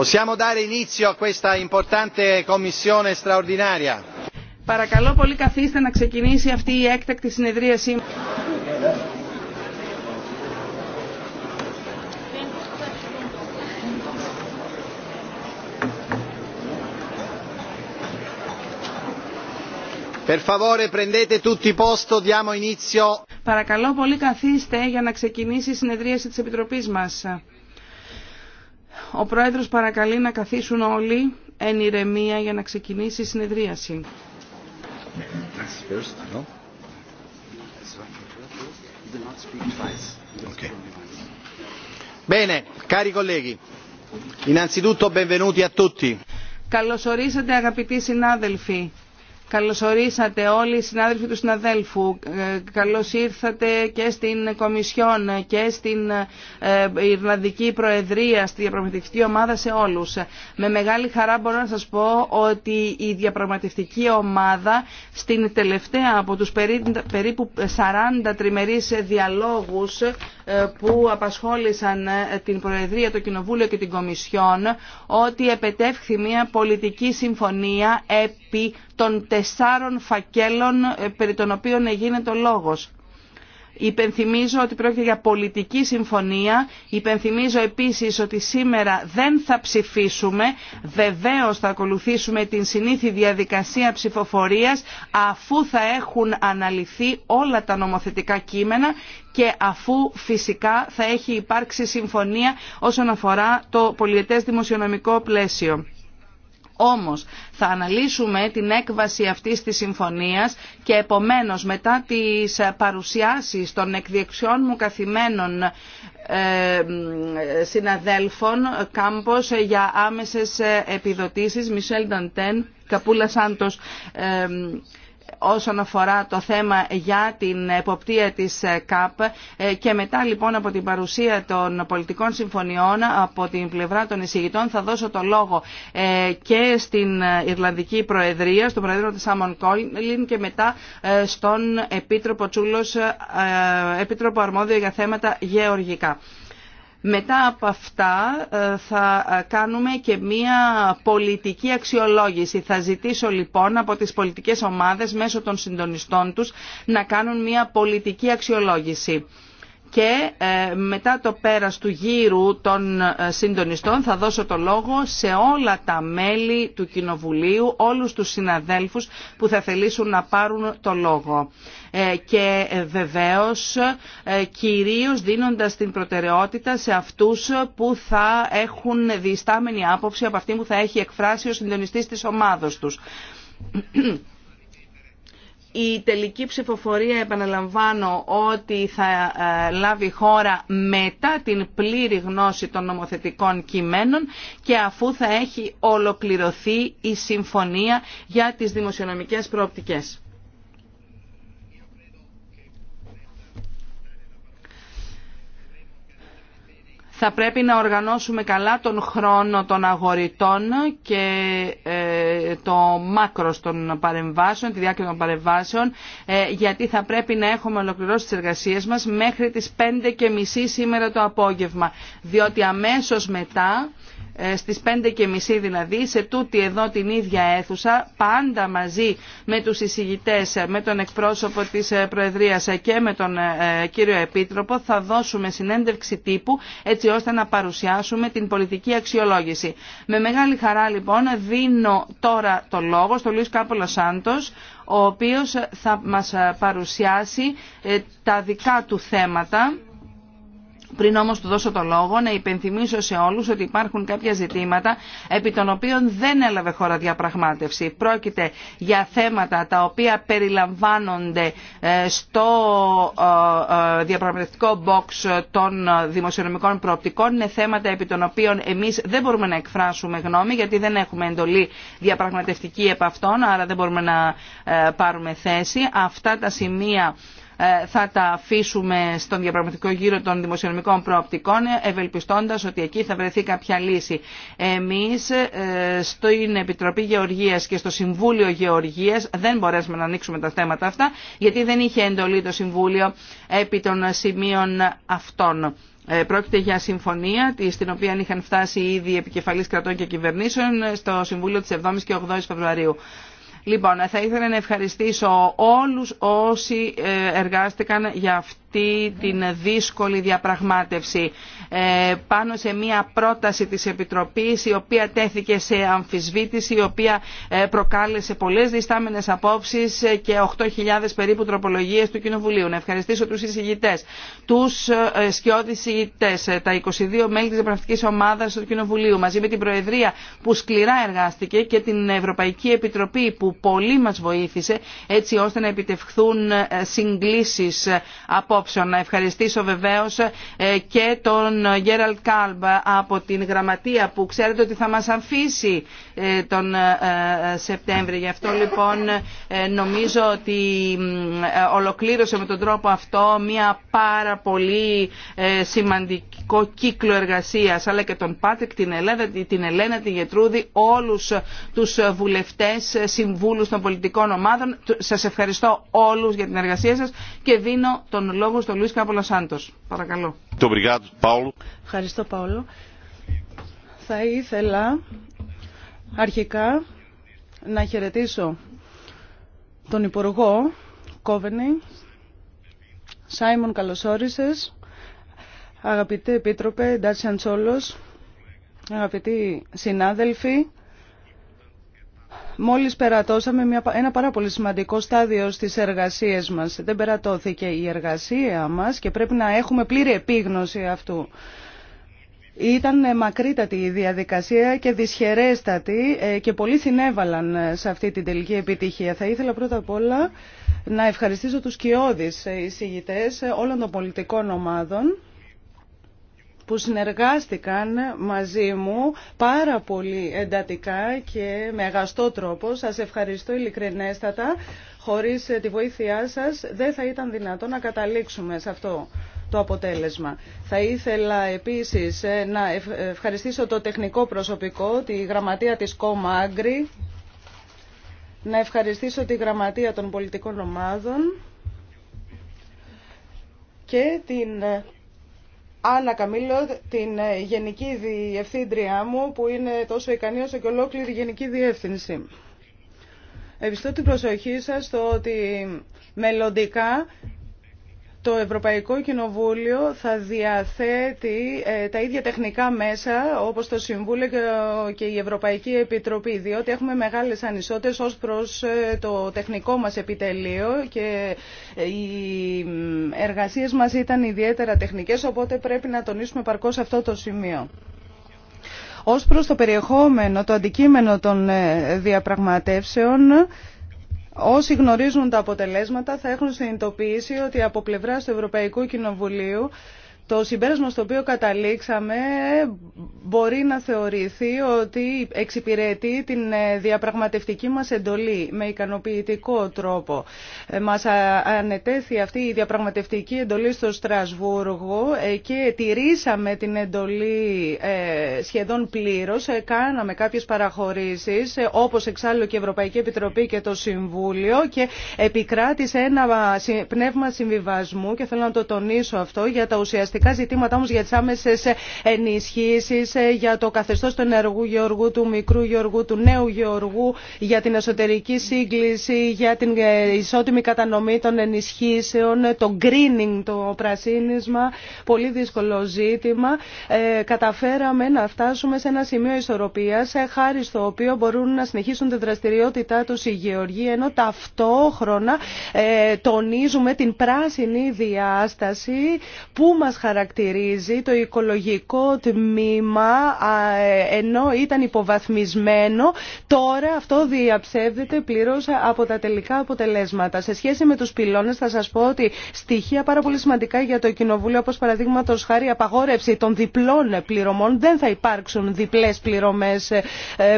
Possiamo dare inizio a questa importante commissione straordinaria. Παρακαλώ πολύ καθίστε να ξεκινήσει αυτή η έκτακτη συνεδρίαση. Per favore prendete tutti posto, diamo inizio. Παρακαλώ πολύ καθίστε για να ξεκινήσει η συνεδρίαση της Επιτροπής μας. Ο Πρόεδρος παρακαλεί να καθίσουν όλοι εν ηρεμία για να ξεκινήσει η συνεδρίαση. Bene, cari Καλωσορίσατε αγαπητοί συνάδελφοι. Καλωσορίσατε όλοι οι συνάδελφοι του συναδέλφου. Ε, καλώς ήρθατε και στην Κομισιόν και στην ε, Ιρλανδική Προεδρία, στη διαπραγματευτική ομάδα σε όλους. Με μεγάλη χαρά μπορώ να σας πω ότι η διαπραγματευτική ομάδα στην τελευταία από τους περίπου 40 τριμερείς διαλόγους ε, που απασχόλησαν την Προεδρία, το Κοινοβούλιο και την Κομισιόν ότι επετεύχθη μια πολιτική συμφωνία επί των τεσσάρων φακέλων ε, περί των οποίων γίνεται λόγος. Υπενθυμίζω ότι πρόκειται για πολιτική συμφωνία. Υπενθυμίζω επίσης ότι σήμερα δεν θα ψηφίσουμε. Βεβαίως θα ακολουθήσουμε την συνήθη διαδικασία ψηφοφορίας αφού θα έχουν αναλυθεί όλα τα νομοθετικά κείμενα και αφού φυσικά θα έχει υπάρξει συμφωνία όσον αφορά το πολιετές δημοσιονομικό πλαίσιο. Όμως θα αναλύσουμε την έκβαση αυτής της συμφωνίας και επομένως μετά τις παρουσιάσεις των εκδιεξιών μου καθημένων ε, συναδέλφων κάμπος για άμεσες επιδοτήσεις Μισελ Νταντέν, Καπούλα Σάντος όσον αφορά το θέμα για την εποπτεία της ΚΑΠ ε, και μετά λοιπόν από την παρουσία των πολιτικών συμφωνιών από την πλευρά των εισηγητών θα δώσω το λόγο ε, και στην Ιρλανδική Προεδρία, στον Προεδρό της Σάμον Κόλλιν και μετά ε, στον Επίτροπο Τσούλος, Επίτροπο Αρμόδιο για θέματα γεωργικά. Μετά από αυτά ε, θα ε, κάνουμε και μία πολιτική αξιολόγηση. Θα ζητήσω λοιπόν από τις πολιτικές ομάδες μέσω των συντονιστών τους να κάνουν μία πολιτική αξιολόγηση και ε, μετά το πέρας του γύρου των ε, συντονιστών θα δώσω το λόγο σε όλα τα μέλη του Κοινοβουλίου, όλους τους συναδέλφους που θα θελήσουν να πάρουν το λόγο. Ε, και βεβαίως κυρίως δίνοντας την προτεραιότητα σε αυτούς που θα έχουν διστάμενη άποψη από αυτή που θα έχει εκφράσει ο συντονιστής της ομάδος τους. Η τελική ψηφοφορία, επαναλαμβάνω, ότι θα ε, λάβει χώρα μετά την πλήρη γνώση των νομοθετικών κειμένων και αφού θα έχει ολοκληρωθεί η συμφωνία για τις δημοσιονομικές προοπτικές. θα πρέπει να οργανώσουμε καλά τον χρόνο των αγοριτών και ε, το μάκρος των παρεμβάσεων, τη διάρκεια των παρεμβάσεων, ε, γιατί θα πρέπει να έχουμε ολοκληρώσει τις εργασίες μας μέχρι τις 5.30 σήμερα το απόγευμα, διότι αμέσως μετά ε, στις 5.30 δηλαδή, σε τούτη εδώ την ίδια αίθουσα, πάντα μαζί με τους εισηγητές, με τον εκπρόσωπο της ε, Προεδρίας και με τον ε, κύριο Επίτροπο, θα δώσουμε συνέντευξη τύπου έτσι ώστε να παρουσιάσουμε την πολιτική αξιολόγηση. Με μεγάλη χαρά λοιπόν δίνω τώρα το λόγο στο Λουίς Κάπολο Σάντος, ο οποίος θα μας παρουσιάσει τα δικά του θέματα πριν όμως του δώσω το λόγο να υπενθυμίσω σε όλους ότι υπάρχουν κάποια ζητήματα επί των οποίων δεν έλαβε χώρα διαπραγμάτευση. Πρόκειται για θέματα τα οποία περιλαμβάνονται ε, στο ε, ε, διαπραγματευτικό box των δημοσιονομικών προοπτικών. Είναι θέματα επί των οποίων εμείς δεν μπορούμε να εκφράσουμε γνώμη γιατί δεν έχουμε εντολή διαπραγματευτική επ' αυτών, άρα δεν μπορούμε να πάρουμε θέση. Αυτά τα σημεία ε, θα τα αφήσουμε στον διαπραγματικό γύρο των δημοσιονομικών προοπτικών, ευελπιστώντας ότι εκεί θα βρεθεί κάποια λύση. Εμείς ε, στην Επιτροπή Γεωργίας και στο Συμβούλιο Γεωργίας δεν μπορέσουμε να ανοίξουμε τα θέματα αυτά, γιατί δεν είχε εντολή το Συμβούλιο επί των σημείων αυτών. Ε, πρόκειται για συμφωνία στην οποία είχαν φτάσει ήδη επικεφαλής κρατών και κυβερνήσεων στο Συμβούλιο της 7ης και 8ης Φεβρουαρίου. Λοιπόν, θα ήθελα να ευχαριστήσω όλους όσοι ε, εργάστηκαν για αυτό την δύσκολη διαπραγμάτευση ε, πάνω σε μια πρόταση της Επιτροπής η οποία τέθηκε σε αμφισβήτηση, η οποία ε, προκάλεσε πολλές διστάμενες απόψεις ε, και 8.000 περίπου τροπολογίες του Κοινοβουλίου. Να ευχαριστήσω τους εισηγητές, τους σκιώδης εισηγητές, τα 22 μέλη της Επραυτικής Ομάδας του Κοινοβουλίου, μαζί με την Προεδρία που σκληρά εργάστηκε και την Ευρωπαϊκή Επιτροπή που πολύ μας βοήθησε έτσι ώστε να επιτευχθούν συγκλήσεις από να ευχαριστήσω βεβαίως ε, και τον Γκέραλτ Κάλμπ από την γραμματεία που ξέρετε ότι θα μας αφήσει ε, τον ε, ε, Σεπτέμβρη. Γι' αυτό λοιπόν νομίζω ότι ολοκλήρωσε με τον τρόπο αυτό μία πάρα πολύ σημαντικό κύκλο εργασίας αλλά και τον Πάτρικ, την Ελένα, την, Ελένα, την Γετρούδη, όλους τους βουλευτές, συμβούλους των πολιτικών ομάδων. Σας ευχαριστώ όλους για την εργασία σας και δίνω τον λόγο στον Λουίς Κάπολα Παρακαλώ. Ευχαριστώ Παόλο. Θα ήθελα Αρχικά, να χαιρετήσω τον Υπουργό Κόβενη. Σάιμον, καλώς Αγαπητέ Επίτροπε, Ντάτσιαν Τσόλος, αγαπητοί συνάδελφοι, Μόλις περατώσαμε μια, ένα πάρα πολύ σημαντικό στάδιο στις εργασίες μας. Δεν περατώθηκε η εργασία μας και πρέπει να έχουμε πλήρη επίγνωση αυτού. Ήταν μακρύτατη η διαδικασία και δυσχερέστατη ε, και πολλοί συνέβαλαν ε, σε αυτή την τελική επιτυχία. Θα ήθελα πρώτα απ' όλα να ευχαριστήσω τους κοιόδης ε, εισηγητές όλων των πολιτικών ομάδων που συνεργάστηκαν μαζί μου πάρα πολύ εντατικά και με αγαστό τρόπο. Σας ευχαριστώ ειλικρινέστατα. Χωρίς τη βοήθειά σας δεν θα ήταν δυνατό να καταλήξουμε σε αυτό το αποτέλεσμα. Θα ήθελα επίσης ε, να ε, ευχαριστήσω το τεχνικό προσωπικό, τη γραμματεία της Κόμα να ευχαριστήσω τη γραμματεία των πολιτικών ομάδων και την ε, Άννα Καμήλο, την γενική διευθύντριά μου, που είναι τόσο ικανή όσο και ολόκληρη γενική διεύθυνση. Ευχαριστώ την προσοχή σας στο ότι μελλοντικά το Ευρωπαϊκό Κοινοβούλιο θα διαθέτει ε, τα ίδια τεχνικά μέσα όπως το Συμβούλιο και η Ευρωπαϊκή Επιτροπή διότι έχουμε μεγάλες ανισότητες ως προς ε, το τεχνικό μας επιτελείο και ε, οι εργασίες μας ήταν ιδιαίτερα τεχνικές οπότε πρέπει να τονίσουμε παρκώς αυτό το σημείο. Ως προς το περιεχόμενο, το αντικείμενο των διαπραγματεύσεων Όσοι γνωρίζουν τα αποτελέσματα θα έχουν συνειδητοποιήσει ότι από πλευρά του Ευρωπαϊκού Κοινοβουλίου το συμπέρασμα στο οποίο καταλήξαμε ε, μπορεί να θεωρηθεί ότι εξυπηρετεί την ε, διαπραγματευτική μας εντολή με ικανοποιητικό τρόπο. Ε, μας ανετέθη αυτή η διαπραγματευτική εντολή στο Στρασβούργο και τηρήσαμε την εντολή σχεδόν πλήρως. Κάναμε κάποιες παραχωρήσεις όπως εξάλλου και η Ευρωπαϊκή Επιτροπή και το Συμβούλιο και επικράτησε ένα πνεύμα συμβιβασμού και θέλω να το τονίσω αυτό για τα ουσιαστικά ουσιαστικά ζητήματα όμω για τι άμεσε ενισχύσει, ε, για το καθεστώ του ενεργού γεωργού, του μικρού γεωργού, του νέου γεωργού, για την εσωτερική σύγκληση, για την ε, ισότιμη κατανομή των ενισχύσεων, το greening, το πρασίνισμα. Πολύ δύσκολο ζήτημα. Ε, καταφέραμε να φτάσουμε σε ένα σημείο ισορροπία, χάρη στο οποίο μπορούν να συνεχίσουν τη δραστηριότητά του οι γεωργοί, ενώ ταυτόχρονα τονίζουμε την πράσινη διάσταση που μας χαρακτηρίζει χαρακτηρίζει το οικολογικό τμήμα ενώ ήταν υποβαθμισμένο τώρα αυτό διαψεύδεται πλήρως από τα τελικά αποτελέσματα. Σε σχέση με τους πυλώνες θα σας πω ότι στοιχεία πάρα πολύ σημαντικά για το Κοινοβούλιο όπως παραδείγματο χάρη απαγόρευση των διπλών πληρωμών δεν θα υπάρξουν διπλές πληρωμές ε,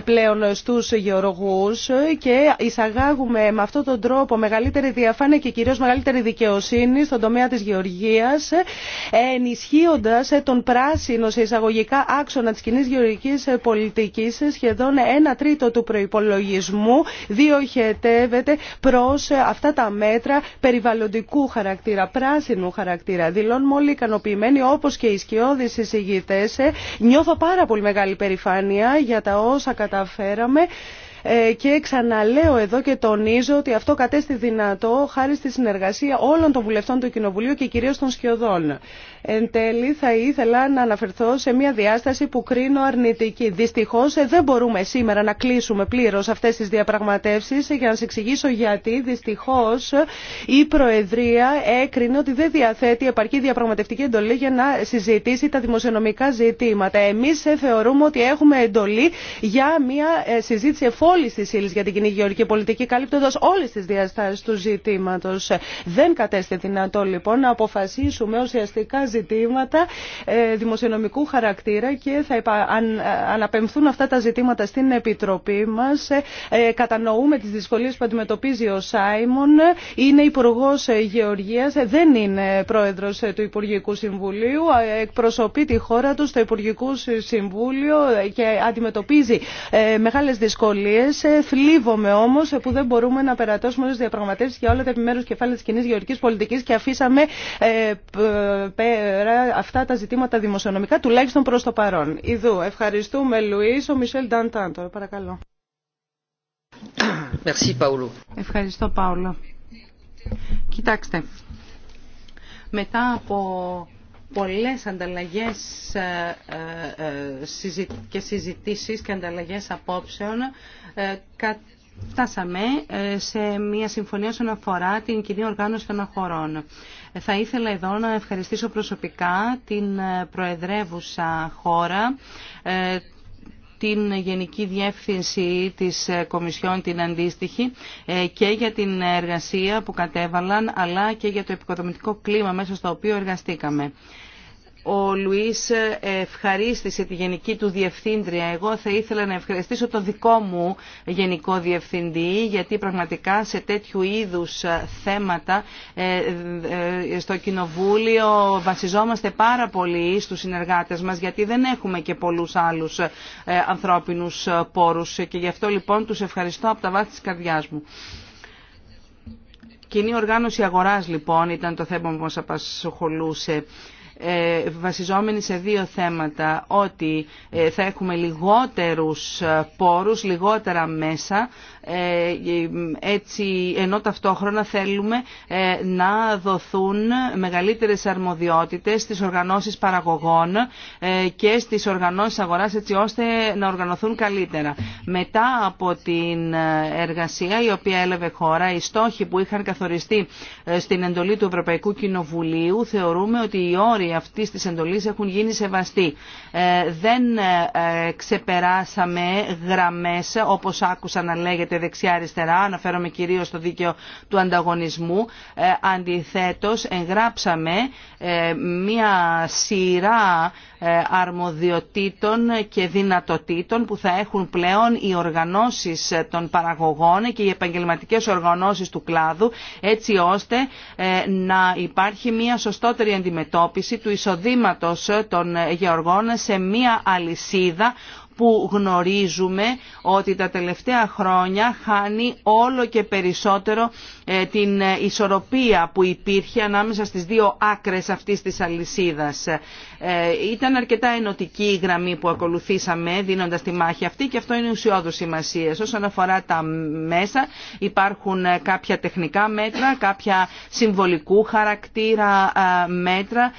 πλέον στους γεωργούς και εισαγάγουμε με αυτόν τον τρόπο μεγαλύτερη διαφάνεια και κυρίως μεγαλύτερη δικαιοσύνη στον τομέα της γεωργίας ε, ενισχύοντας ε, τον πράσινο σε εισαγωγικά άξονα τη κοινή γεωργική ε, πολιτική, ε, σχεδόν ένα τρίτο του προϋπολογισμού διοχετεύεται προ αυτά τα μέτρα περιβαλλοντικού χαρακτήρα, πράσινου χαρακτήρα. Δηλώνουμε όλοι ικανοποιημένοι όπως και οι σκιώδεις συζητητέ, Νιώθω πάρα πολύ μεγάλη περηφάνεια για τα όσα καταφέραμε. Ε, και ξαναλέω εδώ και τονίζω ότι αυτό κατέστη δυνατό χάρη στη συνεργασία όλων των βουλευτών του Κοινοβουλίου και κυρίως των σκιωδών. Εν τέλει θα ήθελα να αναφερθώ σε μια διάσταση που κρίνω αρνητική. Δυστυχώς ε, δεν μπορούμε σήμερα να κλείσουμε πλήρως αυτές τις διαπραγματεύσεις ε, για να σας εξηγήσω γιατί δυστυχώς η Προεδρία έκρινε ότι δεν διαθέτει επαρκή διαπραγματευτική εντολή για να συζητήσει τα δημοσιονομικά ζητήματα. Εμείς θεωρούμε ότι έχουμε εντολή για μια συζήτηση όλη τη ύλη για την κοινή γεωργική πολιτική, καλύπτοντα όλε τι διαστάσει του ζητήματο. Δεν κατέστη δυνατό λοιπόν να αποφασίσουμε ουσιαστικά ζητήματα ε, δημοσιονομικού χαρακτήρα και θα ε, αναπεμφθούν αυτά τα ζητήματα στην Επιτροπή μα. Ε, κατανοούμε τι δυσκολίε που αντιμετωπίζει ο Σάιμον. Είναι υπουργό Γεωργία, δεν είναι πρόεδρο του Υπουργικού Συμβουλίου. Εκπροσωπεί τη χώρα του στο Υπουργικό Συμβούλιο και αντιμετωπίζει μεγάλε δυσκολίε δυσκολίες. Ε, θλίβομαι όμως που δεν μπορούμε να περατώσουμε τις διαπραγματεύσεις για όλα τα επιμέρους κεφάλαια της κοινή γεωργικής πολιτικής και αφήσαμε ε, πέρα αυτά τα ζητήματα δημοσιονομικά, τουλάχιστον προς το παρόν. Ιδού. Ευχαριστούμε, Λουίς. Ο Μισελ Νταντάν τώρα, παρακαλώ. Ευχαριστώ, Παύλο. Κοιτάξτε, μετά από πολλές ανταλλαγές ε, ε, ε, και συζητήσεις και ανταλλαγές απόψεων φτάσαμε σε μια συμφωνία όσον αφορά την κοινή οργάνωση των χωρών. Θα ήθελα εδώ να ευχαριστήσω προσωπικά την προεδρεύουσα χώρα, την Γενική Διεύθυνση της Κομισιόν την αντίστοιχη και για την εργασία που κατέβαλαν αλλά και για το επικοδομητικό κλίμα μέσα στο οποίο εργαστήκαμε ο Λουίς ευχαρίστησε τη γενική του διευθύντρια. Εγώ θα ήθελα να ευχαριστήσω το δικό μου γενικό διευθυντή γιατί πραγματικά σε τέτοιου είδους θέματα ε, ε, στο Κοινοβούλιο βασιζόμαστε πάρα πολύ στους συνεργάτες μας γιατί δεν έχουμε και πολλούς άλλους ε, ανθρώπινους πόρους και γι' αυτό λοιπόν τους ευχαριστώ από τα βάθη της καρδιάς μου. Κοινή οργάνωση αγοράς λοιπόν ήταν το θέμα που μας απασχολούσε. Ε, βασιζόμενοι σε δύο θέματα, ότι ε, θα έχουμε λιγότερους ε, πόρους, λιγότερα μέσα ε, έτσι, ενώ ταυτόχρονα θέλουμε ε, να δοθούν μεγαλύτερες αρμοδιότητες στις οργανώσεις παραγωγών ε, και στις οργανώσεις αγοράς έτσι ώστε να οργανωθούν καλύτερα. Μετά από την εργασία η οποία έλαβε χώρα, οι στόχοι που είχαν καθοριστεί στην εντολή του Ευρωπαϊκού Κοινοβουλίου θεωρούμε ότι οι όροι αυτής της εντολής έχουν γίνει σεβαστοί. Δεν ξεπεράσαμε γραμμές όπως άκουσα να λέγεται γίνεται δεξιά-αριστερά, αναφέρομαι κυρίως στο δίκαιο του ανταγωνισμού. Ε, αντιθέτως, εγγράψαμε ε, μία σειρά ε, αρμοδιοτήτων και δυνατοτήτων που θα έχουν πλέον οι οργανώσεις των παραγωγών και οι επαγγελματικές οργανώσεις του κλάδου έτσι ώστε να υπάρχει μια σωστότερη αντιμετώπιση του εισοδήματος των γεωργών σε μια αλυσίδα που γνωρίζουμε ότι τα τελευταία χρόνια χάνει όλο και περισσότερο ε, την ε, ισορροπία που υπήρχε ανάμεσα στις δύο άκρες αυτής της αλυσίδας. Ε, ήταν αρκετά ενωτική η γραμμή που ακολουθήσαμε δίνοντας τη μάχη αυτή και αυτό είναι ουσιώδου σημασία. Όσον αφορά τα μέσα υπάρχουν κάποια τεχνικά μέτρα, κάποια συμβολικού χαρακτήρα μέτρα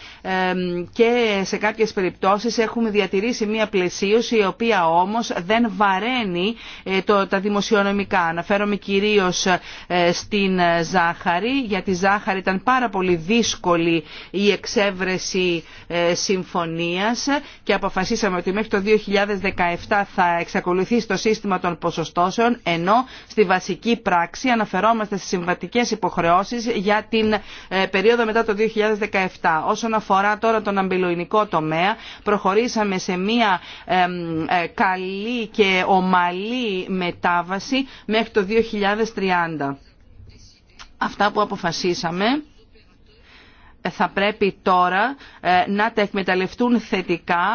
και σε κάποιες περιπτώσεις έχουμε διατηρήσει μια η οποία όμως δεν βαραίνει ε, το, τα δημοσιονομικά. Αναφέρομαι κυρίως ε, στην ε, ζάχαρη. γιατί η ζάχαρη ήταν πάρα πολύ δύσκολη η εξέβρεση συμφωνίας και αποφασίσαμε ότι μέχρι το 2017 θα εξακολουθεί το σύστημα των ποσοστώσεων ενώ στη βασική πράξη αναφερόμαστε στις συμβατικές υποχρεώσεις για την περίοδο μετά το 2017. Όσον αφορά τώρα τον αμπιλοεινικό τομέα προχωρήσαμε σε μία ε, καλή και ομαλή μετάβαση μέχρι το 2030. Αυτά που αποφασίσαμε ε, θα πρέπει τώρα ε, να τα εκμεταλλευτούν θετικά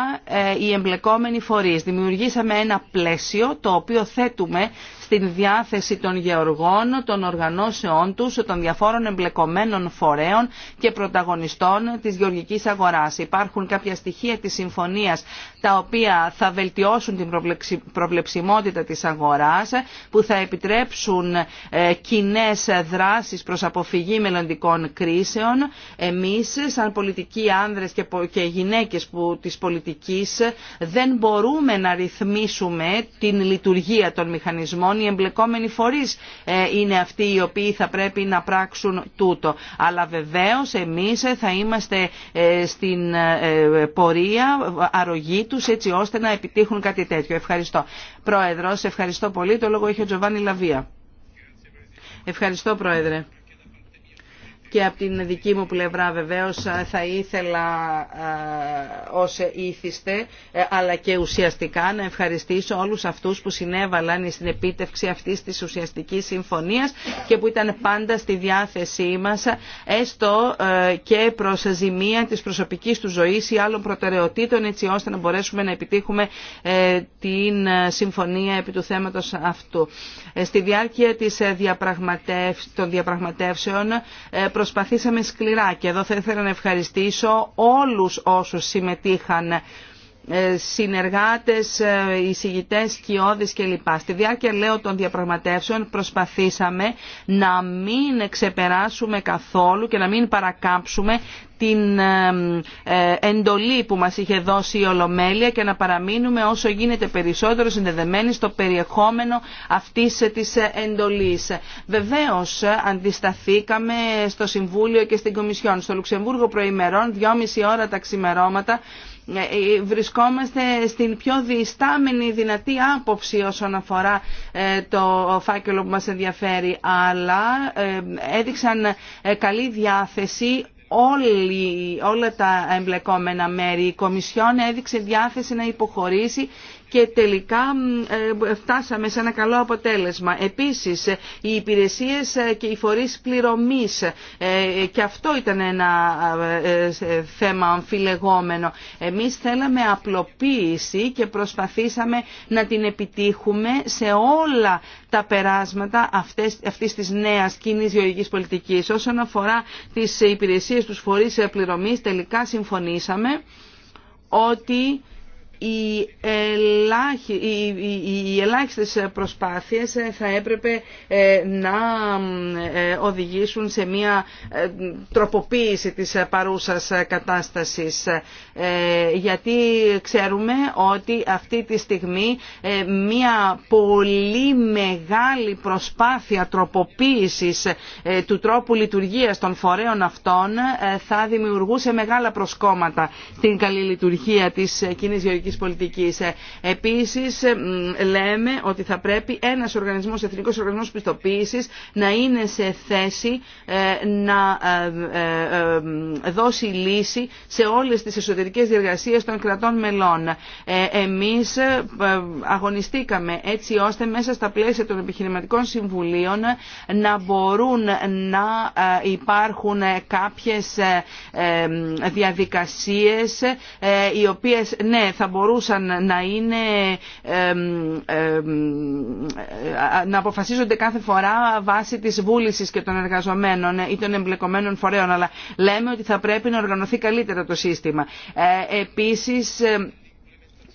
οι εμπλεκόμενοι φορείς. Δημιουργήσαμε ένα πλαίσιο το οποίο θέτουμε στην διάθεση των γεωργών, των οργανώσεών τους, των διαφόρων εμπλεκομένων φορέων και πρωταγωνιστών της γεωργικής αγοράς. Υπάρχουν κάποια στοιχεία της συμφωνίας τα οποία θα βελτιώσουν την προβλεψιμότητα της αγοράς, που θα επιτρέψουν ε, κοινέ δράσεις προς αποφυγή μελλοντικών κρίσεων. Εμείς, σαν πολιτικοί άνδρες και γυναίκες που, της πολιτικής, δεν μπορούμε να ρυθμίσουμε την λειτουργία των μηχανισμών. Οι εμπλεκόμενοι φορείς ε, είναι αυτοί οι οποίοι θα πρέπει να πράξουν τούτο. Αλλά βεβαίως εμείς θα είμαστε ε, στην πορεία αρρωγή τους έτσι ώστε να επιτύχουν κάτι τέτοιο. Ευχαριστώ. Πρόεδρος, ευχαριστώ πολύ. Το λόγο είχε ο Τζοβάνι Λαβία. Ευχαριστώ Πρόεδρε και από την δική μου πλευρά βεβαίως θα ήθελα ε, ως ήθιστε ε, αλλά και ουσιαστικά να ευχαριστήσω όλους αυτούς που συνέβαλαν στην επίτευξη αυτής της ουσιαστικής συμφωνίας και που ήταν πάντα στη διάθεσή μας έστω ε, και προς ζημία της προσωπικής του ζωής ή άλλων προτεραιοτήτων έτσι ώστε να μπορέσουμε να επιτύχουμε την συμφωνία επί του θέματος αυτού. Στη διάρκεια των διαπραγματεύσεων προσπαθήσαμε σκληρά και εδώ θα ήθελα να ευχαριστήσω όλους όσους συμμετείχαν ε, συνεργάτες, ε, εισηγητέ, σκιώδεις κλπ. Στη διάρκεια λέω των διαπραγματεύσεων προσπαθήσαμε να μην ξεπεράσουμε καθόλου και να μην παρακάμψουμε την ε, εντολή που μας είχε δώσει η Ολομέλεια και να παραμείνουμε όσο γίνεται περισσότερο συνδεδεμένοι στο περιεχόμενο αυτής της εντολής. Βεβαίως αντισταθήκαμε στο Συμβούλιο και στην Κομισιόν. Στο Λουξεμβούργο προημερών, δυόμιση ώρα τα ξημερώματα, ε, ε, βρισκόμαστε στην πιο διστάμενη δυνατή άποψη όσον αφορά ε, το φάκελο που μας ενδιαφέρει, αλλά έδειξαν καλή διάθεση Όλοι, όλα τα εμπλεκόμενα μέρη. Η Κομισιόν έδειξε διάθεση να υποχωρήσει και τελικά ε, φτάσαμε σε ένα καλό αποτέλεσμα. Επίσης, ε, οι υπηρεσίες ε, και οι φορείς πληρωμής και αυτό ήταν ένα θέμα αμφιλεγόμενο. Εμείς θέλαμε απλοποίηση και προσπαθήσαμε να την επιτύχουμε σε όλα τα περάσματα αυτές, αυτής της νέας κοινή γεωργικής πολιτικής. Όσον αφορά τις υπηρεσίες τους φορείς πληρωμής, τελικά συμφωνήσαμε ότι οι, ελάχι, οι, ελάχιστες προσπάθειες ε, θα έπρεπε ε, να ε, οδηγήσουν σε μια τροποποίηση της παρούσας κατάστασης γιατί ξέρουμε ότι αυτή τη στιγμή μια πολύ μεγάλη προσπάθεια τροποποίησης του τρόπου λειτουργίας των φορέων αυτών θα δημιουργούσε μεγάλα προσκόμματα στην καλή λειτουργία της κοινής γεωργικής Επίση, πολιτικής. Ε, επίσης ε, λέμε ότι θα πρέπει ένας οργανισμός, εθνικός οργανισμός πιστοποίησης να είναι σε θέση ε, να δώσει λύση σε όλες τις εσωτερικές διεργασίες των κρατών μελών. Εμείς αγωνιστήκαμε έτσι ώστε μέσα στα πλαίσια των επιχειρηματικών συμβουλίων να μπορούν να υπάρχουν κάποιες διαδικασίες οι οποίες ναι θα μπορούν μπορούσαν να είναι να αποφασίζονται κάθε φορά βάσει της βούλησης και των εργαζομένων ή των εμπλεκομένων φορέων αλλά λέμε ότι θα πρέπει να οργανωθεί καλύτερα το σύστημα. Ε, επίσης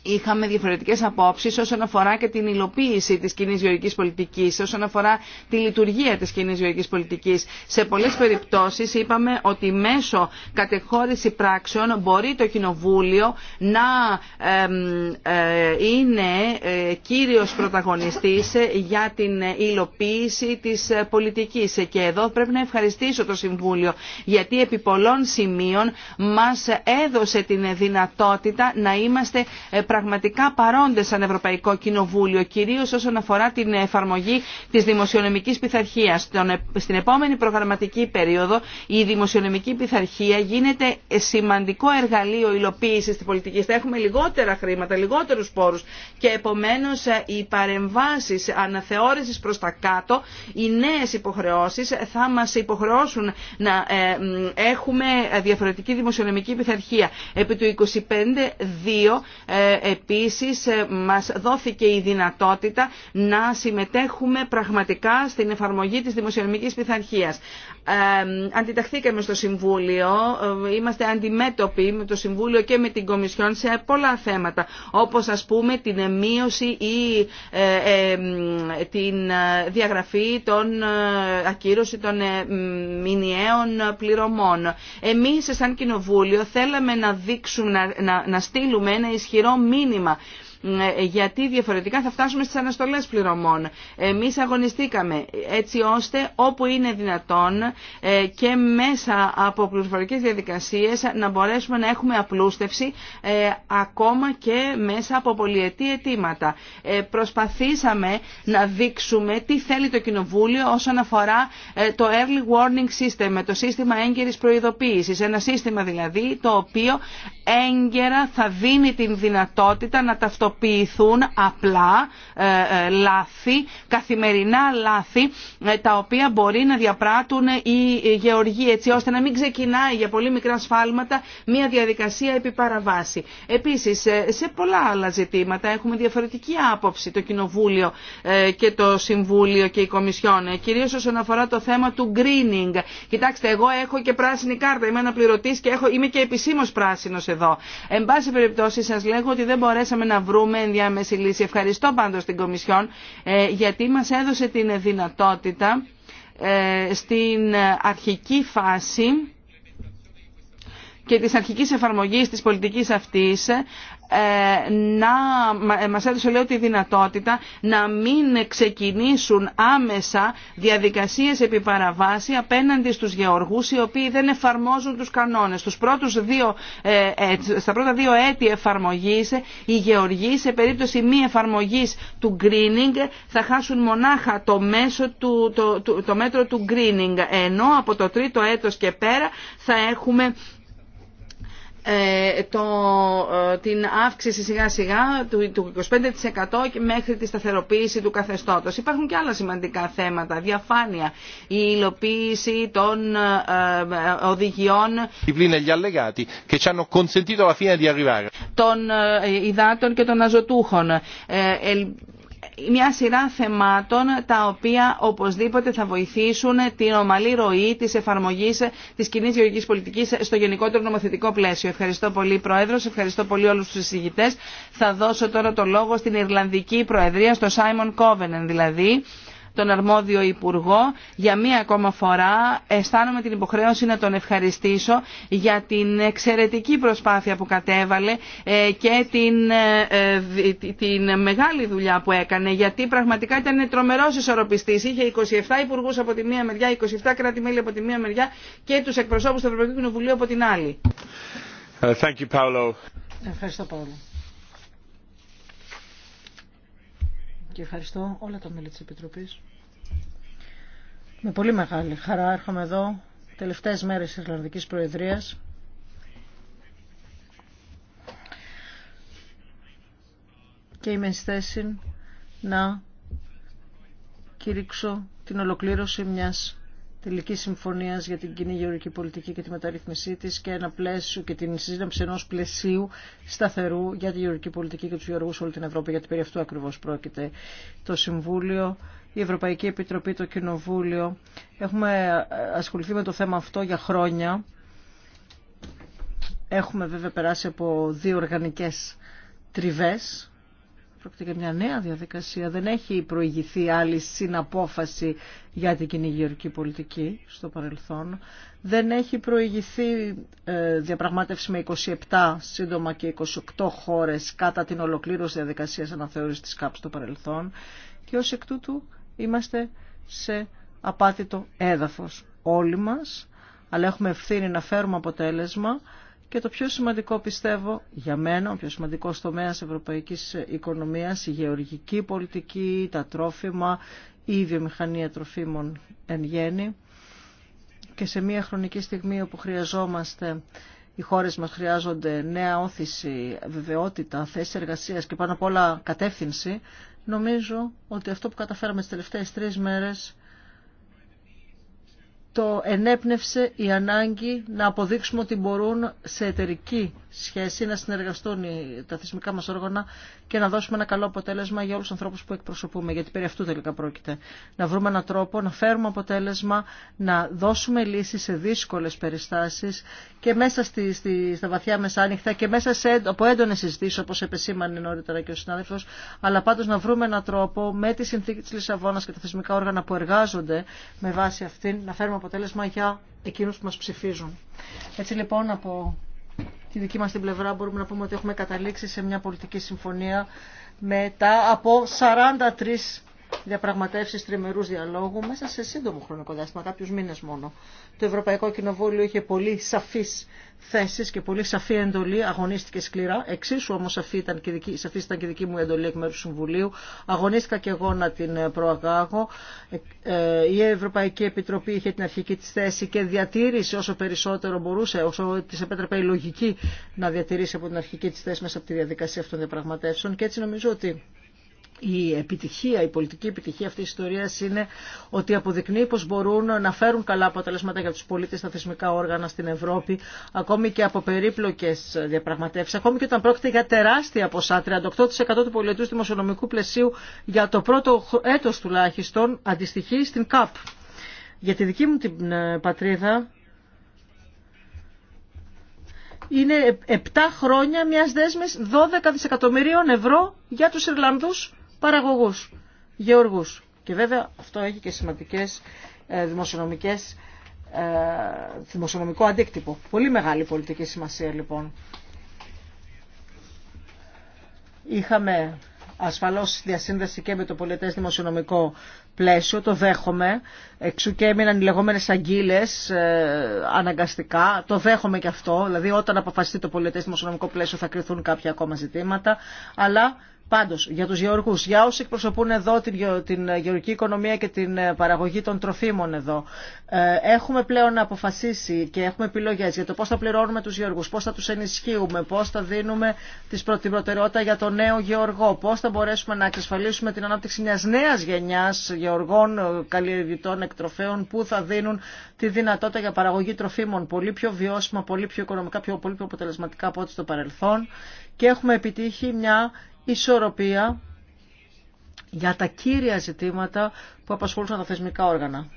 είχαμε διαφορετικές απόψεις όσον αφορά και την υλοποίηση της κοινή γεωργικής πολιτικής, όσον αφορά τη λειτουργία της κοινή γεωργικής πολιτικής. Σε πολλές περιπτώσεις είπαμε ότι μέσω κατεχώρηση πράξεων μπορεί το Κοινοβούλιο να ε, είναι ε, κύριος πρωταγωνιστής για την υλοποίηση της πολιτικής. Και εδώ πρέπει να ευχαριστήσω το Συμβούλιο γιατί επί πολλών σημείων μας έδωσε την δυνατότητα να είμαστε πραγματικοί ε, πραγματικά παρόντες σαν Ευρωπαϊκό Κοινοβούλιο, κυρίως όσον αφορά την εφαρμογή της δημοσιονομικής πειθαρχία. Στην επόμενη προγραμματική περίοδο η δημοσιονομική πειθαρχία γίνεται σημαντικό εργαλείο υλοποίησης της πολιτικής. Θα έχουμε λιγότερα χρήματα, λιγότερους πόρους και επομένως ε, οι παρεμβάσεις αναθεώρησης προς τα κάτω, οι νέες υποχρεώσεις θα μας υποχρεώσουν να ε, έχουμε διαφορετική δημοσιονομική πειθαρχία. Επί του 25-2 επίσης ε, μας δόθηκε η δυνατότητα να συμμετέχουμε πραγματικά στην εφαρμογή της δημοσιονομικής πειθαρχίας αντιταχθήκαμε στο Συμβούλιο, είμαστε αντιμέτωποι με το Συμβούλιο και με την Κομισιόν σε πολλά θέματα, όπως ας πούμε την μείωση ή ε, την ε, διαγραφή των ε, ακύρωση των μηνιαίων πληρωμών. Εμείς σαν Κοινοβούλιο θέλαμε να δείξουμε, να, να, να στείλουμε ένα ισχυρό μήνυμα ε, γιατί διαφορετικά θα φτάσουμε στις αναστολές πληρωμών. Εμείς αγωνιστήκαμε έτσι ώστε όπου είναι δυνατόν ε, και μέσα από πληροφορικές διαδικασίες να μπορέσουμε να έχουμε απλούστευση ε, ακόμα και μέσα από πολυετή αιτήματα. Προσπαθήσαμε να δείξουμε τι θέλει το Κοινοβούλιο όσον αφορά το Early Warning System, το σύστημα έγκαιρης προειδοποίησης. Ένα σύστημα δηλαδή το οποίο έγκαιρα θα δίνει την δυνατότητα να ταυτοποιηθούν απλά ε, ε λάθη, καθημερινά λάθη, ε, τα οποία μπορεί να διαπράττουν οι γεωργοί, έτσι ώστε να μην ξεκινάει για πολύ μικρά σφάλματα μια διαδικασία επί παραβάση. Επίσης, ε, σε πολλά άλλα ζητήματα έχουμε διαφορετική άποψη το Κοινοβούλιο και το Συμβούλιο και η Κομισιόν, κυρίως όσον αφορά το θέμα του greening. Κοιτάξτε, εγώ έχω και πράσινη κάρτα, είμαι αναπληρωτής και έχω, είμαι και επισήμως πράσινος εδώ. Εν πάση περιπτώσει σας λέγω ότι δεν μπορέσαμε να βρούμε ενδιάμεση λύση. Ευχαριστώ πάντω την Κομισιόν ε, γιατί μας έδωσε την δυνατότητα ε, στην αρχική φάση και της αρχικής εφαρμογής της πολιτικής αυτής ε, να ε, μας έδωσε λέω τη δυνατότητα να μην ξεκινήσουν άμεσα διαδικασίες επί παραβάση απέναντι στους γεωργούς οι οποίοι δεν εφαρμόζουν τους κανόνες. Στους πρώτους δύο, ε, στα πρώτα δύο έτη εφαρμογής οι γεωργοί σε περίπτωση μη εφαρμογής του greening θα χάσουν μονάχα το, μέσο του, το, μέτρο του greening ενώ από το τρίτο έτος και πέρα θα έχουμε ε, την αύξηση σιγά σιγά του, του 25% μέχρι τη σταθεροποίηση του καθεστώτος. Υπάρχουν και άλλα σημαντικά θέματα. Διαφάνεια, η υλοποίηση των ε, ε οδηγιών των ε, υδάτων και των αζωτούχων μια σειρά θεμάτων τα οποία οπωσδήποτε θα βοηθήσουν την ομαλή ροή της εφαρμογής της κοινή γεωργικής πολιτικής στο γενικότερο νομοθετικό πλαίσιο. Ευχαριστώ πολύ Πρόεδρος, ευχαριστώ πολύ όλους τους συζητητέ. Θα δώσω τώρα το λόγο στην Ιρλανδική Προεδρία, στο Σάιμον Κόβενεν δηλαδή τον αρμόδιο Υπουργό. Για μία ακόμα φορά αισθάνομαι την υποχρέωση να τον ευχαριστήσω για την εξαιρετική προσπάθεια που κατέβαλε ε, και ε, ε, την, μεγάλη δουλειά που έκανε γιατί πραγματικά ήταν τρομερό ισορροπιστή, Είχε 27 υπουργού από τη μία μεριά, 27 κράτη-μέλη από τη μία μεριά και τους εκπροσώπους του Ευρωπαϊκού Κοινοβουλίου από την άλλη. Thank you, Paolo. Ευχαριστώ Παύλο. και ευχαριστώ όλα τα μέλη της Επιτροπής. Με πολύ μεγάλη χαρά έρχομαι εδώ τελευταίες μέρες της Ιρλανδικής Προεδρίας και είμαι στη θέση να κηρύξω την ολοκλήρωση μιας τελική συμφωνία για την κοινή γεωργική πολιτική και τη μεταρρύθμισή τη και, ένα πλαίσιο και την συζήτηση ενό πλαισίου σταθερού για τη γεωργική πολιτική και του γεωργού όλη την Ευρώπη, γιατί περί αυτού ακριβώ πρόκειται το Συμβούλιο. Η Ευρωπαϊκή Επιτροπή, το Κοινοβούλιο. Έχουμε ασχοληθεί με το θέμα αυτό για χρόνια. Έχουμε βέβαια περάσει από δύο οργανικές τριβές πρόκειται για μια νέα διαδικασία. Δεν έχει προηγηθεί άλλη συναπόφαση για την κοινή πολιτική στο παρελθόν. Δεν έχει προηγηθεί ε, διαπραγμάτευση με 27 σύντομα και 28 χώρες κατά την ολοκλήρωση διαδικασίας αναθεώρησης της ΚΑΠ στο παρελθόν. Και ως εκ τούτου είμαστε σε απάτητο έδαφος όλοι μας, αλλά έχουμε ευθύνη να φέρουμε αποτέλεσμα και το πιο σημαντικό πιστεύω για μένα, ο πιο σημαντικό τομέα ευρωπαϊκή οικονομία, η γεωργική πολιτική, τα τρόφιμα, η βιομηχανία τροφίμων εν γέννη. Και σε μια χρονική στιγμή όπου χρειαζόμαστε οι χώρες μας χρειάζονται νέα όθηση, βεβαιότητα, θέση εργασία και πάνω απ' όλα κατεύθυνση, νομίζω ότι αυτό που καταφέραμε τις τελευταίε τρει μέρε το ενέπνευσε η ανάγκη να αποδείξουμε ότι μπορούν σε εταιρική σχέση να συνεργαστούν τα θεσμικά μας όργανα και να δώσουμε ένα καλό αποτέλεσμα για όλους τους ανθρώπους που εκπροσωπούμε, γιατί περί αυτού τελικά πρόκειται. Να βρούμε έναν τρόπο, να φέρουμε αποτέλεσμα, να δώσουμε λύσεις σε δύσκολες περιστάσεις και μέσα στη, στη, στα βαθιά μεσάνυχτα και μέσα σε, από έντονες συζητήσεις, όπως επεσήμανε νωρίτερα και ο συνάδελφος, αλλά πάντως να βρούμε έναν τρόπο με τη συνθήκη της Λισαβόνας και τα θεσμικά όργανα που εργάζονται με βάση αυτήν, να φέρουμε αποτέλεσμα για εκείνους που μας ψηφίζουν. Έτσι λοιπόν από τη δική μας την πλευρά μπορούμε να πούμε ότι έχουμε καταλήξει σε μια πολιτική συμφωνία μετά από 43 διαπραγματεύσει τριμερού διαλόγου μέσα σε σύντομο χρονικό διάστημα, κάποιου μήνε μόνο. Το Ευρωπαϊκό Κοινοβούλιο είχε πολύ σαφεί θέσει και πολύ σαφή εντολή, αγωνίστηκε σκληρά. Εξίσου όμω σαφή ήταν και δική, ήταν και δική μου εντολή εκ μέρου του Συμβουλίου. Αγωνίστηκα και εγώ να την ε, προαγάγω. Ε, ε, η Ευρωπαϊκή Επιτροπή είχε την αρχική τη θέση και διατήρησε όσο περισσότερο μπορούσε, όσο τη επέτρεπε η λογική να διατηρήσει από την αρχική τη θέση μέσα από τη διαδικασία αυτών των διαπραγματεύσεων. Και έτσι νομίζω ότι η επιτυχία, η πολιτική επιτυχία αυτής της ιστορίας είναι ότι αποδεικνύει πως μπορούν να φέρουν καλά αποτελέσματα για τους πολίτες στα θεσμικά όργανα στην Ευρώπη, ακόμη και από περίπλοκες διαπραγματεύσεις, ακόμη και όταν πρόκειται για τεράστια ποσά, 38% του πολιτού δημοσιονομικού πλαισίου για το πρώτο έτος τουλάχιστον αντιστοιχεί στην ΚΑΠ. Για τη δική μου την ε, πατρίδα, είναι 7 χρόνια μιας δέσμης 12 δισεκατομμυρίων ευρώ για τους Ιρλανδούς παραγωγούς, γεωργούς. Και βέβαια αυτό έχει και σημαντικές ε, δημοσιονομικές, ε, δημοσιονομικό αντίκτυπο. Πολύ μεγάλη πολιτική σημασία λοιπόν. Είχαμε ασφαλώς διασύνδεση και με το πολιτές δημοσιονομικό πλαίσιο, το δέχομαι. Εξού και έμειναν οι λεγόμενες αγγίλες ε, αναγκαστικά, το δέχομαι και αυτό. Δηλαδή όταν αποφασιστεί το πολιτές δημοσιονομικό πλαίσιο θα κρυθούν κάποια ακόμα ζητήματα, αλλά Πάντω, για του γεωργού, για όσοι εκπροσωπούν εδώ την, γεωργική οικονομία και την ε, παραγωγή των τροφίμων εδώ, ε, έχουμε πλέον αποφασίσει και έχουμε επιλογέ για το πώ θα πληρώνουμε του γεωργού, πώ θα του ενισχύουμε, πώ θα δίνουμε την προτεραιότητα για τον νέο γεωργό, πώ θα μπορέσουμε να εξασφαλίσουμε την ανάπτυξη μια νέα γενιά γεωργών ε, καλλιεργητών εκτροφέων που θα δίνουν τη δυνατότητα για παραγωγή τροφίμων πολύ πιο βιώσιμα, πολύ πιο οικονομικά, πιο, πολύ πιο αποτελεσματικά από ό,τι στο παρελθόν και έχουμε επιτύχει μια ισορροπία για τα κύρια ζητήματα που απασχολούσαν τα θεσμικά όργανα.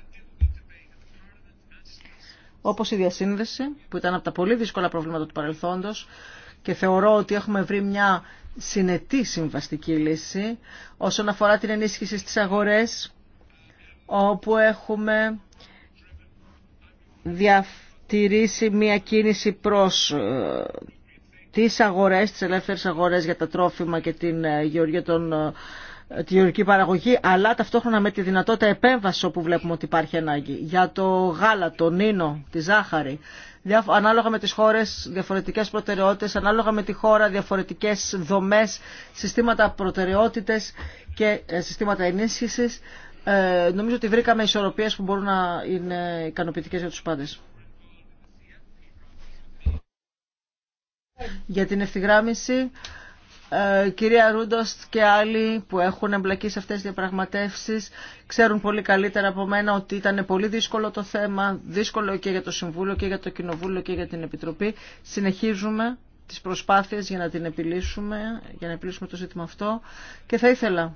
Όπως η διασύνδεση, που ήταν από τα πολύ δύσκολα προβλήματα του παρελθόντος και θεωρώ ότι έχουμε βρει μια συνετή συμβαστική λύση όσον αφορά την ενίσχυση στις αγορές όπου έχουμε διατηρήσει μια κίνηση προς ε, τις αγορές, τις ελεύθερες αγορές για τα τρόφιμα και την ε, γεωργία ε, τη γεωργική παραγωγή, αλλά ταυτόχρονα με τη δυνατότητα επέμβαση όπου βλέπουμε ότι υπάρχει ανάγκη. Για το γάλα, το νίνο, τη ζάχαρη, ανάλογα με τις χώρες διαφορετικές προτεραιότητες, ανάλογα με τη χώρα διαφορετικές δομές, συστήματα προτεραιότητες και ε, συστήματα ενίσχυσης. νομίζω ότι βρήκαμε ισορροπίες που μπορούν να είναι ικανοποιητικές για τους πάντες. για την ευθυγράμμιση. Ε, κυρία Ρούντοστ και άλλοι που έχουν εμπλακεί σε αυτές τις διαπραγματεύσεις ξέρουν πολύ καλύτερα από μένα ότι ήταν πολύ δύσκολο το θέμα, δύσκολο και για το Συμβούλιο και για το Κοινοβούλιο και για την Επιτροπή. Συνεχίζουμε τις προσπάθειες για να την επιλύσουμε, για να επιλύσουμε το ζήτημα αυτό και θα ήθελα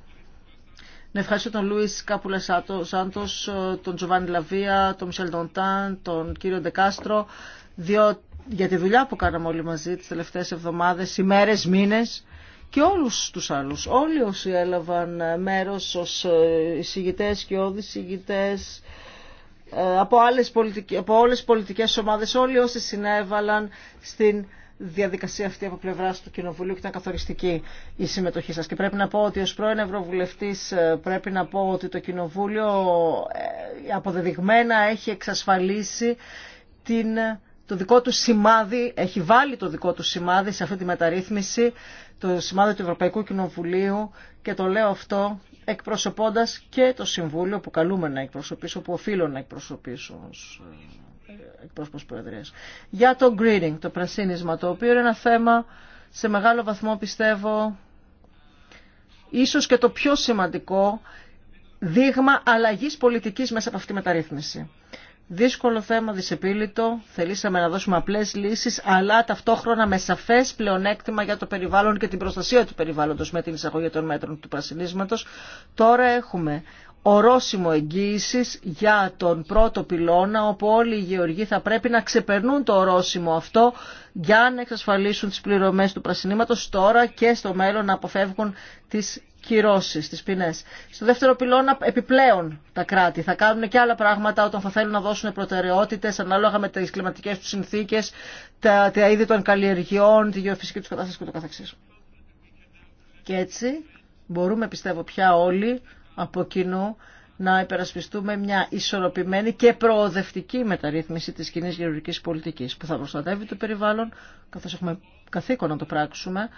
να ευχαριστώ τον Λούις Κάπουλα Σάντος, τον Τζοβάνι Λαβία, τον Μισελ Ντοντάν, τον κύριο Ντεκάστρο, διότι για τη δουλειά που κάναμε όλοι μαζί τις τελευταίες εβδομάδες, ημέρες, μήνες και όλους τους άλλους. Όλοι όσοι έλαβαν μέρος ως ε, εισηγητές και εισηγητές, ε, από, άλλες πολιτικές, από όλες πολιτικές ομάδες, όλοι όσοι συνέβαλαν στην διαδικασία αυτή από πλευρά του Κοινοβουλίου και ήταν καθοριστική η συμμετοχή σας. Και πρέπει να πω ότι ως πρώην Ευρωβουλευτής ε, πρέπει να πω ότι το Κοινοβούλιο αποδεδειγμένα έχει εξασφαλίσει την το δικό του σημάδι, έχει βάλει το δικό του σημάδι σε αυτή τη μεταρρύθμιση, το σημάδι του Ευρωπαϊκού Κοινοβουλίου και το λέω αυτό εκπροσωπώντας και το Συμβούλιο που καλούμε να εκπροσωπήσω, που οφείλω να εκπροσωπήσω ως ε, εκπρόσωπος Προεδρίας. Για το greening, το πρασίνισμα, το οποίο είναι ένα θέμα σε μεγάλο βαθμό πιστεύω ίσως και το πιο σημαντικό δείγμα αλλαγής πολιτικής μέσα από αυτή τη μεταρρύθμιση. Δύσκολο θέμα, δυσεπίλητο. Θελήσαμε να δώσουμε απλές λύσεις, αλλά ταυτόχρονα με σαφέ πλεονέκτημα για το περιβάλλον και την προστασία του περιβάλλοντος με την εισαγωγή των μέτρων του πρασινίσματος. Τώρα έχουμε ορόσημο εγγύηση για τον πρώτο πυλώνα, όπου όλοι οι γεωργοί θα πρέπει να ξεπερνούν το ορόσημο αυτό για να εξασφαλίσουν τι πληρωμές του πρασινίματο τώρα και στο μέλλον να αποφεύγουν τι. Στο δεύτερο πυλώνα επιπλέον τα κράτη θα κάνουν και άλλα πράγματα όταν θα θέλουν να δώσουν προτεραιότητε ανάλογα με τι κλιματικέ του συνθήκε, τα, τα είδη των καλλιεργειών, τη γεωφυσική του κατάσταση και το Και έτσι μπορούμε πιστεύω πια όλοι από κοινού να υπερασπιστούμε μια ισορροπημένη και προοδευτική μεταρρύθμιση της κοινή γεωργικής πολιτικής που θα προστατεύει το περιβάλλον καθώς έχουμε καθήκον να το πράξουμε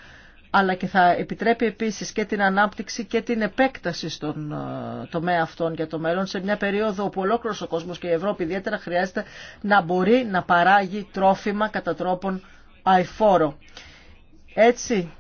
αλλά και θα επιτρέπει επίσης και την ανάπτυξη και την επέκταση στον ε, τομέα αυτών για το μέλλον σε μια περίοδο όπου ολόκληρος ο κόσμος και η Ευρώπη ιδιαίτερα χρειάζεται να μπορεί να παράγει τρόφιμα κατά τρόπον αιφόρο. Έτσι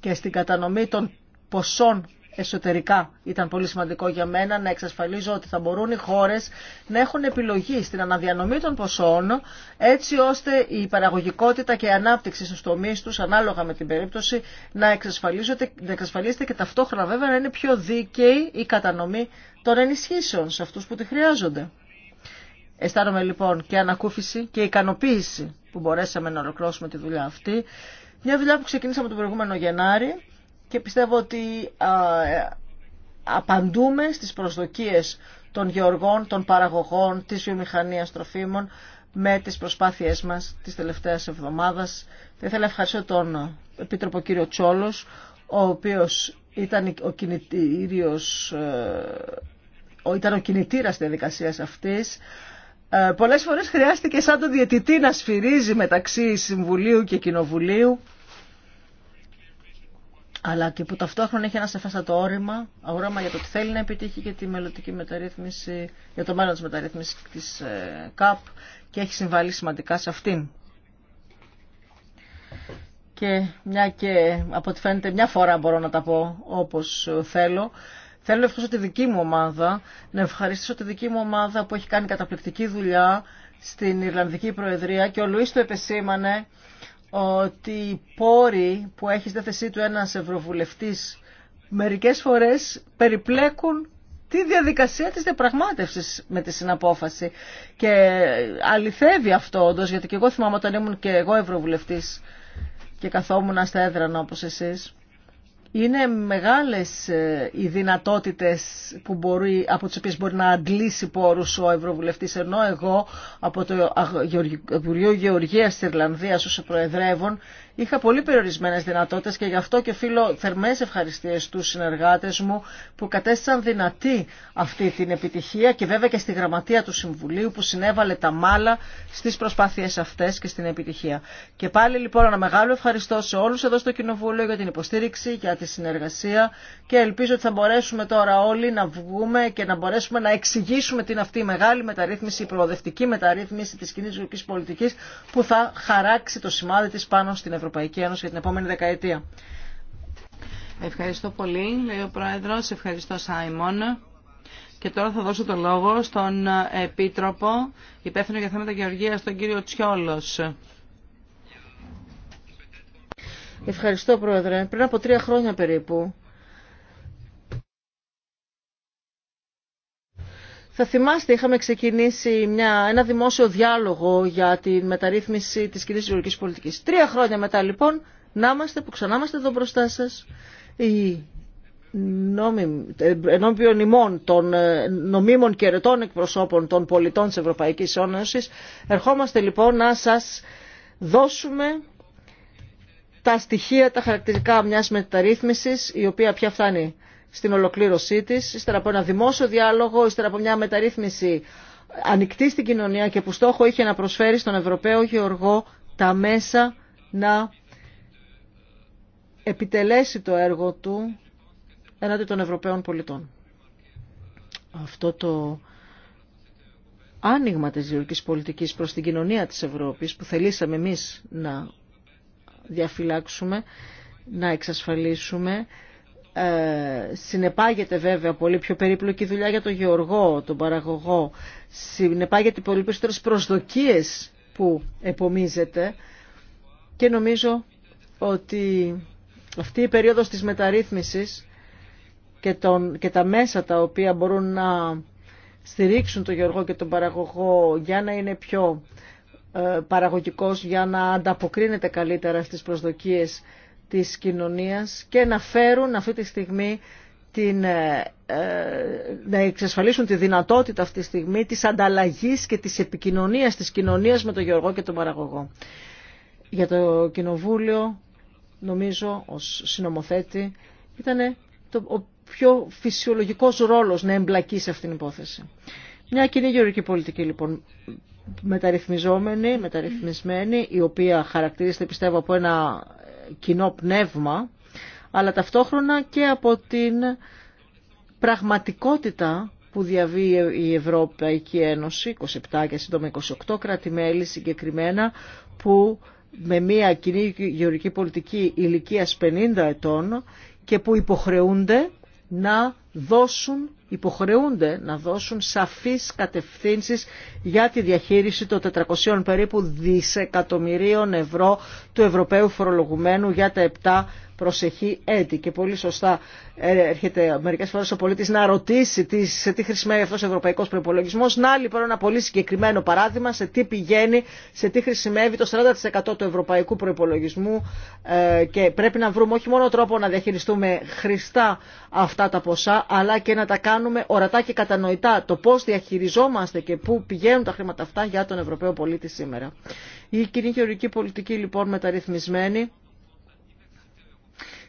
και στην κατανομή των ποσών εσωτερικά ήταν πολύ σημαντικό για μένα να εξασφαλίζω ότι θα μπορούν οι χώρες να έχουν επιλογή στην αναδιανομή των ποσών έτσι ώστε η παραγωγικότητα και η ανάπτυξη στους τομείς τους ανάλογα με την περίπτωση να, εξασφαλίζεται, να εξασφαλίζεται και ταυτόχρονα βέβαια να είναι πιο δίκαιη η κατανομή των ενισχύσεων σε αυτούς που τη χρειάζονται. Αισθάνομαι λοιπόν και ανακούφιση και ικανοποίηση που μπορέσαμε να ολοκληρώσουμε τη δουλειά αυτή. Μια δουλειά που ξεκινήσαμε τον προηγούμενο Γενάρη και πιστεύω ότι ε, απαντούμε στις προσδοκίες των γεωργών, των παραγωγών, της βιομηχανίας τροφίμων με τις προσπάθειές μας της τελευταίας εβδομάδας. Θα ήθελα να ευχαριστώ τον Επίτροπο κύριο Τσόλος, ο οποίος ήταν ο κινητήριος, ε, ήταν ο κινητήρας της διαδικασίας αυτής. Ε, πολλές φορές χρειάστηκε σαν το διαιτητή να σφυρίζει μεταξύ Συμβουλίου και Κοινοβουλίου αλλά και που ταυτόχρονα έχει ένα σεφάστατο όριμα, για το τι θέλει να επιτύχει και τη μελλοντική μεταρρύθμιση, για το μέλλον της μεταρρύθμισης της ε, ΚΑΠ και έχει συμβάλει σημαντικά σε αυτήν. Και μια και, από ό,τι φαίνεται, μια φορά μπορώ να τα πω όπως θέλω, θέλω να ευχαριστήσω τη δική μου ομάδα, να ευχαριστήσω τη δική μου ομάδα που έχει κάνει καταπληκτική δουλειά στην Ιρλανδική Προεδρία και ο Λουίς το επεσήμανε, ότι οι πόροι που έχει στη θέσή του ένας ευρωβουλευτής μερικές φορές περιπλέκουν τη διαδικασία της διαπραγμάτευσης με τη συναπόφαση. Και αληθεύει αυτό όντω, γιατί και εγώ θυμάμαι όταν ήμουν και εγώ ευρωβουλευτής και καθόμουν στα έδρανα όπως εσείς. Είναι μεγάλες ε, οι δυνατότητες που μπορεί, από τις οποίες μπορεί να αντλήσει πόρους ο Ευρωβουλευτής, ενώ εγώ από το Υπουργείο Γεωργίας της Ιρλανδίας ως προεδρεύων είχα πολύ περιορισμένε δυνατότητε και γι' αυτό και φίλω θερμές ευχαριστίες στους συνεργάτε μου που κατέστησαν δυνατή αυτή την επιτυχία και βέβαια και στη γραμματεία του Συμβουλίου που συνέβαλε τα μάλα στι προσπάθειε αυτέ και στην επιτυχία. Και πάλι λοιπόν ένα μεγάλο ευχαριστώ σε όλου εδώ στο Κοινοβούλιο για την υποστήριξη, για τη συνεργασία και ελπίζω ότι θα μπορέσουμε τώρα όλοι να βγούμε και να μπορέσουμε να εξηγήσουμε την αυτή η μεγάλη μεταρρύθμιση, η προοδευτική μεταρρύθμιση τη κοινή πολιτική που θα χαράξει το σημάδι τη πάνω στην Ευρωπαϊκή. Ευρωπαϊκή για την επόμενη δεκαετία. Ευχαριστώ πολύ, λέει ο Πρόεδρος. Ευχαριστώ, Σάιμον. Και τώρα θα δώσω το λόγο στον Επίτροπο υπεύθυνο για θέματα γεωργία, τον κύριο Τσιόλος. Ευχαριστώ, Πρόεδρε. Πριν από τρία χρόνια περίπου, Θα θυμάστε, είχαμε ξεκινήσει μια, ένα δημόσιο διάλογο για τη μεταρρύθμιση της κοινή πολιτικής. Τρία χρόνια μετά λοιπόν, να είμαστε που ξανά είμαστε εδώ μπροστά σα, οι ενώπιον ημών των ε, νομίμων και ερετών εκπροσώπων των πολιτών της Ευρωπαϊκής Ένωσης. Ερχόμαστε λοιπόν να σας δώσουμε τα στοιχεία, τα χαρακτηριστικά μιας μεταρρύθμισης, η οποία πια φτάνει στην ολοκλήρωσή της, ύστερα από ένα δημόσιο διάλογο, ύστερα από μια μεταρρύθμιση ανοιχτή στην κοινωνία και που στόχο είχε να προσφέρει στον Ευρωπαίο Γεωργό τα μέσα να επιτελέσει το έργο του έναντι των Ευρωπαίων πολιτών. Αυτό το άνοιγμα της γεωργικής πολιτικής προς την κοινωνία της Ευρώπης που θελήσαμε εμείς να διαφυλάξουμε, να εξασφαλίσουμε, ε, συνεπάγεται βέβαια πολύ πιο περίπλοκη δουλειά για τον γεωργό, τον παραγωγό, συνεπάγεται πολύ περισσότερε προσδοκίες που επομίζεται και νομίζω ότι αυτή η περίοδος της μεταρρύθμισης και, και τα μέσα τα οποία μπορούν να στηρίξουν τον γεωργό και τον παραγωγό για να είναι πιο ε, παραγωγικός για να ανταποκρίνεται καλύτερα στις προσδοκίες της κοινωνίας και να φέρουν αυτή τη στιγμή την, ε, ε, να εξασφαλίσουν τη δυνατότητα αυτή τη στιγμή της ανταλλαγής και της επικοινωνίας της κοινωνίας με τον Γεωργό και τον Παραγωγό. Για το Κοινοβούλιο, νομίζω, ως συνομοθέτη, ήταν ο πιο φυσιολογικός ρόλος να εμπλακεί σε αυτήν την υπόθεση. Μια κοινή γεωργική πολιτική, λοιπόν, μεταρρυθμιζόμενη, μεταρρυθμισμένη, η οποία χαρακτηρίζεται, πιστεύω, από ένα κοινό πνεύμα, αλλά ταυτόχρονα και από την πραγματικότητα που διαβεί η Ευρωπαϊκή Ένωση, 27 και σύντομα 28 κράτη-μέλη συγκεκριμένα, που με μια κοινή γεωρική πολιτική ηλικίας 50 ετών και που υποχρεούνται να δώσουν, υποχρεούνται να δώσουν σαφείς κατευθύνσεις για τη διαχείριση των 400 περίπου δισεκατομμυρίων ευρώ του Ευρωπαίου Φορολογουμένου για τα 7 προσεχή έτη. Και πολύ σωστά ε, έρχεται μερικές φορές ο πολίτη να ρωτήσει τι, σε τι χρησιμεύει αυτός ο ευρωπαϊκός προϋπολογισμός. Να λοιπόν ένα πολύ συγκεκριμένο παράδειγμα σε τι πηγαίνει, σε τι χρησιμεύει το 40% του ευρωπαϊκού προϋπολογισμού ε, και πρέπει να βρούμε όχι μόνο τρόπο να διαχειριστούμε χρηστά αυτά τα ποσά, αλλά και να τα κάνουμε ορατά και κατανοητά το πώς διαχειριζόμαστε και πού πηγαίνουν τα χρήματα αυτά για τον Ευρωπαίο πολίτη σήμερα. Η κοινή γεωργική πολιτική λοιπόν μεταρρυθμισμένη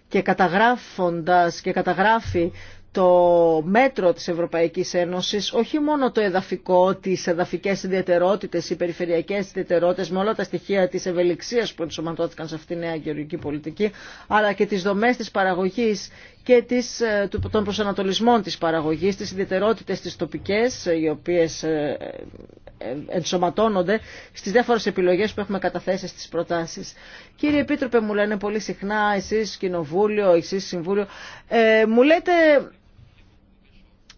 και καταγράφοντας και καταγράφει το μέτρο της Ευρωπαϊκής Ένωσης, όχι μόνο το εδαφικό, τις εδαφικές ιδιαιτερότητες, οι περιφερειακές ιδιαιτερότητες, με όλα τα στοιχεία της ευελιξίας που ενσωματώθηκαν σε αυτήν τη νέα γεωργική πολιτική, αλλά και τις δομές της παραγωγής και της, ε, των προσανατολισμών της παραγωγής, τις ιδιαιτερότητες τις τοπικές, ε, οι οποίες ε, ενσωματώνονται στις διάφορες επιλογές που έχουμε καταθέσει στις προτάσεις. Κύριε Επίτροπε, μου λένε πολύ συχνά, εσείς Κοινοβούλιο, εσείς Συμβούλιο, ε, μου λέτε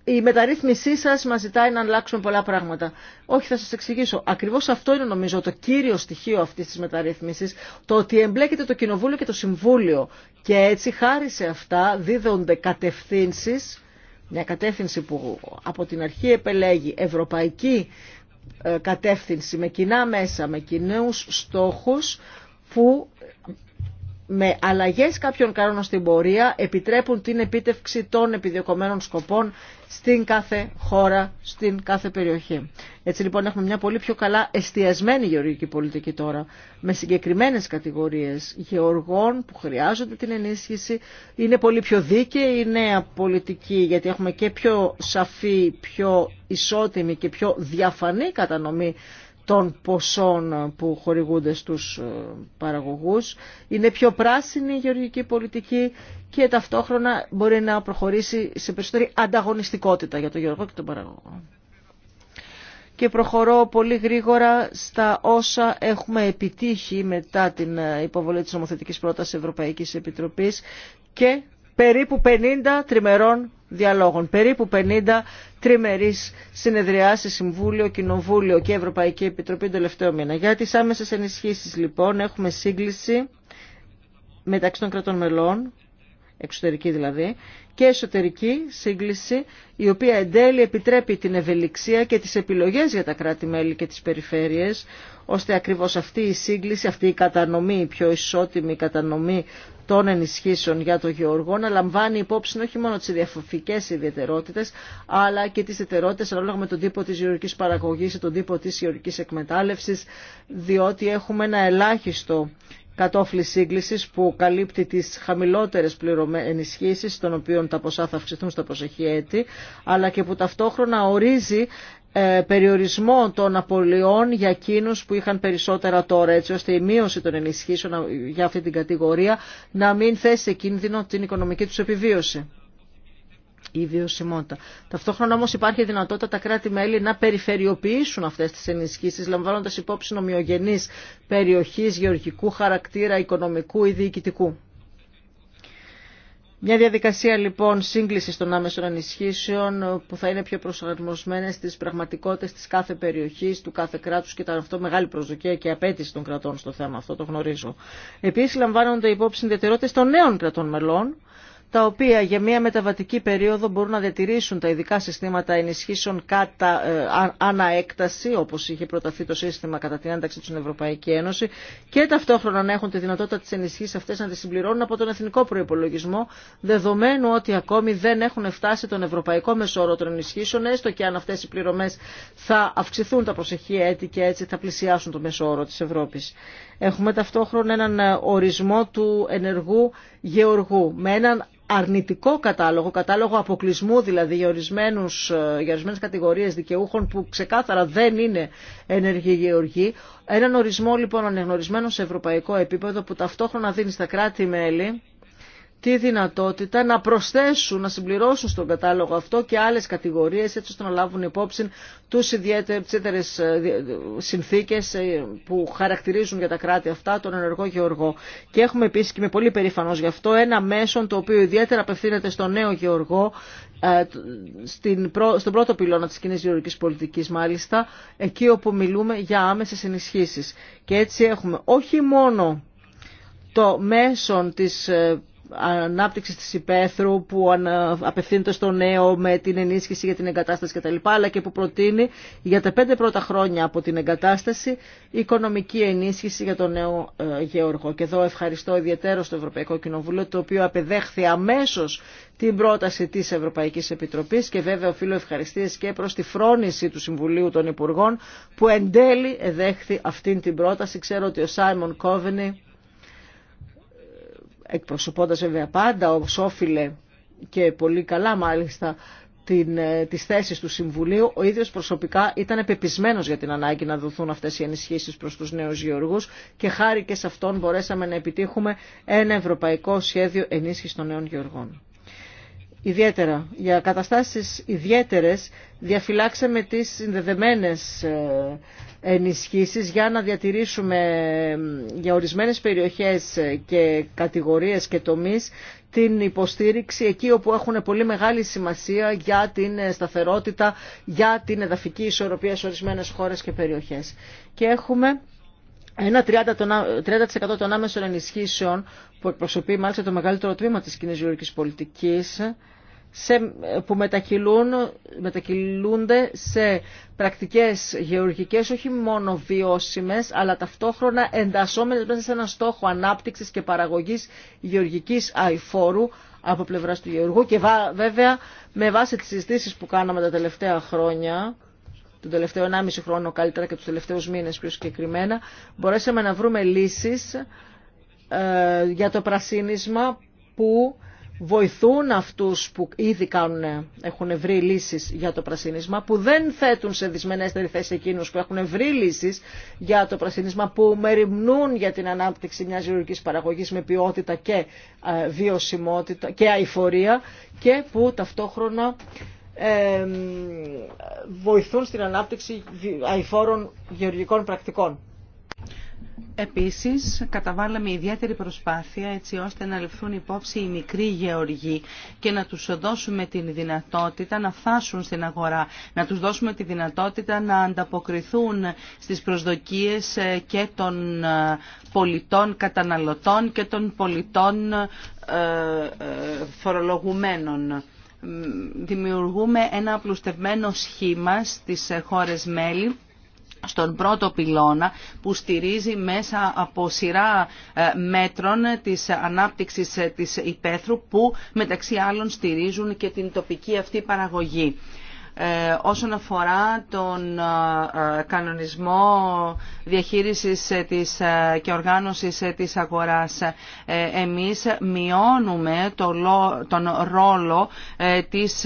η μεταρρύθμισή σας μα ζητάει να αλλάξουμε πολλά πράγματα. Όχι, θα σα εξηγήσω. Ακριβώς αυτό είναι νομίζω το κύριο στοιχείο αυτής της μεταρρύθμισης, το ότι εμπλέκεται το Κοινοβούλιο και το Συμβούλιο. Και έτσι χάρη σε αυτά δίδονται κατευθύνσει μια κατεύθυνση που από την αρχή επελέγει ευρωπαϊκή ε, κατεύθυνση με κοινά μέσα, με κοινού στόχου που με αλλαγές κάποιων κανόνων στην πορεία επιτρέπουν την επίτευξη των επιδιωκομένων σκοπών στην κάθε χώρα, στην κάθε περιοχή. Έτσι λοιπόν έχουμε μια πολύ πιο καλά εστιασμένη γεωργική πολιτική τώρα, με συγκεκριμένες κατηγορίες γεωργών που χρειάζονται την ενίσχυση, είναι πολύ πιο δίκαιη η νέα πολιτική γιατί έχουμε και πιο σαφή, πιο ισότιμη και πιο διαφανή κατανομή των ποσών που χορηγούνται στους ε, παραγωγούς. Είναι πιο πράσινη η γεωργική πολιτική και ταυτόχρονα μπορεί να προχωρήσει σε περισσότερη ανταγωνιστικότητα για τον γεωργό και τον παραγωγό. Και προχωρώ πολύ γρήγορα στα όσα έχουμε επιτύχει μετά την ε, υποβολή της νομοθετικής πρότασης Ευρωπαϊκής Επιτροπής και περίπου 50 τριμερών διαλόγων, περίπου 50 τριμερείς συνεδριάσεις Συμβούλιο, Κοινοβούλιο και Ευρωπαϊκή Επιτροπή τον τελευταίο μήνα. Για τις άμεσες ενισχύσεις λοιπόν έχουμε σύγκληση μεταξύ των κρατών μελών, εξωτερική δηλαδή, και εσωτερική σύγκληση, η οποία εν τέλει επιτρέπει την ευελιξία και τις επιλογές για τα κράτη-μέλη και τις περιφέρειες, ώστε ακριβώς αυτή η σύγκληση, αυτή η κατανομή, η πιο ισότιμη κατανομή των ενισχύσεων για το γεωργό να λαμβάνει υπόψη όχι μόνο τις διαφορετικέ ιδιαιτερότητες αλλά και τις ιδιαιτερότητες ανάλογα με τον τύπο της γεωργικής παραγωγής ή τον τύπο της γεωργικής εκμετάλλευσης διότι έχουμε ένα ελάχιστο κατόφλι σύγκληση που καλύπτει τι χαμηλότερε ενισχύσει, των οποίων τα ποσά θα αυξηθούν στα προσεχή έτη, αλλά και που ταυτόχρονα ορίζει ε, περιορισμό των απολειών για εκείνους που είχαν περισσότερα τώρα, έτσι ώστε η μείωση των ενισχύσεων για αυτή την κατηγορία να μην θέσει σε κίνδυνο την οικονομική τους επιβίωση η βιωσιμότητα. Ταυτόχρονα όμω υπάρχει δυνατότητα τα κράτη-μέλη να περιφερειοποιήσουν αυτέ τι ενισχύσει, λαμβάνοντα υπόψη ομοιογενή περιοχή γεωργικού χαρακτήρα, οικονομικού ή διοικητικού. Μια διαδικασία λοιπόν σύγκληση των άμεσων ανισχύσεων ε, που θα είναι πιο προσαρμοσμένε στι πραγματικότητε τη κάθε περιοχή, του κάθε κράτου και ήταν αυτό μεγάλη προσδοκία και απέτηση των κρατών στο θέμα αυτό, το γνωρίζω. Επίση λαμβάνονται υπόψη ιδιαιτερότητε των νέων κρατών μελών τα οποία για μια μεταβατική περίοδο μπορούν να διατηρήσουν τα ειδικά συστήματα ενισχύσεων κατά, ε, αναέκταση, όπως είχε προταθεί το σύστημα κατά την ένταξη στην Ευρωπαϊκή Ένωση, και ταυτόχρονα να έχουν τη δυνατότητα τις ενισχύσει αυτές να τις συμπληρώνουν από τον εθνικό προϋπολογισμό, δεδομένου ότι ακόμη δεν έχουν φτάσει τον ευρωπαϊκό μεσόρο των ενισχύσεων, έστω και αν αυτές οι πληρωμές θα αυξηθούν τα προσεχή έτη και έτσι θα πλησιάσουν το μεσόρο τη της Έχουμε ταυτόχρονα έναν ορισμό του ενεργού γεωργού με έναν αρνητικό κατάλογο, κατάλογο αποκλεισμού δηλαδή για, ορισμένους, για ορισμένες κατηγορίες δικαιούχων που ξεκάθαρα δεν είναι ενεργοί γεωργοί. Έναν ορισμό λοιπόν ανεγνωρισμένο σε ευρωπαϊκό επίπεδο που ταυτόχρονα δίνει στα κράτη-μέλη τη δυνατότητα να προσθέσουν, να συμπληρώσουν στον κατάλογο αυτό και άλλες κατηγορίες έτσι ώστε να λάβουν υπόψη τους ιδιαίτερες ε, συνθήκες ε, που χαρακτηρίζουν για τα κράτη αυτά τον ενεργό γεωργό. Και έχουμε επίσης και είμαι πολύ περήφανος γι' αυτό ένα μέσο το οποίο ιδιαίτερα απευθύνεται στον νέο γεωργό ε, στον πρώτο πυλώνα της κοινή γεωργικής πολιτικής μάλιστα, εκεί όπου μιλούμε για άμεσες ενισχύσεις. Και έτσι έχουμε όχι μόνο το μέσον της Ανάπτυξη της υπαίθρου που απευθύνεται στο νέο με την ενίσχυση για την εγκατάσταση κτλ. αλλά και που προτείνει για τα πέντε πρώτα χρόνια από την εγκατάσταση οικονομική ενίσχυση για τον νέο ε, γεωργό. Και εδώ ευχαριστώ ιδιαίτερα στο Ευρωπαϊκό Κοινοβούλιο το οποίο απεδέχθη αμέσως την πρόταση της Ευρωπαϊκής Επιτροπής και βέβαια οφείλω ευχαριστίες και προς τη φρόνηση του Συμβουλίου των Υπουργών που εν τέλει εδέχθη αυτήν την πρόταση. Ξέρω ότι ο Σάιμον Κόβενι εκπροσωπώντας βέβαια πάντα όπως όφιλε και πολύ καλά μάλιστα την, ε, τις θέσεις του Συμβουλίου, ο ίδιος προσωπικά ήταν επεπισμένος για την ανάγκη να δοθούν αυτές οι ενισχύσεις προς τους νέους γεωργούς και χάρη και σε αυτόν μπορέσαμε να επιτύχουμε ένα ευρωπαϊκό σχέδιο ενίσχυσης των νέων γεωργών ιδιαίτερα. Για καταστάσεις ιδιαίτερες διαφυλάξαμε τις συνδεδεμένες ε, ενισχύσεις για να διατηρήσουμε για ορισμένες περιοχές ε, και κατηγορίες και τομείς την υποστήριξη εκεί όπου έχουν πολύ μεγάλη σημασία για την ε, σταθερότητα, για την εδαφική ισορροπία σε ορισμένες χώρες και περιοχές. Και έχουμε ένα 30% των άμεσων ενισχύσεων που εκπροσωπεί μάλιστα το μεγαλύτερο τμήμα της κοινή πολιτικής σε, που μετακυλούνται σε πρακτικές γεωργικές όχι μόνο βιώσιμες αλλά ταυτόχρονα εντασσόμενες μέσα σε ένα στόχο ανάπτυξης και παραγωγής γεωργικής αηφόρου από πλευράς του γεωργού και βέβαια με βάση τις συζητήσει που κάναμε τα τελευταία χρόνια τον τελευταίο 1,5 χρόνο καλύτερα και τους τελευταίους μήνες πιο συγκεκριμένα μπορέσαμε να βρούμε λύσεις ε, για το πρασίνισμα που βοηθούν αυτούς που ήδη κάνουν, έχουν βρει λύσεις για το πρασίνισμα, που δεν θέτουν σε δυσμενέστερη θέση εκείνους που έχουν βρει λύσεις για το πρασίνισμα, που μεριμνούν για την ανάπτυξη μιας γεωργικής παραγωγής με ποιότητα και ε, βιωσιμότητα και αηφορία και που ταυτόχρονα βοηθούν στην ανάπτυξη αηφόρων γεωργικών πρακτικών. Επίσης, καταβάλαμε ιδιαίτερη προσπάθεια έτσι ώστε να ληφθούν υπόψη οι μικροί γεωργοί και να τους δώσουμε την δυνατότητα να φτάσουν στην αγορά, να τους δώσουμε τη δυνατότητα να ανταποκριθούν στις προσδοκίες ε, και των ε, πολιτών καταναλωτών και των πολιτών ε, φορολογουμένων δημιουργούμε ένα απλουστευμένο σχήμα στις χώρες μέλη στον πρώτο πυλώνα που στηρίζει μέσα από σειρά ε, μέτρων της ανάπτυξης ε, της υπαίθρου που μεταξύ άλλων στηρίζουν και την τοπική αυτή παραγωγή. Ε, όσον αφορά τον ε, κανονισμό διαχείρισης ε, της και οργάνωσης της αγοράς. Εμείς μειώνουμε τον ρόλο της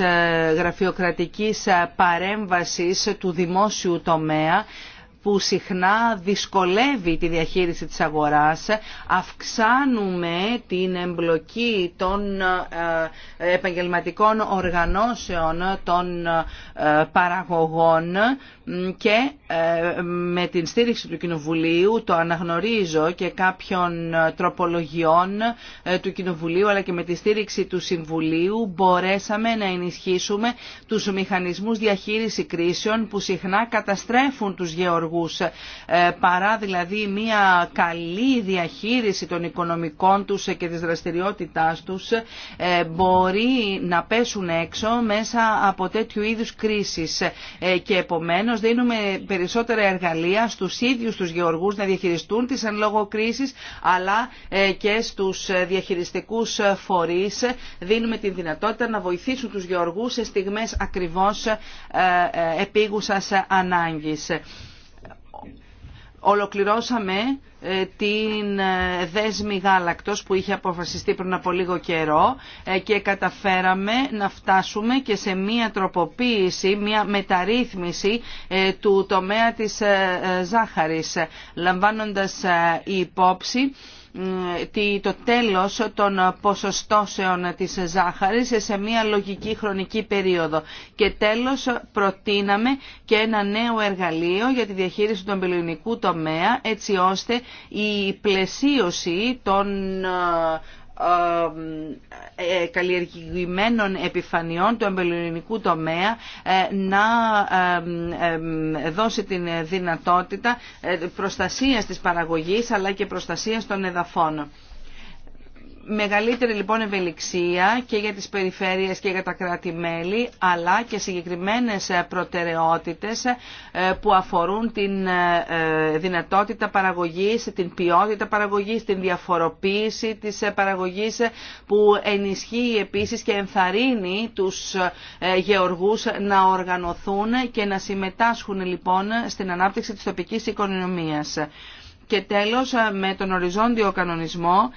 γραφειοκρατικής παρέμβασης του δημόσιου τομέα που συχνά δυσκολεύει τη διαχείριση της αγοράς. Αυξάνουμε την εμπλοκή των ε, επαγγελματικών οργανώσεων των ε, παραγωγών και ε, με την στήριξη του Κοινοβουλίου το αναγνωρίζω και κάποιων τροπολογιών του Κοινοβουλίου αλλά και με τη στήριξη του Συμβουλίου μπορέσαμε να ενισχύσουμε τους μηχανισμούς διαχείριση κρίσεων που συχνά καταστρέφουν τους γεωργούς ε, παρά δηλαδή μια καλή διαχείριση των οικονομικών τους και της δραστηριότητάς τους ε, μπορεί να πέσουν έξω μέσα από τέτοιου είδους κρίσεις ε, και επομένως δίνουμε περισσότερα εργαλεία στους ίδιους τους γεωργούς να διαχειριστούν τις εν λόγω αλλά και στους διαχειριστικούς φορείς δίνουμε την δυνατότητα να βοηθήσουν τους γεωργούς σε στιγμές ακριβώς επίγουσας ανάγκης ολοκληρώσαμε ε, την ε, δέσμη γάλακτος που είχε αποφασιστεί πριν από λίγο καιρό ε, και καταφέραμε να φτάσουμε και σε μία τροποποίηση, μία μεταρρύθμιση του τομέα της ζάχαρης, λαμβάνοντας υπόψη το τέλος των ποσοστώσεων της ζάχαρης σε μια λογική χρονική περίοδο. Και τέλος προτείναμε και ένα νέο εργαλείο για τη διαχείριση του εμπελιονικού τομέα έτσι ώστε η πλαισίωση των ε, ε, καλλιεργημένων επιφανειών του εμπελονινικού τομέα ε, να δώσει την δυνατότητα προστασίας της παραγωγής αλλά και προστασίας των εδαφών. Μεγαλύτερη λοιπόν ευελιξία και για τις περιφέρειες και για τα κράτη-μέλη αλλά και συγκεκριμένες ε, προτεραιότητες ε, που αφορούν την ε, δυνατότητα παραγωγής, την ποιότητα παραγωγής, την διαφοροποίηση της παραγωγής που ενισχύει επίσης και ενθαρρύνει τους γεωργούς να οργανωθούν και να συμμετάσχουν λοιπόν στην ανάπτυξη της τοπικής οικονομίας. Και τέλος ε, με τον οριζόντιο κανονισμό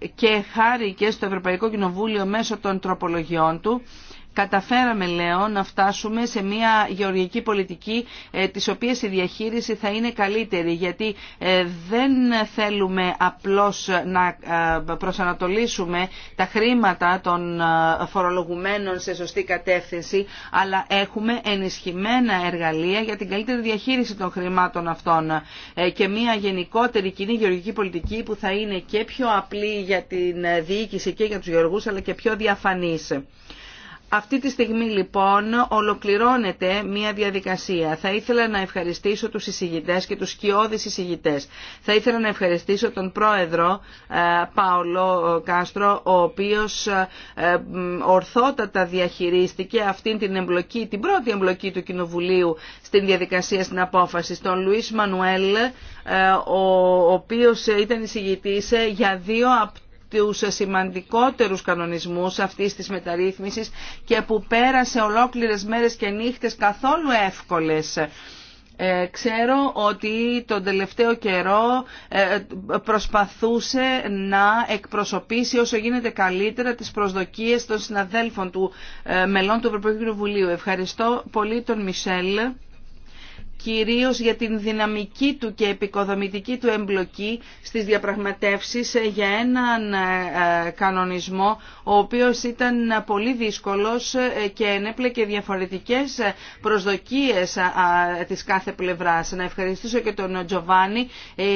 ε, και χάρη και στο Ευρωπαϊκό Κοινοβούλιο μέσω των τροπολογιών του Καταφέραμε, λέω, να φτάσουμε σε μια γεωργική πολιτική ε, της οποίας η διαχείριση θα είναι καλύτερη γιατί ε, δεν θέλουμε απλώς να ε, προσανατολίσουμε τα χρήματα των φορολογουμένων σε σωστή κατεύθυνση αλλά έχουμε ενισχυμένα εργαλεία για την καλύτερη διαχείριση των χρημάτων αυτών και μια γενικότερη κοινή γεωργική πολιτική που θα είναι και πιο απλή για την διοίκηση και για τους γεωργούς αλλά και πιο διαφανής. Αυτή τη στιγμή λοιπόν ολοκληρώνεται μια διαδικασία. Θα ήθελα να ευχαριστήσω τους εισηγητές και τους σκιώδεις εισηγητές. Θα ήθελα να ευχαριστήσω τον πρόεδρο ε, Παολό Κάστρο, ο οποίος ε, ορθότατα διαχειρίστηκε αυτήν την εμπλοκή, την πρώτη εμπλοκή του Κοινοβουλίου στην διαδικασία στην απόφαση. τον Λουίς Μανουέλ, ε, ο οποίος ήταν εισηγητής για δύο από τους σημαντικότερους κανονισμούς αυτής της μεταρρύθμισης και που πέρασε ολόκληρες μέρες και νύχτες καθόλου εύκολες. Ε, ξέρω ότι τον τελευταίο καιρό ε, προσπαθούσε να εκπροσωπήσει όσο γίνεται καλύτερα τις προσδοκίες των συναδέλφων του ε, μελών του Ευρωπαϊκού Βουλίου. Ευχαριστώ πολύ τον Μισελ κυρίως για την δυναμική του και επικοδομητική του εμπλοκή στις διαπραγματεύσεις για έναν ε, κανονισμό ο οποίος ήταν πολύ δύσκολος ε, και ενέπλεκε διαφορετικές προσδοκίες ε, της κάθε πλευράς. Να ευχαριστήσω και τον Τζοβάνι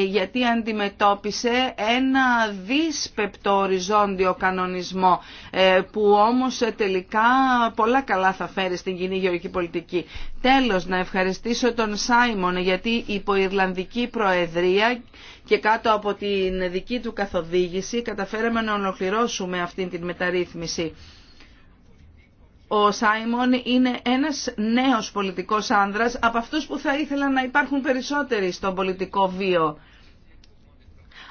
γιατί αντιμετώπισε ένα δύσπεπτο οριζόντιο κανονισμό που όμως τελικά πολλά καλά θα φέρει στην κοινή γεωργική πολιτική. Τέλος, να ευχαριστήσω τον τον Σάιμον γιατί υπό Ιρλανδική Προεδρία και κάτω από την δική του καθοδήγηση καταφέραμε να ολοκληρώσουμε αυτήν την μεταρρύθμιση. Ο Σάιμον είναι ένας νέος πολιτικός άνδρας από αυτούς που θα ήθελαν να υπάρχουν περισσότεροι στον πολιτικό βίο.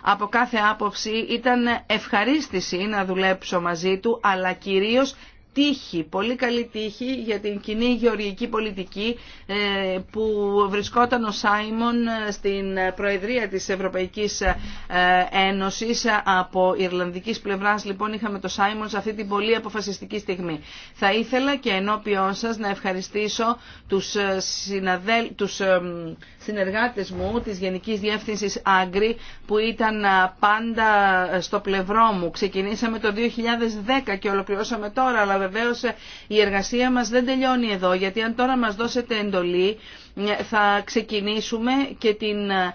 Από κάθε άποψη ήταν ευχαρίστηση να δουλέψω μαζί του, αλλά κυρίως τύχη, πολύ καλή τύχη για την κοινή γεωργική πολιτική ε, που βρισκόταν ο Σάιμον ε, στην Προεδρία της Ευρωπαϊκής ε, Ένωσης από Ιρλανδικής πλευράς λοιπόν είχαμε το Σάιμον σε αυτή την πολύ αποφασιστική στιγμή. Θα ήθελα και ενώπιόν σας να ευχαριστήσω τους, συναδέλ συνεργάτες μου της Γενικής Διεύθυνσης Άγκρη που ήταν πάντα ε, στο πλευρό μου. Ξεκινήσαμε το 2010 και ολοκληρώσαμε τώρα, αλλά βεβαίως ε, η εργασία μας δεν τελειώνει εδώ, γιατί αν τώρα μας δώσετε εντολή θα ξεκινήσουμε και την ε,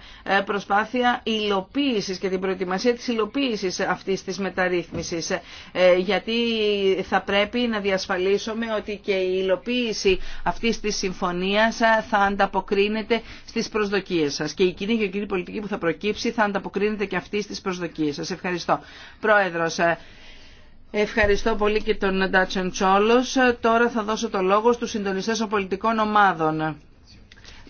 προσπάθεια υλοποίησης και την προετοιμασία της υλοποίησης αυτής της μεταρρύθμισης. Ε, γιατί θα πρέπει να διασφαλίσουμε ότι και η υλοποίηση αυτής της συμφωνίας ε, θα ανταποκρίνεται στις προσδοκίες σας. Και η κοινή και η κοινή πολιτική που θα προκύψει θα ανταποκρίνεται και αυτή στις προσδοκίες σας. Ευχαριστώ. Πρόεδρος, Ευχαριστώ πολύ και τον Ντάτσεν Τσόλος. Τώρα θα δώσω το λόγο στους συντονιστές των πολιτικών ομάδων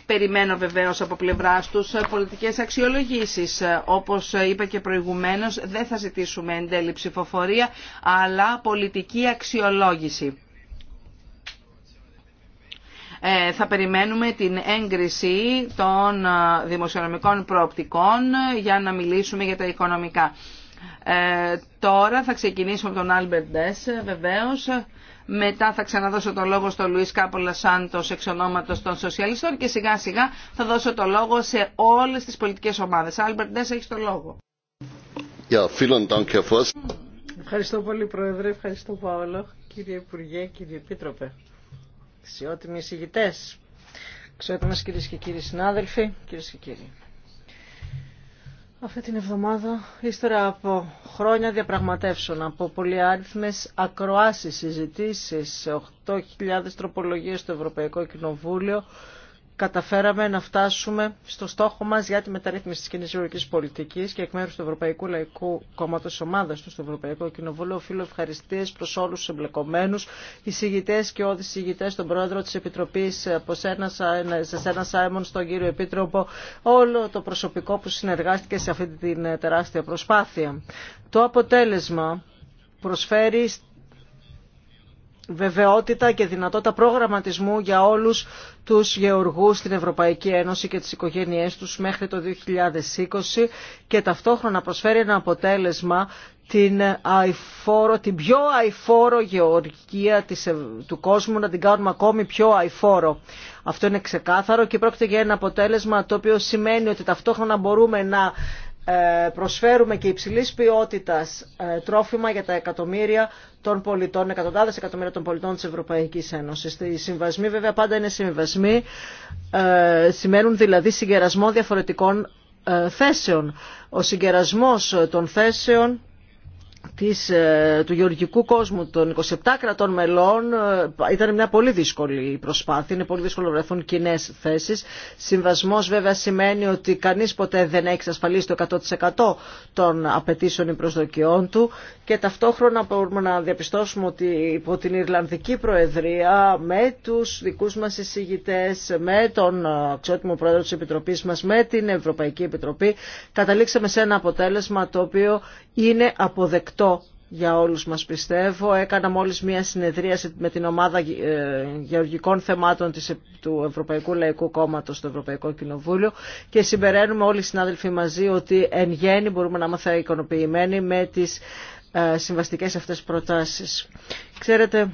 περιμένω βεβαίως από πλευράς τους πολιτικές αξιολογήσεις. Όπως είπα και προηγουμένως δεν θα ζητήσουμε εν τέλει ψηφοφορία αλλά πολιτική αξιολόγηση. Ε, θα περιμένουμε την έγκριση των ε, δημοσιονομικών προοπτικών για να μιλήσουμε για τα οικονομικά. Ε, τώρα θα ξεκινήσουμε από τον Άλμπερντ Ντες βεβαίως μετά θα ξαναδώσω το λόγο στον Λουίς Κάπολα Σάντος εξ ονόματος των Σοσιαλιστών και σιγά σιγά θα δώσω το λόγο σε όλες τις πολιτικές ομάδες. Άλμπερτ δεν έχεις το λόγο. Ευχαριστώ πολύ Πρόεδρε, ευχαριστώ Παόλο, κύριε Υπουργέ, κύριε Επίτροπε, αξιότιμοι εισηγητές, αξιότιμες κυρίες και κύριοι συνάδελφοι, κυρίες και κύριοι. Αυτή την εβδομάδα, ύστερα από χρόνια διαπραγματεύσεων, από πολυάριθμες ακροάσεις, συζητήσεις, 8.000 τροπολογίες στο Ευρωπαϊκό Κοινοβούλιο, καταφέραμε να φτάσουμε στο στόχο μας για τη μεταρρύθμιση της κοινής ευρωπαϊκής πολιτικής και εκ μέρους του Ευρωπαϊκού Λαϊκού Κόμματος Ομάδας του στο Ευρωπαϊκό Κοινοβούλιο οφείλω ευχαριστίες προς όλους τους εμπλεκομένους, εισηγητές και όδη εισηγητές, τον Πρόεδρο της Επιτροπής, από σε σένα Σάιμον, στον κύριο Επίτροπο, όλο το προσωπικό που συνεργάστηκε σε αυτή την τεράστια προσπάθεια. Το αποτέλεσμα προσφέρει βεβαιότητα και δυνατότητα προγραμματισμού για όλους τους γεωργούς στην Ευρωπαϊκή Ένωση και τις οικογένειές τους μέχρι το 2020 και ταυτόχρονα προσφέρει ένα αποτέλεσμα την, αηφόρο, την πιο αηφόρο γεωργία της, του κόσμου να την κάνουμε ακόμη πιο αηφόρο. Αυτό είναι ξεκάθαρο και πρόκειται για ένα αποτέλεσμα το οποίο σημαίνει ότι ταυτόχρονα μπορούμε να ε, προσφέρουμε και υψηλής ποιότητας ε, τρόφιμα για τα εκατομμύρια των πολιτών, εκατοντάδες εκατομμύρια των πολιτών της Ευρωπαϊκής Ένωσης. Οι συμβασμοί βέβαια πάντα είναι συμβασμοί, ε, σημαίνουν δηλαδή συγκερασμό διαφορετικών θέσεων. Ο συγκερασμός των θέσεων της, ε, του γεωργικού κόσμου των 27 κρατών μελών ε, ήταν μια πολύ δύσκολη προσπάθεια. Είναι πολύ δύσκολο να βρεθούν κοινέ θέσει. Συμβασμό βέβαια σημαίνει ότι κανεί ποτέ δεν έχει ασφαλίσει το 100% των απαιτήσεων ή προσδοκιών του και ταυτόχρονα μπορούμε να διαπιστώσουμε ότι υπό την Ιρλανδική Προεδρία με του δικού μα εισηγητέ, με τον ε, αξιότιμο πρόεδρο τη Επιτροπή μα, με την Ευρωπαϊκή Επιτροπή, καταλήξαμε σε ένα αποτέλεσμα το οποίο είναι αποδεκτό για όλους μας πιστεύω. Έκανα μόλις μία συνεδρία με την ομάδα ε, γεωργικών θεμάτων της, του Ευρωπαϊκού Λαϊκού Κόμματος στο Ευρωπαϊκό Κοινοβούλιο και συμπεραίνουμε όλοι οι συνάδελφοι μαζί ότι εν γέννη μπορούμε να είμαστε ικανοποιημένοι με τις ε, συμβαστικές αυτές προτάσεις. Ξέρετε,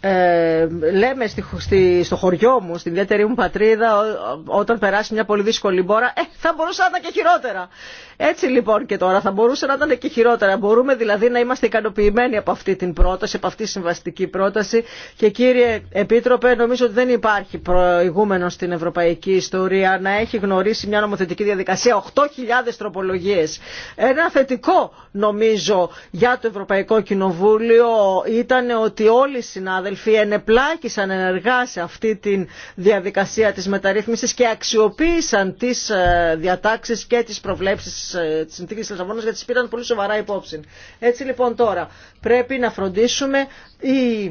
ε, λέμε στη, στο χωριό μου, στην ιδιαίτερη μου πατρίδα, όταν περάσει μια πολύ δύσκολη μπόρα, ε, θα μπορούσε να ήταν και χειρότερα. Έτσι λοιπόν και τώρα, θα μπορούσε να ήταν και χειρότερα. Μπορούμε δηλαδή να είμαστε ικανοποιημένοι από αυτή την πρόταση, από αυτή τη συμβαστική πρόταση. Και κύριε Επίτροπε, νομίζω ότι δεν υπάρχει προηγούμενο στην ευρωπαϊκή ιστορία να έχει γνωρίσει μια νομοθετική διαδικασία 8.000 τροπολογίε. Ένα θετικό νομίζω για το Ευρωπαϊκό Κοινοβούλιο ήταν ότι όλοι οι συνάδελφοι πλάκησαν ενεργά σε αυτή τη διαδικασία της μεταρρύθμισης και αξιοποίησαν τις ε, διατάξεις και τις προβλέψεις ε, της συνθήκης Λισαβόνας γιατί τις πήραν πολύ σοβαρά υπόψη. Έτσι λοιπόν τώρα πρέπει να φροντίσουμε η,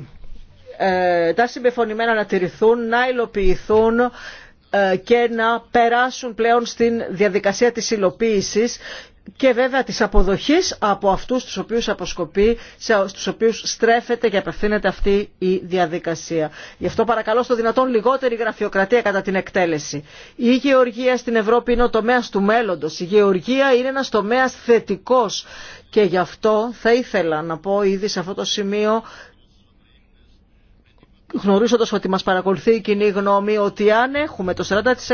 ε, τα συμπεφωνημένα να τηρηθούν, να υλοποιηθούν και να περάσουν πλέον στην διαδικασία της υλοποίησης και βέβαια της αποδοχής από αυτούς τους οποίους αποσκοπεί, στους οποίους στρέφεται και απευθύνεται αυτή η διαδικασία. Γι' αυτό παρακαλώ στο δυνατόν λιγότερη γραφειοκρατία κατά την εκτέλεση. Η γεωργία στην Ευρώπη είναι ο τομέας του μέλλοντος. Η γεωργία είναι ένας τομέας θετικός και γι' αυτό θα ήθελα να πω ήδη σε αυτό το σημείο Γνωρίζοντα ότι μας παρακολουθεί η κοινή γνώμη ότι αν έχουμε το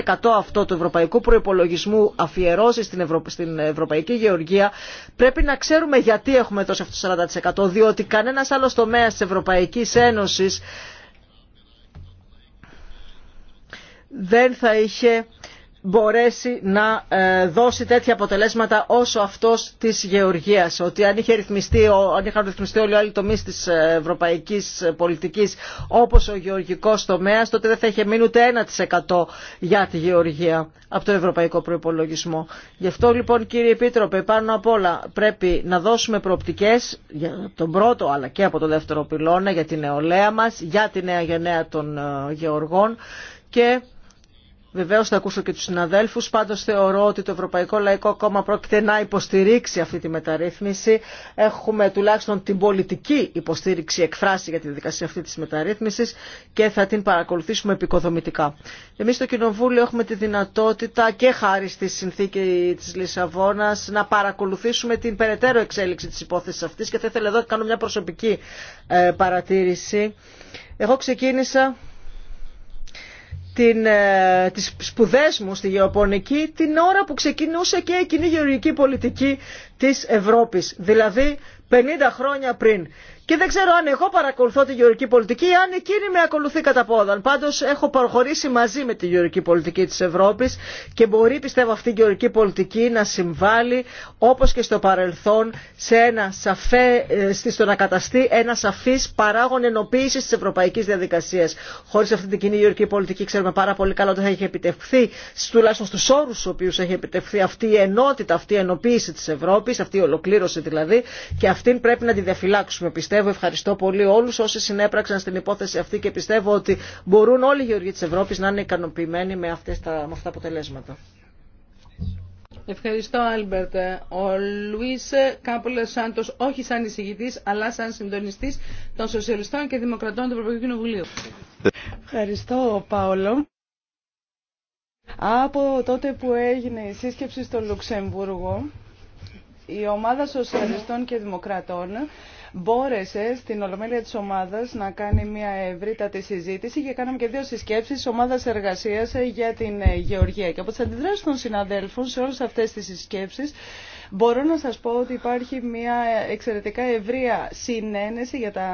40% αυτό του ευρωπαϊκού προπολογισμού αφιερώσει στην, στην ευρωπαϊκή γεωργία πρέπει να ξέρουμε γιατί έχουμε τόσο αυτό το 40% διότι κανένα άλλο τομέα τη Ευρωπαϊκής Ένωσης δεν θα είχε μπορέσει να ε, δώσει τέτοια αποτελέσματα όσο αυτός της γεωργίας. Ότι αν, είχε ρυθμιστεί, αν είχαν ρυθμιστεί όλοι οι άλλοι τομείς της ε, ευρωπαϊκής ε, πολιτικής όπως ο γεωργικός τομέας, τότε δεν θα είχε μείνει ούτε 1% για τη γεωργία από το ευρωπαϊκό προϋπολογισμό. Γι' αυτό λοιπόν κύριε Επίτροπε, πάνω απ' όλα πρέπει να δώσουμε προοπτικές για τον πρώτο αλλά και από τον δεύτερο πυλώνα για την νεολαία μας, για τη νέα γενναία των γεωργών και Βεβαίω θα ακούσω και του συναδέλφου. Πάντω θεωρώ ότι το Ευρωπαϊκό Λαϊκό Κόμμα πρόκειται να υποστηρίξει αυτή τη μεταρρύθμιση. Έχουμε τουλάχιστον την πολιτική υποστήριξη εκφράσει για τη δικασία αυτή τη μεταρρύθμισης και θα την παρακολουθήσουμε επικοδομητικά. Εμεί στο Κοινοβούλιο έχουμε τη δυνατότητα και χάρη στη συνθήκη τη Λισαβόνα να παρακολουθήσουμε την περαιτέρω εξέλιξη τη υπόθεση αυτή και θα ήθελα εδώ να κάνω μια προσωπική ε, παρατήρηση. Εγώ ξεκίνησα την, ε, τις σπουδές μου στη γεωπονική την ώρα που ξεκινούσε και η κοινή γεωργική πολιτική της Ευρώπης, δηλαδή 50 χρόνια πριν. Και δεν ξέρω αν εγώ παρακολουθώ τη γεωρική πολιτική ή αν εκείνη με ακολουθεί κατά πόδαν. Πάντω έχω προχωρήσει μαζί με τη γεωρική πολιτική τη Ευρώπη και μπορεί πιστεύω αυτή η γεωρική πολιτική να συμβάλλει όπω και στο παρελθόν σε ένα σαφέ, ε, στο να καταστεί ένα σαφή παράγον ενοποίηση τη ευρωπαϊκή διαδικασία. Χωρί αυτή την κοινή γεωρική πολιτική ξέρουμε πάρα πολύ καλά ότι θα έχει επιτευχθεί, τουλάχιστον στου όρου στου οποίου έχει επιτευχθεί αυτή η ενότητα, αυτή η ενοποίηση τη Ευρώπη, αυτή η ολοκλήρωση δηλαδή και αυτήν πρέπει να τη διαφυλάξουμε πιστεύω πιστεύω, ευχαριστώ πολύ όλους όσοι συνέπραξαν στην υπόθεση αυτή και πιστεύω ότι μπορούν όλοι οι γεωργοί της Ευρώπης να είναι ικανοποιημένοι με, αυτές τα, με αυτά τα αποτελέσματα. Ευχαριστώ, Άλμπερτ. Ο Λουί Κάπουλα Σάντο, όχι σαν εισηγητή, αλλά σαν συντονιστή των Σοσιαλιστών και Δημοκρατών του Ευρωπαϊκού Κοινοβουλίου. Ευχαριστώ, Πάολο. Από τότε που έγινε η σύσκεψη στο Λουξεμβούργο, η ομάδα Σοσιαλιστών και Δημοκρατών μπόρεσε στην Ολομέλεια τη ομάδα να κάνει μια ευρύτατη συζήτηση και κάναμε και δύο συσκέψεις τη ομάδα εργασίας για την Γεωργία. Και από τι αντιδράσει των συναδέλφων σε όλε αυτές τις συσκέψει. Μπορώ να σας πω ότι υπάρχει μια εξαιρετικά ευρεία συνένεση για τα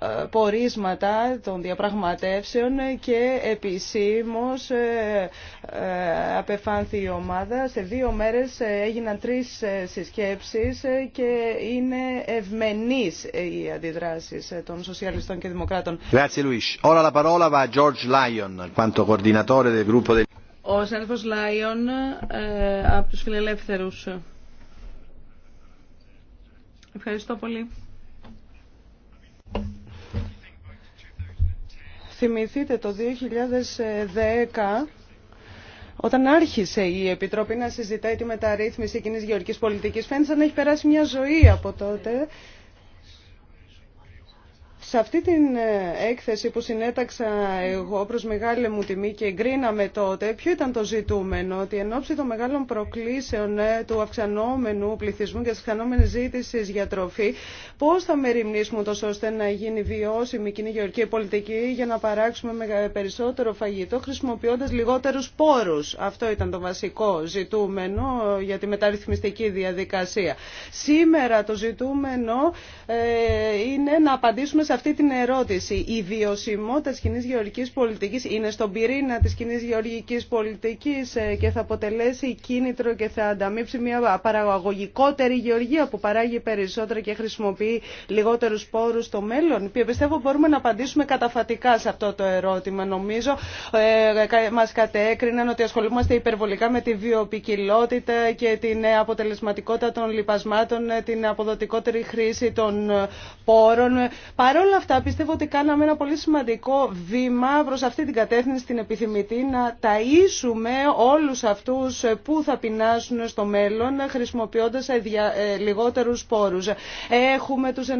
ε, πορίσματα των διαπραγματεύσεων και επισήμως ε, ε, απεφάνθη η ομάδα. Σε δύο μέρες έγιναν τρεις συσκέψεις και είναι ευμενείς οι αντιδράσεις των σοσιαλιστών και δημοκράτων. Ο συνάδελφος Λάιον από τους φιλελεύθερους. Ευχαριστώ πολύ. Θυμηθείτε το 2010 όταν άρχισε η Επιτροπή να συζητάει τη μεταρρύθμιση κοινή γεωργικής πολιτικής, φαίνεται να έχει περάσει μια ζωή από τότε. Σε αυτή την ε, έκθεση που συνέταξα εγώ προς μεγάλη μου τιμή και εγκρίναμε τότε, ποιο ήταν το ζητούμενο, ότι εν ώψη των μεγάλων προκλήσεων ε, του αυξανόμενου πληθυσμού και της αυξανόμενης ζήτησης για τροφή, πώς θα μεριμνήσουμε τόσο ώστε να γίνει βιώσιμη κοινή γεωργική πολιτική για να παράξουμε περισσότερο φαγητό χρησιμοποιώντας λιγότερους πόρους. Αυτό ήταν το βασικό ζητούμενο για τη μεταρρυθμιστική διαδικασία. Σήμερα το ζητούμενο ε, είναι να απαντήσουμε σε αυτή την ερώτηση. Η βιωσιμότητα της κοινή γεωργικής πολιτικής είναι στον πυρήνα της κοινή γεωργικής πολιτικής ε, και θα αποτελέσει κίνητρο και θα ανταμείψει μια παραγωγικότερη γεωργία που παράγει περισσότερα και χρησιμοποιεί λιγότερους πόρους στο μέλλον. Πιστεύω μπορούμε να απαντήσουμε καταφατικά σε αυτό το ερώτημα. Νομίζω ε, μας κατέκριναν ότι ασχολούμαστε υπερβολικά με τη βιοπικιλότητα και την ε, αποτελεσματικότητα των λοιπασμάτων, ε, την αποδοτικότερη χρήση των πόρων όλα αυτά πιστεύω ότι κάναμε ένα πολύ σημαντικό βήμα προς αυτή την κατεύθυνση την επιθυμητή να ταΐσουμε όλους αυτούς που θα πεινάσουν στο μέλλον χρησιμοποιώντας ε, ε, λιγότερους πόρους. Έχουμε τους ε,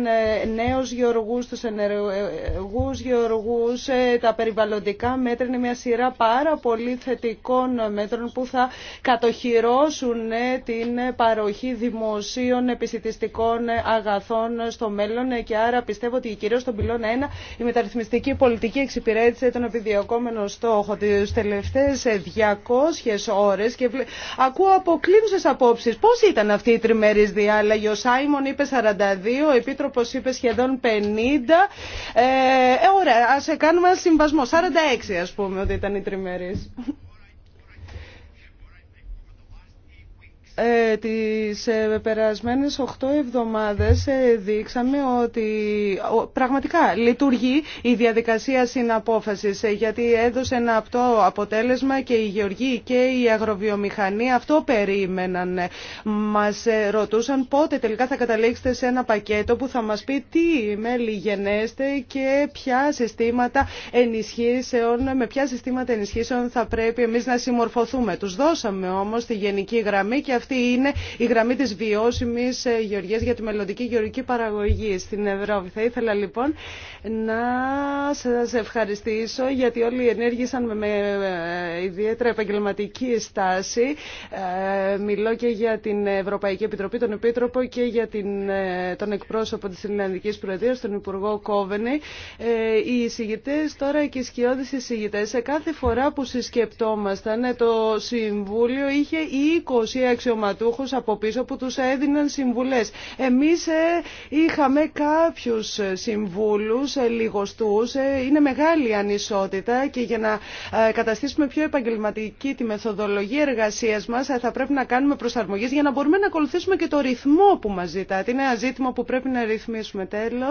νέους γεωργούς, τους ενεργούς γεωργούς, τα περιβαλλοντικά μέτρα είναι μια σειρά πάρα πολύ θετικών μέτρων που θα κατοχυρώσουν την παροχή δημοσίων επισητιστικών αγαθών στο μέλλον και άρα πιστεύω ότι στον πυλώνα 1, η μεταρρυθμιστική πολιτική εξυπηρέτησε τον επιδιωκόμενο στόχο τι τελευταίε 200 ώρε και ακούω αποκλίνουσε απόψει. Πώ ήταν αυτή η τριμερή διάλλαγη. Ο Σάιμον είπε 42, ο Επίτροπο είπε σχεδόν 50. Ε, ε, ωραία, α κάνουμε ένα συμβασμό. 46 α πούμε ότι ήταν η τριμερή. ε, τις ε, περασμένες 8 εβδομάδες ε, δείξαμε ότι πραγματικά λειτουργεί η διαδικασία συναπόφασης ε, γιατί έδωσε ένα αυτό αποτέλεσμα και η γεωργοί και η αγροβιομηχανία αυτό περίμεναν. Μας ε, ρωτούσαν πότε τελικά θα καταλήξετε σε ένα πακέτο που θα μας πει τι μέλη γενέστε και ποια συστήματα ενισχύσεων, με ποια συστήματα ενισχύσεων θα πρέπει εμείς να συμμορφωθούμε. Τους δώσαμε όμως τη γενική γραμμή και αυτή είναι η γραμμή της βιώσιμης ε, γεωργίας για τη μελλοντική γεωργική παραγωγή στην Ευρώπη. Θα ήθελα λοιπόν να σας ευχαριστήσω γιατί όλοι ενέργησαν με ε, ιδιαίτερα επαγγελματική στάση. Ε, μιλώ και για την Ευρωπαϊκή Επιτροπή, τον Επίτροπο και για την, τον εκπρόσωπο της Ελληνικής Προεδρίας, τον Υπουργό Κόβενη. Οι εισηγητές τώρα και οι σκιώδεις Σε κάθε φορά που συσκεπτόμασταν το Συμβούλιο είχε 20 αξιολογικές από πίσω που του έδιναν συμβουλές. Εμείς ε, είχαμε κάποιους ε, συμβούλους ε, λιγοστούς. Είναι μεγάλη ανισότητα και για να καταστήσουμε πιο επαγγελματική τη μεθοδολογία εργασίας μας θα πρέπει να κάνουμε προσαρμογές για να μπορούμε να ακολουθήσουμε και το ρυθμό που μα ζητάτε. Είναι ένα ζήτημα που πρέπει να ρυθμίσουμε τέλο.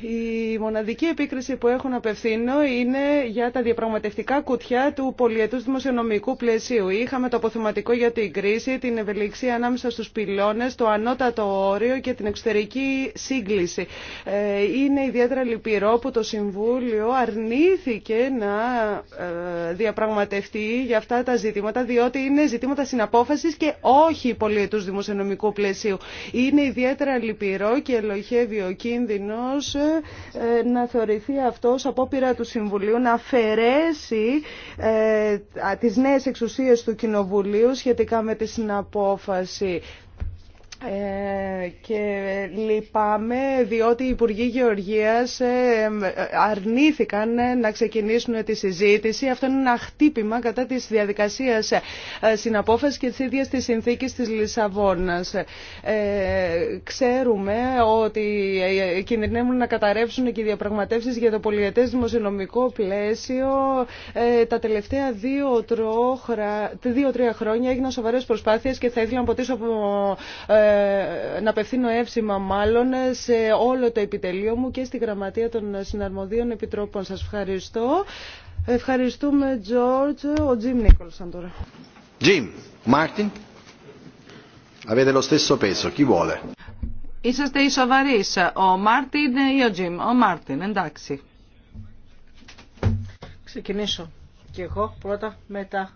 Η μοναδική επίκριση που έχω να απευθύνω είναι για τα διαπραγματευτικά κουτιά του πολιετούς δημοσιονομικού πλαισίου. Είχαμε το αποθεματικό για την κρίση, την ευελιξία ανάμεσα στους πυλώνες, το ανώτατο όριο και την εξωτερική σύγκληση. Ε, είναι ιδιαίτερα λυπηρό που το Συμβούλιο αρνήθηκε να ε, διαπραγματευτεί για αυτά τα ζητήματα, διότι είναι ζητήματα συναπόφασης και όχι πολιετούς δημοσιονομικού πλαισίου. Είναι ιδιαίτερα λυπηρό και ελοχεύει ο κίνδυνος ε, να θεωρηθεί αυτός από απόπειρα του Συμβουλίου να αφαιρέσει ε, τις νέες εξουσίες του Κοινοβουλίου σχετικά με τη συναπόφαση. Ε, και λυπάμαι διότι οι Υπουργοί Γεωργίας ε, αρνήθηκαν ε, να ξεκινήσουν τη συζήτηση. Αυτό είναι ένα χτύπημα κατά της διαδικασίας συναπόφασης και της ίδιας της συνθήκης της Λισαβόνας. Ξέρουμε ότι κινδυνεύουν να καταρρεύσουν και οι διαπραγματεύσεις για το πολιετές δημοσιονομικό πλαίσιο. Τα τελευταία δύο-τρία δύο, χρόνια έγιναν σοβαρές προσπάθειες και θα ήθελα να ποτίσω από ε, να απευθύνω εύσημα μάλλον σε όλο το επιτελείο μου και στη Γραμματεία των Συναρμοδίων Επιτρόπων. Σας ευχαριστώ. Ευχαριστούμε, Τζόρτζ. Ο Τζιμ Νίκολσαν τώρα. Τζιμ, Μάρτιν, έχετε το ίδιο peso, chi vuole. Είσαστε οι σοβαροί, ο Μάρτιν ή ο Τζιμ. Ο Μάρτιν, εντάξει. Ξεκινήσω. Και εγώ πρώτα μετά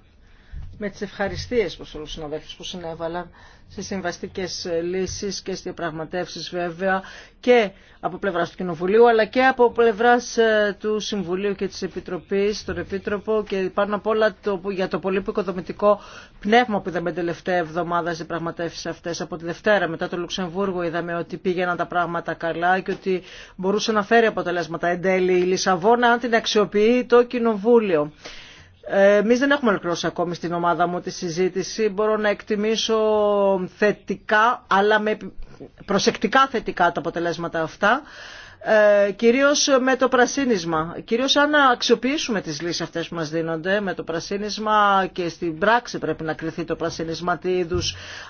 με τις ευχαριστίες προς όλους τους συναδέλφους που συνέβαλαν στις συμβαστικές λύσεις και στις διαπραγματεύσεις βέβαια και από πλευράς του Κοινοβουλίου αλλά και από πλευράς ε, του Συμβουλίου και της Επιτροπής, τον Επίτροπο και πάνω απ' όλα το, για το πολύ οικοδομητικό πνεύμα που είδαμε τελευταία εβδομάδα στις διαπραγματεύσεις αυτές. Από τη Δευτέρα μετά το Λουξεμβούργο είδαμε ότι πήγαιναν τα πράγματα καλά και ότι μπορούσε να φέρει αποτελέσματα εν τέλει η Λισαβόνα αν την αξιοποιεί το Κοινοβούλιο. Εμεί δεν έχουμε ολοκληρώσει ακόμη στην ομάδα μου τη συζήτηση. Μπορώ να εκτιμήσω θετικά, αλλά με προσεκτικά θετικά τα αποτελέσματα αυτά ε, κυρίως με το πρασίνισμα. Κυρίως αν αξιοποιήσουμε τις λύσεις αυτές που μας δίνονται με το πρασίνισμα και στην πράξη πρέπει να κριθεί το πρασίνισμα τι είδου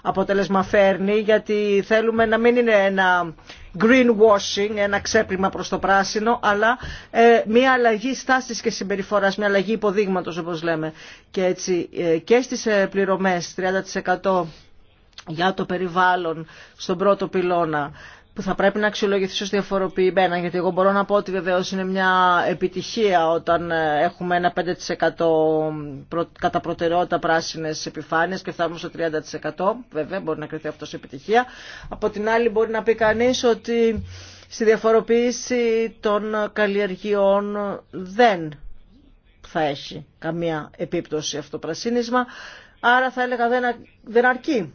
αποτέλεσμα φέρνει γιατί θέλουμε να μην είναι ένα greenwashing, ένα ξέπλυμα προς το πράσινο, αλλά ε, μια αλλαγή στάσης και συμπεριφοράς, μια αλλαγή υποδείγματος όπως λέμε. Και έτσι ε, και στις ε, πληρωμές 30% για το περιβάλλον στον πρώτο πυλώνα που θα πρέπει να αξιολογηθεί ως διαφοροποιημένα, γιατί εγώ μπορώ να πω ότι βεβαίως είναι μια επιτυχία όταν ε, έχουμε ένα 5% κατά προτεραιότητα πράσινες επιφάνειες και φτάνουμε στο 30%, βέβαια μπορεί να κρυθεί αυτό σε επιτυχία. Από την άλλη μπορεί να πει κανείς ότι στη διαφοροποίηση των καλλιεργειών δεν θα έχει καμία επίπτωση αυτό το πρασίνισμα, άρα θα έλεγα δεν αρκεί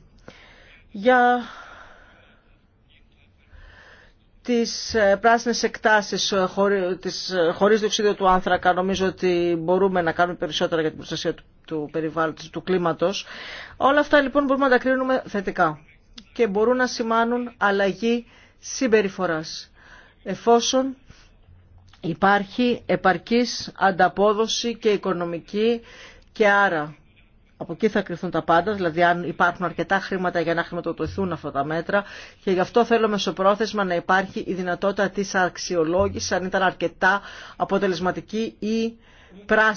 τις ε, πράσινες εκτάσεις ε, ε, χωρίς διοξίδιο του άνθρακα νομίζω ότι μπορούμε να κάνουμε περισσότερα για την προστασία του, του περιβάλλοντος, του κλίματος. Όλα αυτά λοιπόν μπορούμε να τα κρίνουμε θετικά και μπορούν να σημάνουν αλλαγή συμπεριφοράς εφόσον υπάρχει επαρκής ανταπόδοση και οικονομική και άρα από εκεί θα κρυφθούν τα πάντα, δηλαδή αν υπάρχουν αρκετά χρήματα για να χρηματοδοτηθούν αυτά τα μέτρα και γι' αυτό θέλω μεσοπρόθεσμα να υπάρχει η δυνατότητα της αξιολόγηση, αν ήταν αρκετά αποτελεσματική ή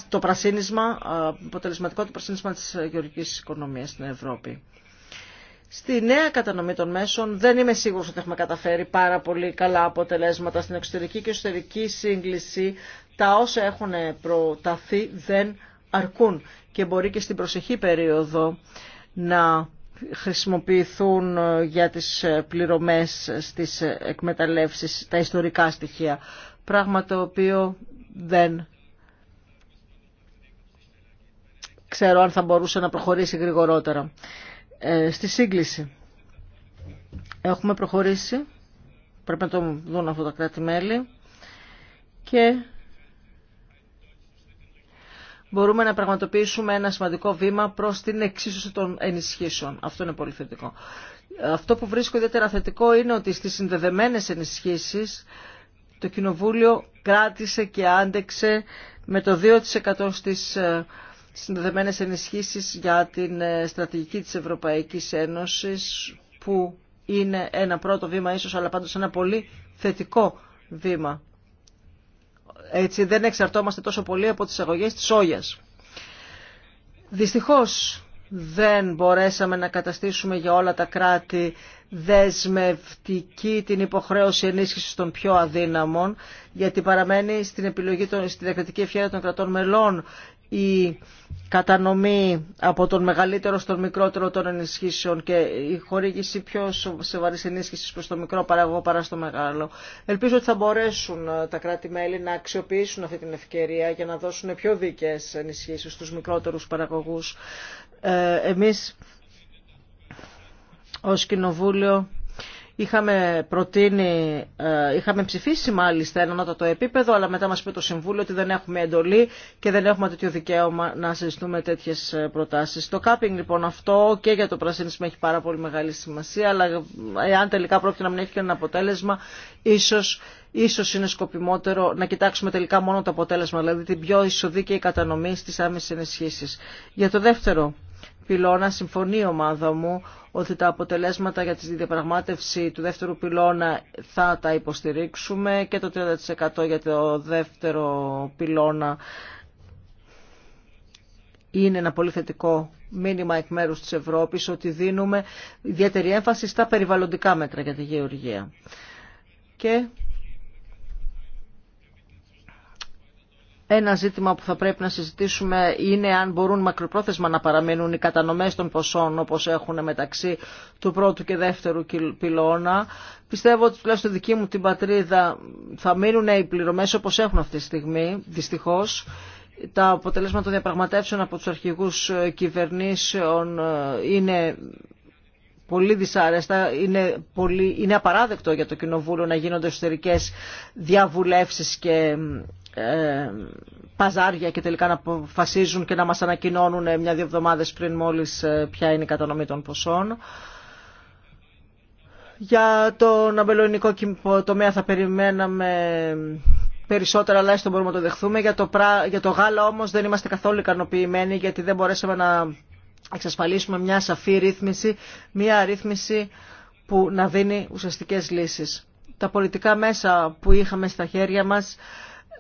το πρασίνισμα, αποτελεσματικό το πρασίνισμα της γεωργικής οικονομίας στην Ευρώπη. Στη νέα κατανομή των μέσων δεν είμαι σίγουρος ότι έχουμε καταφέρει πάρα πολύ καλά αποτελέσματα στην εξωτερική και εσωτερική σύγκληση. Τα όσα έχουν προταθεί δεν αρκούν και μπορεί και στην προσεχή περίοδο να χρησιμοποιηθούν ε, για τις ε, πληρωμές στις ε, εκμεταλλεύσεις τα ιστορικά στοιχεία. Πράγμα το οποίο δεν ξέρω αν θα μπορούσε να προχωρήσει γρηγορότερα. στη σύγκληση έχουμε προχωρήσει, πρέπει να το δουν αυτό τα κράτη-μέλη και μπορούμε να πραγματοποιήσουμε ένα σημαντικό βήμα προς την εξίσωση των ενισχύσεων. Αυτό είναι πολύ θετικό. Αυτό που βρίσκω ιδιαίτερα θετικό είναι ότι στις συνδεδεμένε ενισχύσεις το Κοινοβούλιο κράτησε και άντεξε με το 2% στις ε, συνδεδεμένες ενισχύσεις για την ε, στρατηγική της Ευρωπαϊκής Ένωσης που είναι ένα πρώτο βήμα ίσως αλλά πάντως ένα πολύ θετικό βήμα έτσι δεν εξαρτώμαστε τόσο πολύ από τις αγωγές της σόγιας. Δυστυχώς δεν μπορέσαμε να καταστήσουμε για όλα τα κράτη δεσμευτική την υποχρέωση ενίσχυσης των πιο αδύναμων, γιατί παραμένει στην επιλογή των, στην διακριτική ευχαίρεια των κρατών μελών η κατανομή από τον μεγαλύτερο στον μικρότερο των ενισχύσεων και η χορήγηση πιο σοβαρής ενίσχυσης προς το μικρό παραγωγό παρά στο μεγάλο. Ελπίζω ότι θα μπορέσουν ε, τα κράτη-μέλη να αξιοποιήσουν αυτή την ευκαιρία για να δώσουν πιο δίκαιες ενισχύσεις στους μικρότερους παραγωγούς. Ε, εμείς ως Κοινοβούλιο Είχαμε προτείνει, ε, είχαμε ψηφίσει μάλιστα ένα νότατο επίπεδο, αλλά μετά μας είπε το Συμβούλιο ότι δεν έχουμε εντολή και δεν έχουμε τέτοιο δικαίωμα να συζητούμε τέτοιες ε, προτάσεις. Το κάπινγκ λοιπόν αυτό και για το πρασίνισμα έχει πάρα πολύ μεγάλη σημασία, αλλά εάν τελικά πρόκειται να μην έχει και ένα αποτέλεσμα, ίσως ίσως είναι σκοπιμότερο να κοιτάξουμε τελικά μόνο το αποτέλεσμα, δηλαδή την πιο ισοδίκαιη κατανομή στις άμεσες ενισχύσεις. Για το δεύτερο πυλώνα συμφωνεί η ομάδα μου ότι τα αποτελέσματα για τη διαπραγμάτευση του δεύτερου πυλώνα θα τα υποστηρίξουμε και το 30% για το δεύτερο πυλώνα είναι ένα πολύ θετικό μήνυμα εκ μέρους της Ευρώπης ότι δίνουμε ιδιαίτερη έμφαση στα περιβαλλοντικά μέτρα για τη γεωργία. Και Ένα ζήτημα που θα πρέπει να συζητήσουμε είναι αν μπορούν μακροπρόθεσμα να παραμείνουν οι κατανομές των ποσών όπως έχουν μεταξύ του πρώτου και δεύτερου πυλώνα. Πιστεύω ότι τουλάχιστον δική μου την πατρίδα θα μείνουν οι πληρωμές όπως έχουν αυτή τη στιγμή, δυστυχώς. Τα αποτελέσματα των διαπραγματεύσεων από τους αρχηγούς ε, κυβερνήσεων ε, είναι πολύ δυσάρεστα. Είναι, πολύ, είναι απαράδεκτο για το Κοινοβούλιο να γίνονται εσωτερικέ διαβουλεύσεις και ε, παζάρια και τελικά να αποφασίζουν και να μας ανακοινώνουν μια-δύο εβδομάδες πριν μόλις ε, ποια είναι η κατανομή των ποσών. Για τον αμπελοϊνικό τομέα θα περιμέναμε περισσότερα, αλλά έστω μπορούμε να το δεχθούμε. Για το, για το γάλα όμως δεν είμαστε καθόλου ικανοποιημένοι, γιατί δεν μπορέσαμε να εξασφαλίσουμε μια σαφή ρύθμιση, μια ρύθμιση που να δίνει ουσιαστικές λύσεις. Τα πολιτικά μέσα που είχαμε στα χέρια μας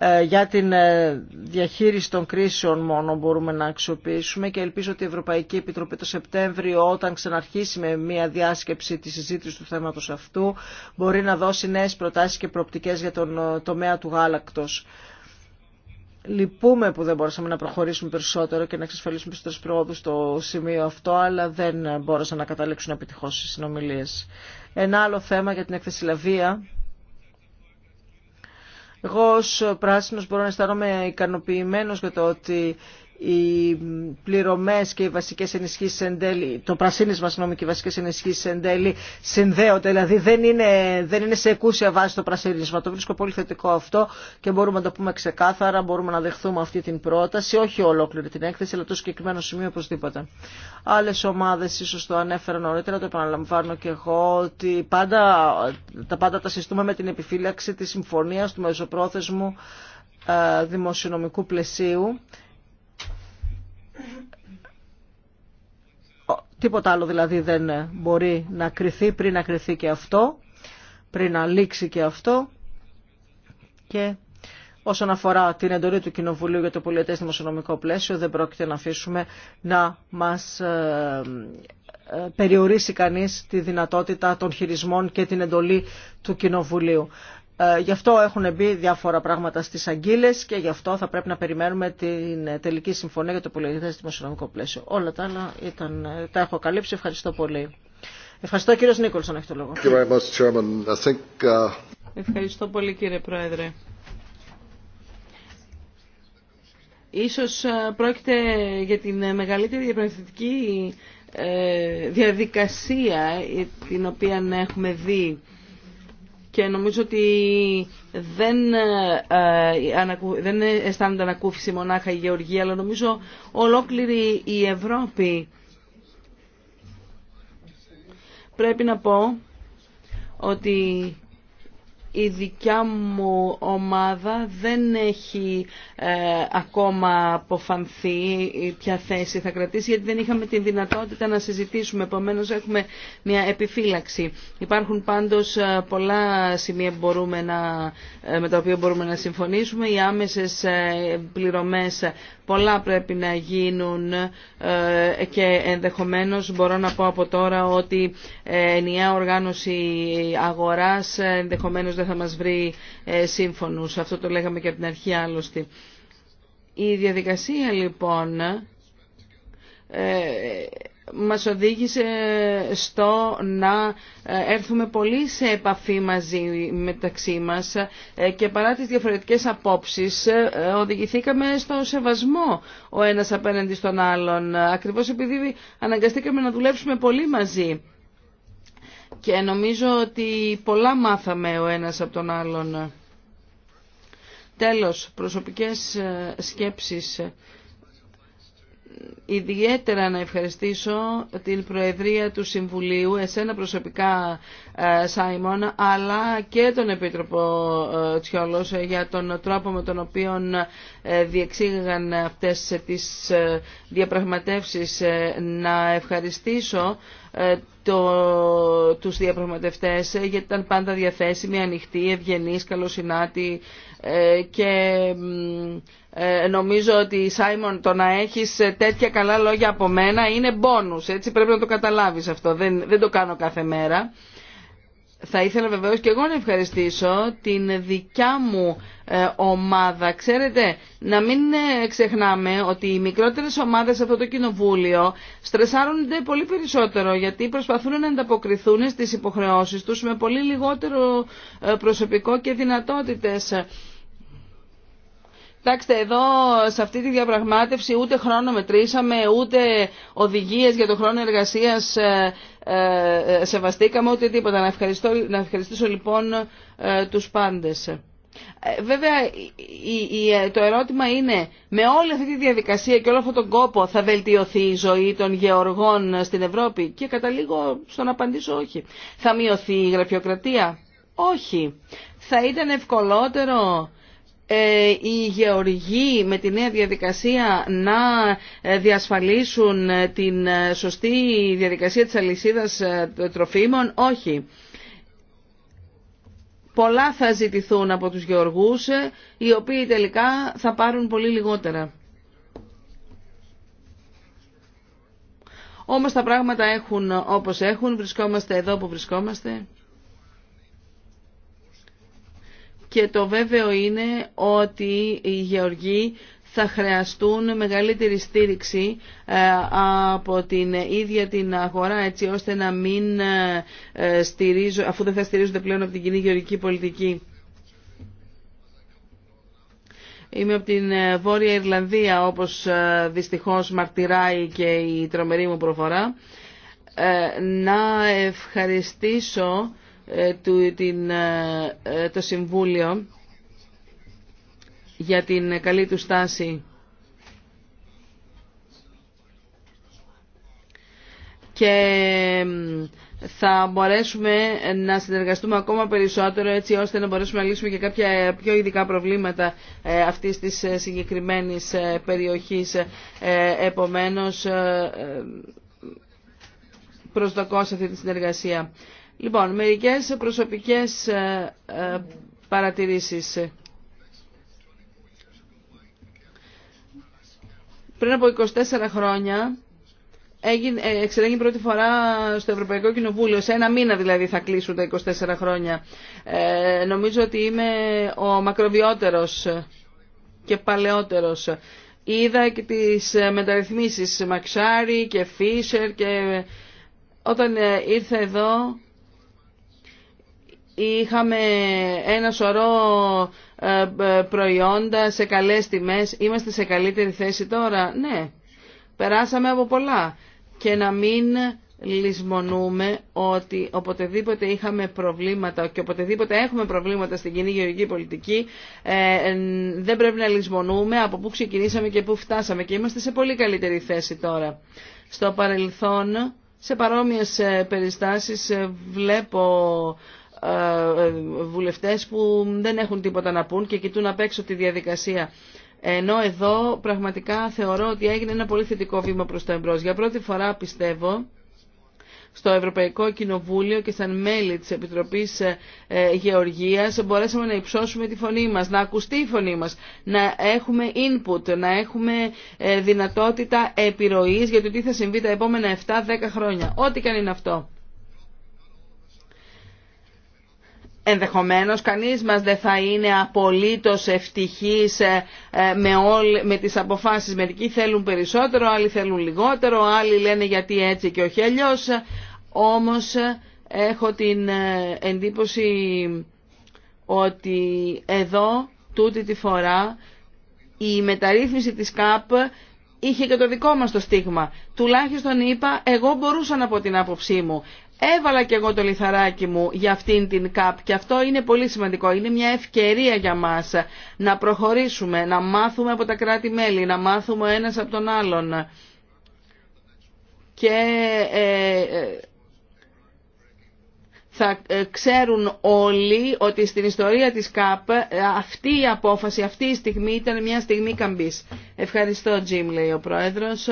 ε, για την ε, διαχείριση των κρίσεων μόνο μπορούμε να αξιοποιήσουμε και ελπίζω ότι η Ευρωπαϊκή Επιτροπή το Σεπτέμβριο όταν ξαναρχίσει με μια διάσκεψη τη συζήτηση του θέματος αυτού μπορεί να δώσει νέες προτάσεις και προοπτικές για τον ε, τομέα του γάλακτος. Λυπούμε που δεν μπορούσαμε να προχωρήσουμε περισσότερο και να εξασφαλίσουμε περισσότερε πρόοδου στο σημείο αυτό, αλλά δεν μπόρεσαν να καταλήξουν επιτυχώ οι συνομιλίε. Ένα άλλο θέμα για την εκθεσιλαβία εγώ ως πράσινος μπορώ να αισθάνομαι ικανοποιημένος για το ότι οι πληρωμέ και οι βασικέ ενισχύσει εν τέλει, το πρασίνισμα συγγνώμη και οι βασικέ ενισχύσει εν τέλει συνδέονται, δηλαδή δεν είναι, δεν είναι σε εκούσια βάση το πρασίνισμα. Το βρίσκω πολύ θετικό αυτό και μπορούμε να το πούμε ξεκάθαρα, μπορούμε να δεχθούμε αυτή την πρόταση, όχι ολόκληρη την έκθεση, αλλά το συγκεκριμένο σημείο οπωσδήποτε. Άλλε ομάδε ίσω το ανέφεραν νωρίτερα, το επαναλαμβάνω και εγώ, ότι πάντα, τα πάντα τα συστούμε με την επιφύλαξη τη συμφωνία του μεσοπρόθεσμου ε, δημοσιονομικού πλαισίου Τίποτα άλλο δηλαδή δεν μπορεί να κριθεί πριν να κριθεί και αυτό, πριν να λήξει και αυτό. Και όσον αφορά την εντολή του Κοινοβουλίου για το πολιετές δημοσιονομικό πλαίσιο, δεν πρόκειται να αφήσουμε να μας ε, ε, περιορίσει κανείς τη δυνατότητα των χειρισμών και την εντολή του Κοινοβουλίου. Ε, γι' αυτό έχουν μπει διάφορα πράγματα στις αγγίλες και γι' αυτό θα πρέπει να περιμένουμε την ε, τελική συμφωνία για το πολυεδρικές δημοσιονομικό πλαίσιο. Όλα τα άλλα ήταν, ε, τα έχω καλύψει. Ευχαριστώ πολύ. Ευχαριστώ κύριο Νίκολσον, έχει το λόγο. Uh, Ευχαριστώ πολύ κύριε Πρόεδρε. Ίσως πρόκειται για την μεγαλύτερη διαπραγματευτική διαδικασία την οποία έχουμε δει και νομίζω ότι δεν, ε, δεν αισθάνονται ανακούφιση μονάχα η Γεωργία, αλλά νομίζω ολόκληρη η Ευρώπη. Πρέπει να πω ότι η δικιά μου ομάδα δεν έχει ε, ακόμα αποφανθεί ποια θέση θα κρατήσει γιατί δεν είχαμε τη δυνατότητα να συζητήσουμε. Επομένω έχουμε μια επιφύλαξη. Υπάρχουν πάντως ε, πολλά σημεία μπορούμε να, ε, με τα οποία μπορούμε να συμφωνήσουμε. Οι άμεσες πληρωμές Πολλά πρέπει να γίνουν ε, και ενδεχομένως μπορώ να πω από τώρα ότι ε, ενιαία οργάνωση αγοράς ε, ενδεχομένως δεν θα μας βρει σύμφωνους. Αυτό το λέγαμε και από την αρχή άλλωστε. Η διαδικασία λοιπόν μας οδήγησε στο να ε, έρθουμε πολύ σε επαφή μαζί μεταξύ μας ε, και παρά τις διαφορετικές απόψεις ε, οδηγηθήκαμε στο σεβασμό ο ένας απέναντι στον άλλον ακριβώς επειδή αναγκαστήκαμε να δουλέψουμε πολύ μαζί και νομίζω ότι πολλά μάθαμε ο ένας από τον άλλον. Τέλος, προσωπικές σκέψεις ιδιαίτερα να ευχαριστήσω την Προεδρία του Συμβουλίου, εσένα προσωπικά ε, Σάιμον, αλλά και τον Επίτροπο ε, Τσιόλος ε, για τον τρόπο με τον οποίο διεξήγαγαν αυτές τις διαπραγματεύσεις. Να ευχαριστήσω το, τους διαπραγματευτές ε, γιατί ήταν πάντα διαθέσιμοι, ανοιχτοί, ευγενείς, καλοσυνάτοι ε, και ε, νομίζω ότι Σάιμον το να έχεις τέτοια καλά λόγια από μένα είναι μπόνους, έτσι πρέπει να το καταλάβεις αυτό, δεν, δεν το κάνω κάθε μέρα. Θα ήθελα βεβαίως και εγώ να ευχαριστήσω την δικιά μου ε, ομάδα. Ξέρετε, να μην ε, ξεχνάμε ότι οι μικρότερες ομάδες σε αυτό το κοινοβούλιο στρεσάρονται πολύ περισσότερο γιατί προσπαθούν να ανταποκριθούν στις υποχρεώσεις τους με πολύ λιγότερο ε, προσωπικό και δυνατότητες. Κοιτάξτε, εδώ σε αυτή τη διαπραγμάτευση ούτε χρόνο μετρήσαμε, ούτε οδηγίες για το χρόνο εργασίας ε, ε, σεβαστήκαμε, ούτε τίποτα. Να, ευχαριστώ, να ευχαριστήσω λοιπόν ε, τους πάντες. Βέβαια, το ερώτημα είναι, με όλη αυτή τη διαδικασία και όλο αυτόν τον κόπο θα βελτιωθεί η ζωή των γεωργών στην Ευρώπη και καταλήγω στο να απαντήσω όχι. Θα μειωθεί η γραφειοκρατία. Όχι. Θα ήταν ευκολότερο ε, οι γεωργοί με τη νέα διαδικασία να ε, διασφαλίσουν ε, την σωστή διαδικασία της αλυσίδας τροφίμων. Όχι. Πολλά θα ζητηθούν από τους γεωργούς, οι οποίοι τελικά θα πάρουν πολύ λιγότερα. Όμως τα πράγματα έχουν όπως έχουν, βρισκόμαστε εδώ που βρισκόμαστε. και το βέβαιο είναι ότι οι γεωργοί θα χρειαστούν μεγαλύτερη στήριξη ε, από την ίδια την αγορά έτσι ώστε να μην ε, στηρίζουν, αφού δεν θα στηρίζονται πλέον από την κοινή γεωργική πολιτική. Είμαι από την ε, Βόρεια Ιρλανδία όπως δυστυχώς μαρτυράει και η τρομερή μου προφορά. Να ευχαριστήσω ε, του την ε, ε, το Συμβούλιο για την καλή του στάση και θα μπορέσουμε να συνεργαστούμε ακόμα περισσότερο έτσι ώστε να μπορέσουμε να λύσουμε και κάποια πιο ειδικά προβλήματα αυτής της συγκεκριμένης περιοχής. Επομένως, προσδοκώ σε αυτή τη συνεργασία. Λοιπόν, μερικές προσωπικές ε, ε, παρατηρήσεις. Πριν από 24 χρόνια ε, εξελέγει πρώτη φορά στο Ευρωπαϊκό Κοινοβούλιο. Σε ένα μήνα δηλαδή θα κλείσουν τα 24 χρόνια. νομίζω ότι είμαι ο μακροβιότερος και παλαιότερος. Είδα και τις μεταρρυθμίσεις Μαξάρη και Φίσερ και όταν ήρθα εδώ είχαμε ένα σωρό ε, ε, προϊόντα σε καλές τιμές. Είμαστε σε καλύτερη θέση τώρα. Ναι, περάσαμε από πολλά. Και να μην λησμονούμε ότι οποτεδήποτε είχαμε προβλήματα και οποτεδήποτε έχουμε προβλήματα στην κοινή γεωργική πολιτική ε, δεν πρέπει να λησμονούμε από πού ξεκινήσαμε και πού φτάσαμε και είμαστε σε πολύ καλύτερη θέση τώρα. Στο παρελθόν σε παρόμοιες περιστάσεις βλέπω ε, βουλευτές που δεν έχουν τίποτα να πούν και κοιτούν απ' έξω τη διαδικασία. Ενώ εδώ πραγματικά θεωρώ ότι έγινε ένα πολύ θετικό βήμα προς το εμπρός. Για πρώτη φορά πιστεύω στο Ευρωπαϊκό Κοινοβούλιο και σαν μέλη της Επιτροπής ε, ε, Γεωργίας μπορέσαμε να υψώσουμε τη φωνή μας, να ακουστεί η φωνή μας, να έχουμε input, να έχουμε δυνατότητα επιρροής για το τι θα συμβεί τα επόμενα 7-10 χρόνια. Ό,τι καν είναι αυτό. Ενδεχομένως κανείς μας δεν θα είναι απολύτως ευτυχής ε, ε, με, όλ, με τις αποφάσεις. Μερικοί θέλουν περισσότερο, άλλοι θέλουν λιγότερο, άλλοι λένε γιατί έτσι και όχι αλλιώς. Όμως ε, έχω την εντύπωση ότι εδώ τούτη τη φορά η μεταρρύθμιση της ΚΑΠ είχε και το δικό μας το στίγμα. Τουλάχιστον είπα, εγώ μπορούσα να πω την άποψή μου. Έβαλα και εγώ το λιθαράκι μου για αυτήν την ΚΑΠ και αυτό είναι πολύ σημαντικό. Είναι μια ευκαιρία για μας να προχωρήσουμε, να μάθουμε από τα κράτη-μέλη, να μάθουμε ο ένας από τον άλλον. Και ε, ε, θα ε, ξέρουν όλοι ότι στην ιστορία της ΚΑΠ αυτή η απόφαση, αυτή η στιγμή ήταν μια στιγμή καμπής. Ευχαριστώ, Τζιμ, λέει ο Πρόεδρος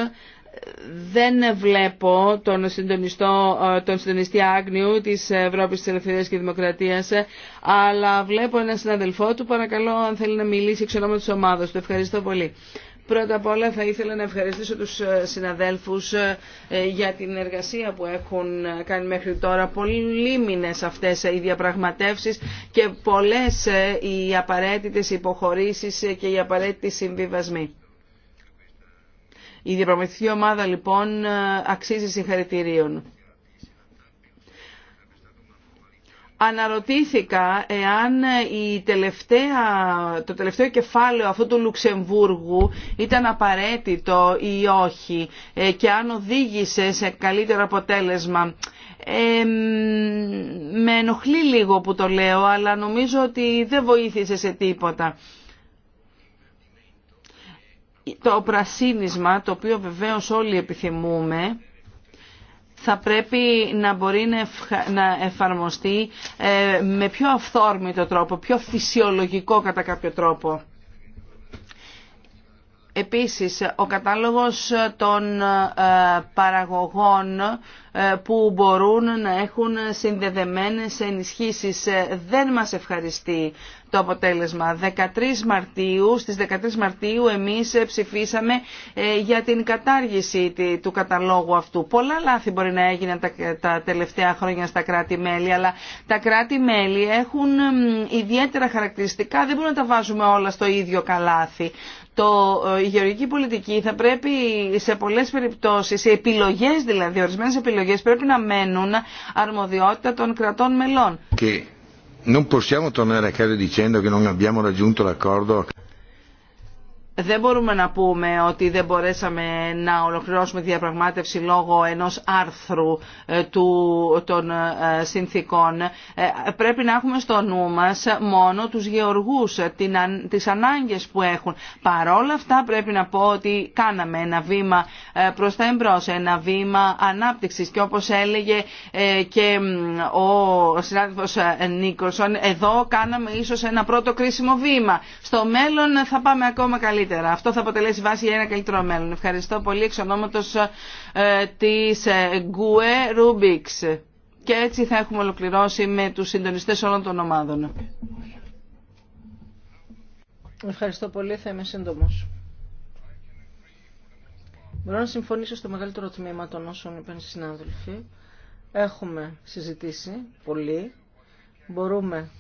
δεν βλέπω τον, συντονιστό, ε, τον συντονιστή Άγνιου της Ευρώπης της Ελευθερίας και Δημοκρατίας, αλλά βλέπω έναν συναδελφό του, παρακαλώ αν θέλει να μιλήσει εξ ονόματος της ομάδας του. Ευχαριστώ πολύ. Πρώτα απ' όλα θα ήθελα να ευχαριστήσω τους ε, συναδέλφους ε, για την εργασία που έχουν κάνει μέχρι τώρα. Πολύ μήνες αυτές οι διαπραγματεύσεις και πολλές οι απαραίτητες υποχωρήσεις και οι απαραίτητες συμβιβασμοί. Η διαπραγματευτική ομάδα λοιπόν αξίζει συγχαρητηρίων. Αναρωτήθηκα εάν η τελευταία, το τελευταίο κεφάλαιο αυτού του Λουξεμβούργου ήταν απαραίτητο ή όχι ε, και αν οδήγησε σε καλύτερο αποτέλεσμα. Ε, με ενοχλεί λίγο που το λέω, αλλά νομίζω ότι δεν βοήθησε σε τίποτα το πρασίνισμα, το οποίο βεβαίως όλοι επιθυμούμε, θα πρέπει να μπορεί να εφαρμοστεί ε, με πιο αυθόρμητο τρόπο, πιο φυσιολογικό κατά κάποιο τρόπο. Επίσης, ο κατάλογος των ε, παραγωγών ε, που μπορούν να έχουν συνδεδεμένες ενισχύσεις δεν μας ευχαριστεί το αποτέλεσμα. 13 Μαρτίου, στις 13 Μαρτίου εμείς ψηφίσαμε ε, για την κατάργηση του καταλόγου αυτού. Πολλά λάθη μπορεί να έγιναν τα τελευταία χρόνια στα κράτη-μέλη, αλλά τα κράτη-μέλη έχουν ιδιαίτερα χαρακτηριστικά, δεν μπορούμε να τα βάζουμε όλα στο ίδιο καλάθι. Το, ε, η γεωργική πολιτική θα πρέπει σε πολλές περιπτώσεις, σε επιλογές δηλαδή, ορισμένες επιλογές πρέπει να μένουν αρμοδιότητα των κρατών μελών non possiamo tornare a casa dicendo che non abbiamo raggiunto l'accordo δεν μπορούμε να πούμε ότι δεν μπορέσαμε να ολοκληρώσουμε τη διαπραγμάτευση λόγω ενός άρθρου ε, του, των ε, συνθήκων. Ε, πρέπει να έχουμε στο νου μας μόνο τους γεωργούς, την, τις ανάγκες που έχουν. Παρόλα αυτά πρέπει να πω ότι κάναμε ένα βήμα προς τα εμπρός, ένα βήμα ανάπτυξης και όπως έλεγε και ο συνάδελφος Νίκολσον, εδώ κάναμε ίσως ένα πρώτο κρίσιμο βήμα. Στο μέλλον θα πάμε ακόμα καλύτερα καλύτερα. Αυτό θα αποτελέσει βάση για ένα καλύτερο μέλλον. Ευχαριστώ πολύ εξ ονόματος ε, της ε, Γκουέ Ρούμπιξ. Και έτσι θα έχουμε ολοκληρώσει με τους συντονιστές όλων των ομάδων. Ευχαριστώ πολύ. Θα είμαι σύντομος. Μπορώ να συμφωνήσω στο μεγαλύτερο τμήμα των όσων είπαν οι συνάδελφοι. Έχουμε συζητήσει πολύ. Μπορούμε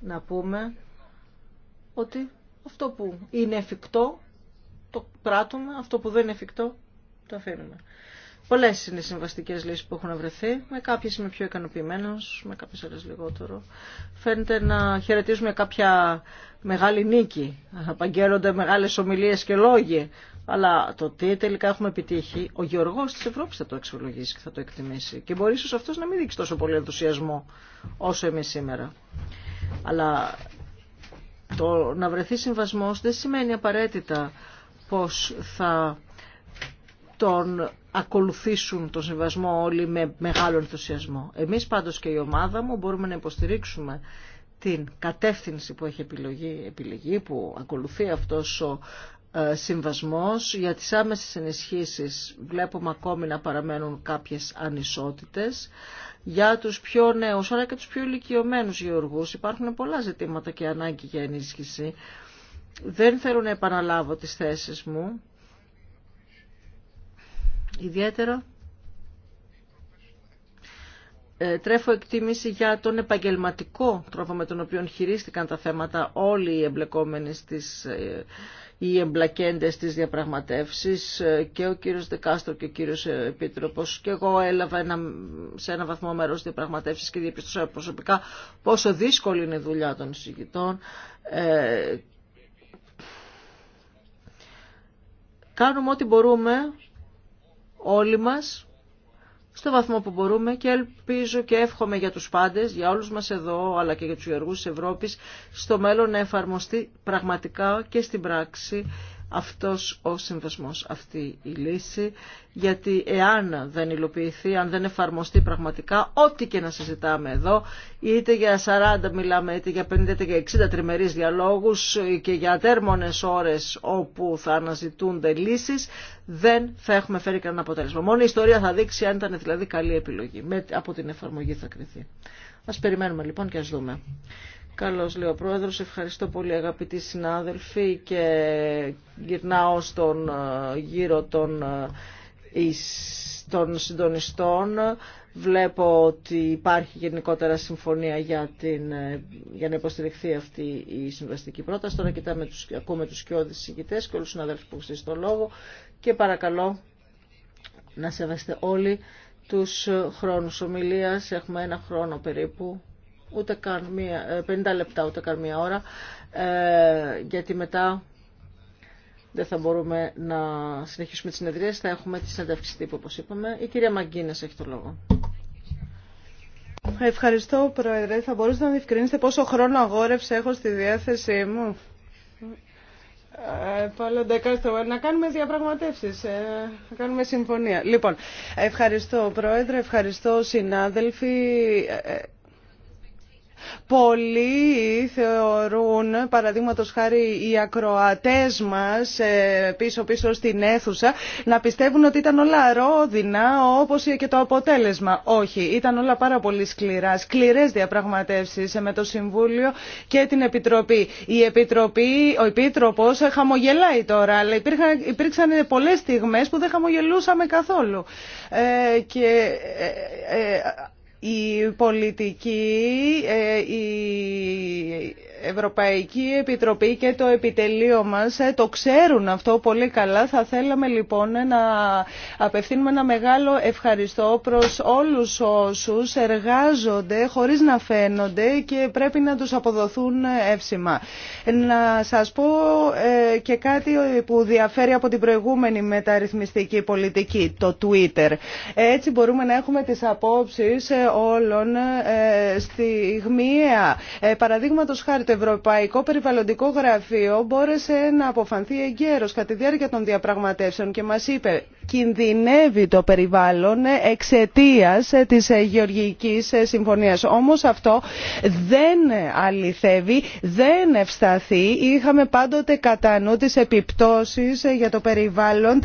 να πούμε ότι αυτό που είναι εφικτό το πράττουμε, αυτό που δεν είναι εφικτό το αφήνουμε. Πολλέ είναι οι συμβαστικέ λύσει που έχουν βρεθεί. Με κάποιε είμαι πιο ικανοποιημένο, με κάποιε άλλε λιγότερο. Φαίνεται να χαιρετίζουμε κάποια μεγάλη νίκη. Απαγγέλλονται μεγάλε ομιλίε και λόγοι. Αλλά το τι τελικά έχουμε επιτύχει, ο Γεωργό τη Ευρώπη θα το αξιολογήσει και θα το εκτιμήσει. Και μπορεί ίσω αυτό να μην δείξει τόσο πολύ ενθουσιασμό όσο εμεί σήμερα. Αλλά το να βρεθεί συμβασμός δεν σημαίνει απαραίτητα πως θα τον ακολουθήσουν τον συμβασμό όλοι με μεγάλο ενθουσιασμό. Εμείς πάντως και η ομάδα μου μπορούμε να υποστηρίξουμε την κατεύθυνση που έχει επιλογή, επιλογή που ακολουθεί αυτός ο ε, συμβασμός για τις άμεσες ενισχύσεις βλέπουμε ακόμη να παραμένουν κάποιες ανισότητες για τους πιο νέους αλλά και τους πιο ηλικιωμένους γεωργούς. Υπάρχουν πολλά ζητήματα και ανάγκη για ενίσχυση. Δεν θέλω να επαναλάβω τις θέσεις μου. Ιδιαίτερα ε, τρέφω εκτίμηση για τον επαγγελματικό τρόπο με τον οποίο χειρίστηκαν τα θέματα όλοι οι εμπλεκόμενοι στις ε, οι εμπλακέντες της διαπραγματεύσεις ε, και ο κύριος Δεκάστρο και ο κύριος ε, Επίτροπος και εγώ έλαβα ένα, σε ένα βαθμό μέρος διαπραγματεύσεις και διαπιστώσα προσωπικά πόσο δύσκολη είναι η δουλειά των εισηγητών. Ε, κάνουμε ό,τι μπορούμε όλοι μας στο βαθμό που μπορούμε και ελπίζω και εύχομαι για τους πάντες, για όλους μας εδώ αλλά και για τους γεωργούς της Ευρώπης στο μέλλον να εφαρμοστεί πραγματικά και στην πράξη αυτός ο συμβασμός, αυτή η λύση, γιατί εάν δεν υλοποιηθεί, αν δεν εφαρμοστεί πραγματικά, ό,τι και να συζητάμε εδώ, είτε για 40 μιλάμε, είτε για 50, είτε για 60 τριμερείς διαλόγους και για τέρμονες ώρες όπου θα αναζητούνται λύσεις, δεν θα έχουμε φέρει κανένα αποτέλεσμα. Μόνο η ιστορία θα δείξει αν ήταν δηλαδή καλή επιλογή. Με, από την εφαρμογή θα κρυθεί. Ας περιμένουμε λοιπόν και ας δούμε. Καλώς λέει ο Πρόεδρος, ευχαριστώ πολύ αγαπητοί συνάδελφοι και γυρνάω στον ε, γύρο των, ε, των συντονιστών. Βλέπω ότι υπάρχει γενικότερα συμφωνία για, την, ε, για να υποστηριχθεί αυτή η συμβαστική πρόταση. Τώρα κοιτάμε τους, ακούμε τους όδης συγκητές και όλους τους συναδέλφους που έχουν στο λόγο και παρακαλώ να σεβαστε όλοι τους χρόνους ομιλίας. Έχουμε ένα χρόνο περίπου ούτε καν μία, 50 ε, λεπτά, ούτε καν μία ώρα, ε, γιατί μετά δεν θα μπορούμε να συνεχίσουμε τις συνεδρίες, θα έχουμε τη συνέντευξη τύπου όπως είπαμε. Η κυρία Μαγκίνες έχει το λόγο. Ευχαριστώ Πρόεδρε. Θα μπορούσατε να διευκρινίσετε πόσο χρόνο αγόρευση έχω στη διάθεσή μου. Ε, πάλι να κάνουμε διαπραγματεύσεις, να κάνουμε συμφωνία. Λοιπόν, ευχαριστώ Πρόεδρε, ευχαριστώ συνάδελφοι. Πολλοί θεωρούν, παραδείγματο χάρη οι ακροατές μας πίσω-πίσω ε, στην αίθουσα, να πιστεύουν ότι ήταν όλα ρόδινα όπω και το αποτέλεσμα. Όχι, ήταν όλα πάρα πολύ σκληρά, σκληρές διαπραγματεύσεις ε, με το Συμβούλιο και την Επιτροπή. Η Επιτροπή, ο επίτροπο ε, χαμογελάει τώρα, αλλά υπήρχαν, υπήρξαν πολλέ στιγμές που δεν χαμογελούσαμε καθόλου. και, η πολιτική, ε, η Ευρωπαϊκή Επιτροπή και το επιτελείο μας ε, το ξέρουν αυτό πολύ καλά. Θα θέλαμε λοιπόν να απευθύνουμε ένα μεγάλο ευχαριστώ προς όλους όσους εργάζονται χωρίς να φαίνονται και πρέπει να τους αποδοθούν εύσημα. Να σας πω ε, και κάτι που διαφέρει από την προηγούμενη μεταρρυθμιστική πολιτική, το Twitter. Έτσι μπορούμε να έχουμε τις απόψεις ε, όλων στιγμιαία. Παραδείγματος χάρη το Ευρωπαϊκό Περιβαλλοντικό Γραφείο μπόρεσε να αποφανθεί εγκαίρως κατά τη διάρκεια των διαπραγματεύσεων και μας είπε κινδυνεύει το περιβάλλον εξαιτίας της Γεωργικής Συμφωνίας. Όμως αυτό δεν αληθεύει, δεν ευσταθεί. Είχαμε πάντοτε κατά νου τις επιπτώσεις για το περιβάλλον.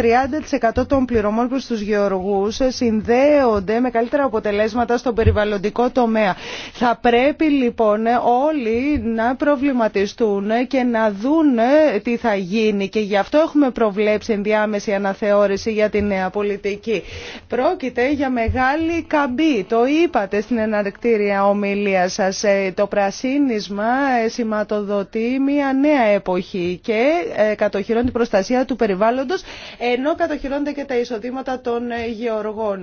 30% των πληρωμών προς τους γεωργούς συνδέονται με καλύτερα αποτελέσματα στον περιβαλλοντικό τομέα. Θα πρέπει λοιπόν όλοι να προβληματιστούν και να δουν τι θα γίνει και γι' αυτό έχουμε προβλέψει ενδιάμεση αναθεώρηση για τη νέα πολιτική. Πρόκειται για μεγάλη καμπή. Το είπατε στην εναρκτήρια ομιλία σας. Ε, το πρασίνισμα ε, σηματοδοτεί μια νέα εποχή και ε, κατοχυρώνει την προστασία του περιβάλλοντος ενώ κατοχυρώνται και τα εισοδήματα των γεωργών.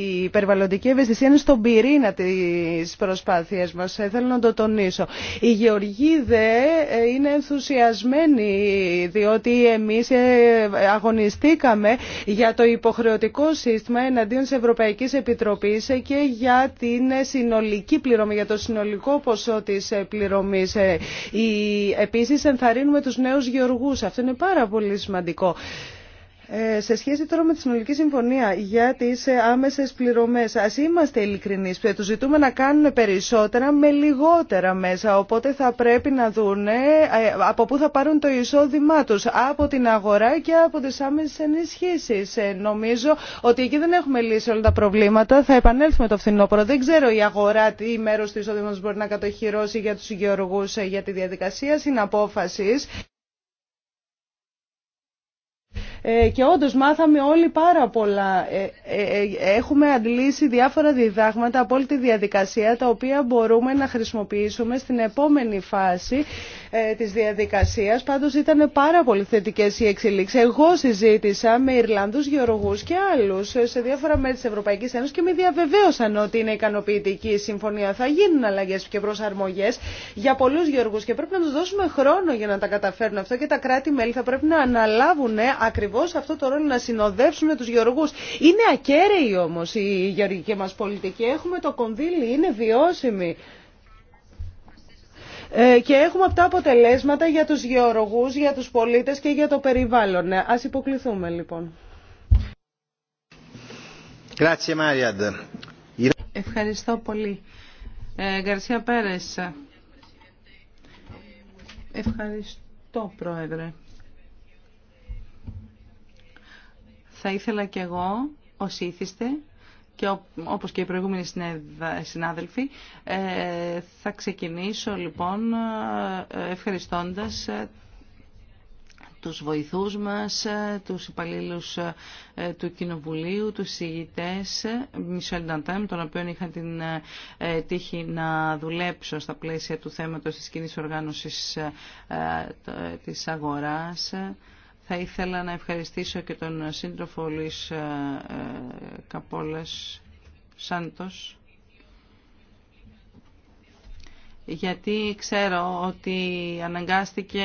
Η περιβαλλοντική ευαισθησία είναι στον πυρήνα της προσπάθειας μας. Θέλω να το τονίσω. Οι γεωργοί δε είναι ενθουσιασμένοι διότι εμείς αγωνιστήκαμε για το υποχρεωτικό σύστημα εναντίον τη Ευρωπαϊκής Επιτροπής και για την συνολική πληρωμή, για το συνολικό ποσό της πληρωμής. Ε, επίσης ενθαρρύνουμε τους νέους γεωργούς. Αυτό είναι πάρα πολύ σημαντικό. Ε, σε σχέση τώρα με τη συνολική συμφωνία για τις ε, άμεσες πληρωμές, ας είμαστε ειλικρινείς, ε, του ζητούμε να κάνουν περισσότερα με λιγότερα μέσα, οπότε θα πρέπει να δούνε από πού θα πάρουν το εισόδημά τους, από την αγορά και από τις άμεσες ενισχύσεις. Νομίζω ότι εκεί δεν έχουμε λύσει όλα τα προβλήματα, θα επανέλθουμε το φθινόπωρο. Δεν ξέρω η αγορά τι μέρος του εισόδηματος μπορεί να κατοχυρώσει για τους γεωργούς για τη διαδικασία συναπόφασης. Ε, και όντως μάθαμε όλοι πάρα πολλά. Ε, ε, έχουμε αντλήσει διάφορα διδάγματα από όλη τη διαδικασία τα οποία μπορούμε να χρησιμοποιήσουμε στην επόμενη φάση της διαδικασίας. Πάντως ήταν πάρα πολύ θετικές οι εξελίξεις. Εγώ συζήτησα με Ιρλανδούς γεωργούς και άλλους σε διάφορα μέρη της Ευρωπαϊκής Ένωσης και με διαβεβαίωσαν ότι είναι ικανοποιητική η συμφωνία. Θα γίνουν αλλαγές και προσαρμογές για πολλούς γεωργούς και πρέπει να τους δώσουμε χρόνο για να τα καταφέρουν αυτό και τα κράτη-μέλη θα πρέπει να αναλάβουν ακριβώς ακριβώς αυτό το ρόλο να συνοδεύσουμε τους γεωργούς. Είναι ακέραιοι όμως οι γεωργική μας πολιτική. Έχουμε το κονδύλι, είναι βιώσιμοι ε, και έχουμε αυτά αποτελέσματα για τους γεωργούς, για τους πολίτες και για το περιβάλλον. Ε, ας υποκληθούμε λοιπόν. Ευχαριστώ πολύ. Ε, Γκαρσία Ευχαριστώ, Πρόεδρε. Θα ήθελα κι εγώ, ως ήθιστε, και όπως και οι προηγούμενοι συνάδελφοι, ε, θα ξεκινήσω λοιπόν ε, ευχαριστώντας ε, τους βοηθούς μας, τους υπαλλήλους του Κοινοβουλίου, τους συγητές, Μισελ Νταντάμ, τον οποίο είχα την τύχη να δουλέψω στα πλαίσια του θέματος της κοινής οργάνωσης της αγοράς, θα ήθελα να ευχαριστήσω και τον σύντροφο ε, ε, Καπόλας Σάντος γιατί ξέρω ότι αναγκάστηκε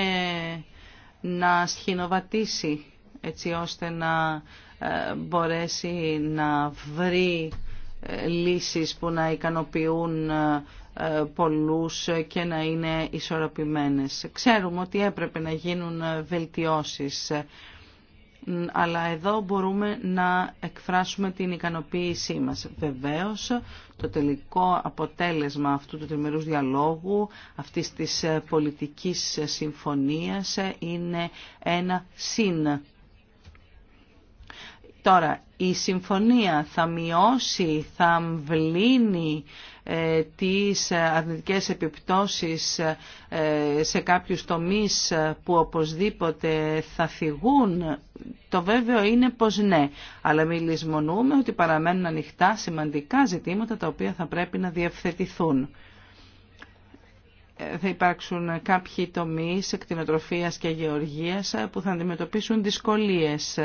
να σχηνοβατήσει έτσι ώστε να ε, μπορέσει να βρει ε, λύσεις που να ικανοποιούν ε, πολλούς και να είναι ισορροπημένες. Ξέρουμε ότι έπρεπε να γίνουν βελτιώσεις, αλλά εδώ μπορούμε να εκφράσουμε την ικανοποίησή μας. Βεβαίως, το τελικό αποτέλεσμα αυτού του τριμερούς διαλόγου, αυτής της πολιτικής συμφωνίας, είναι ένα συν. Τώρα, η συμφωνία θα μειώσει, θα αμβλύνει ε, τις αρνητικές επιπτώσεις ε, σε κάποιους τομείς που οπωσδήποτε θα φυγούν, το βέβαιο είναι πως ναι. Αλλά μην λησμονούμε ότι παραμένουν ανοιχτά σημαντικά ζητήματα τα οποία θα πρέπει να διευθετηθούν ε, θα υπάρξουν κάποιοι τομείς εκτινοτροφίας και γεωργίας που θα αντιμετωπίσουν δυσκολίες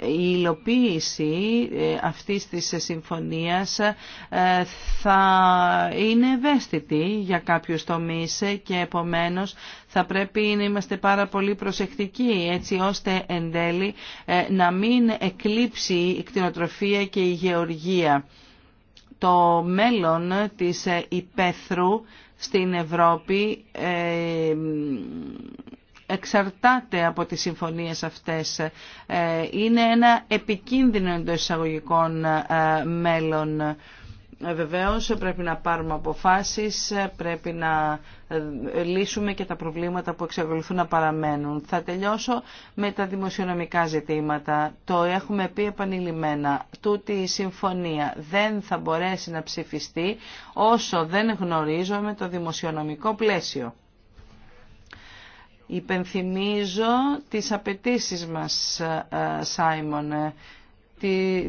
η υλοποίηση ε, αυτής της συμφωνίας ε, θα είναι ευαίσθητη για κάποιους τομείς και επομένως θα πρέπει να είμαστε πάρα πολύ προσεκτικοί έτσι ώστε εν τέλει ε, να μην εκλείψει η κτηνοτροφία και η γεωργία. Το μέλλον της υπαίθρου στην Ευρώπη εξαρτάται από τις συμφωνίες αυτές. Ε, είναι ένα επικίνδυνο εντό εισαγωγικών ε, μέλλον. Ε, βεβαίως πρέπει να πάρουμε αποφάσεις, πρέπει να λύσουμε και τα προβλήματα που εξακολουθούν να παραμένουν. Θα τελειώσω με τα δημοσιονομικά ζητήματα. Το έχουμε πει επανειλημμένα. Τούτη η συμφωνία δεν θα μπορέσει να ψηφιστεί όσο δεν γνωρίζουμε το δημοσιονομικό πλαίσιο. Υπενθυμίζω τις απαιτήσεις μας, ε, Σάιμον, ε,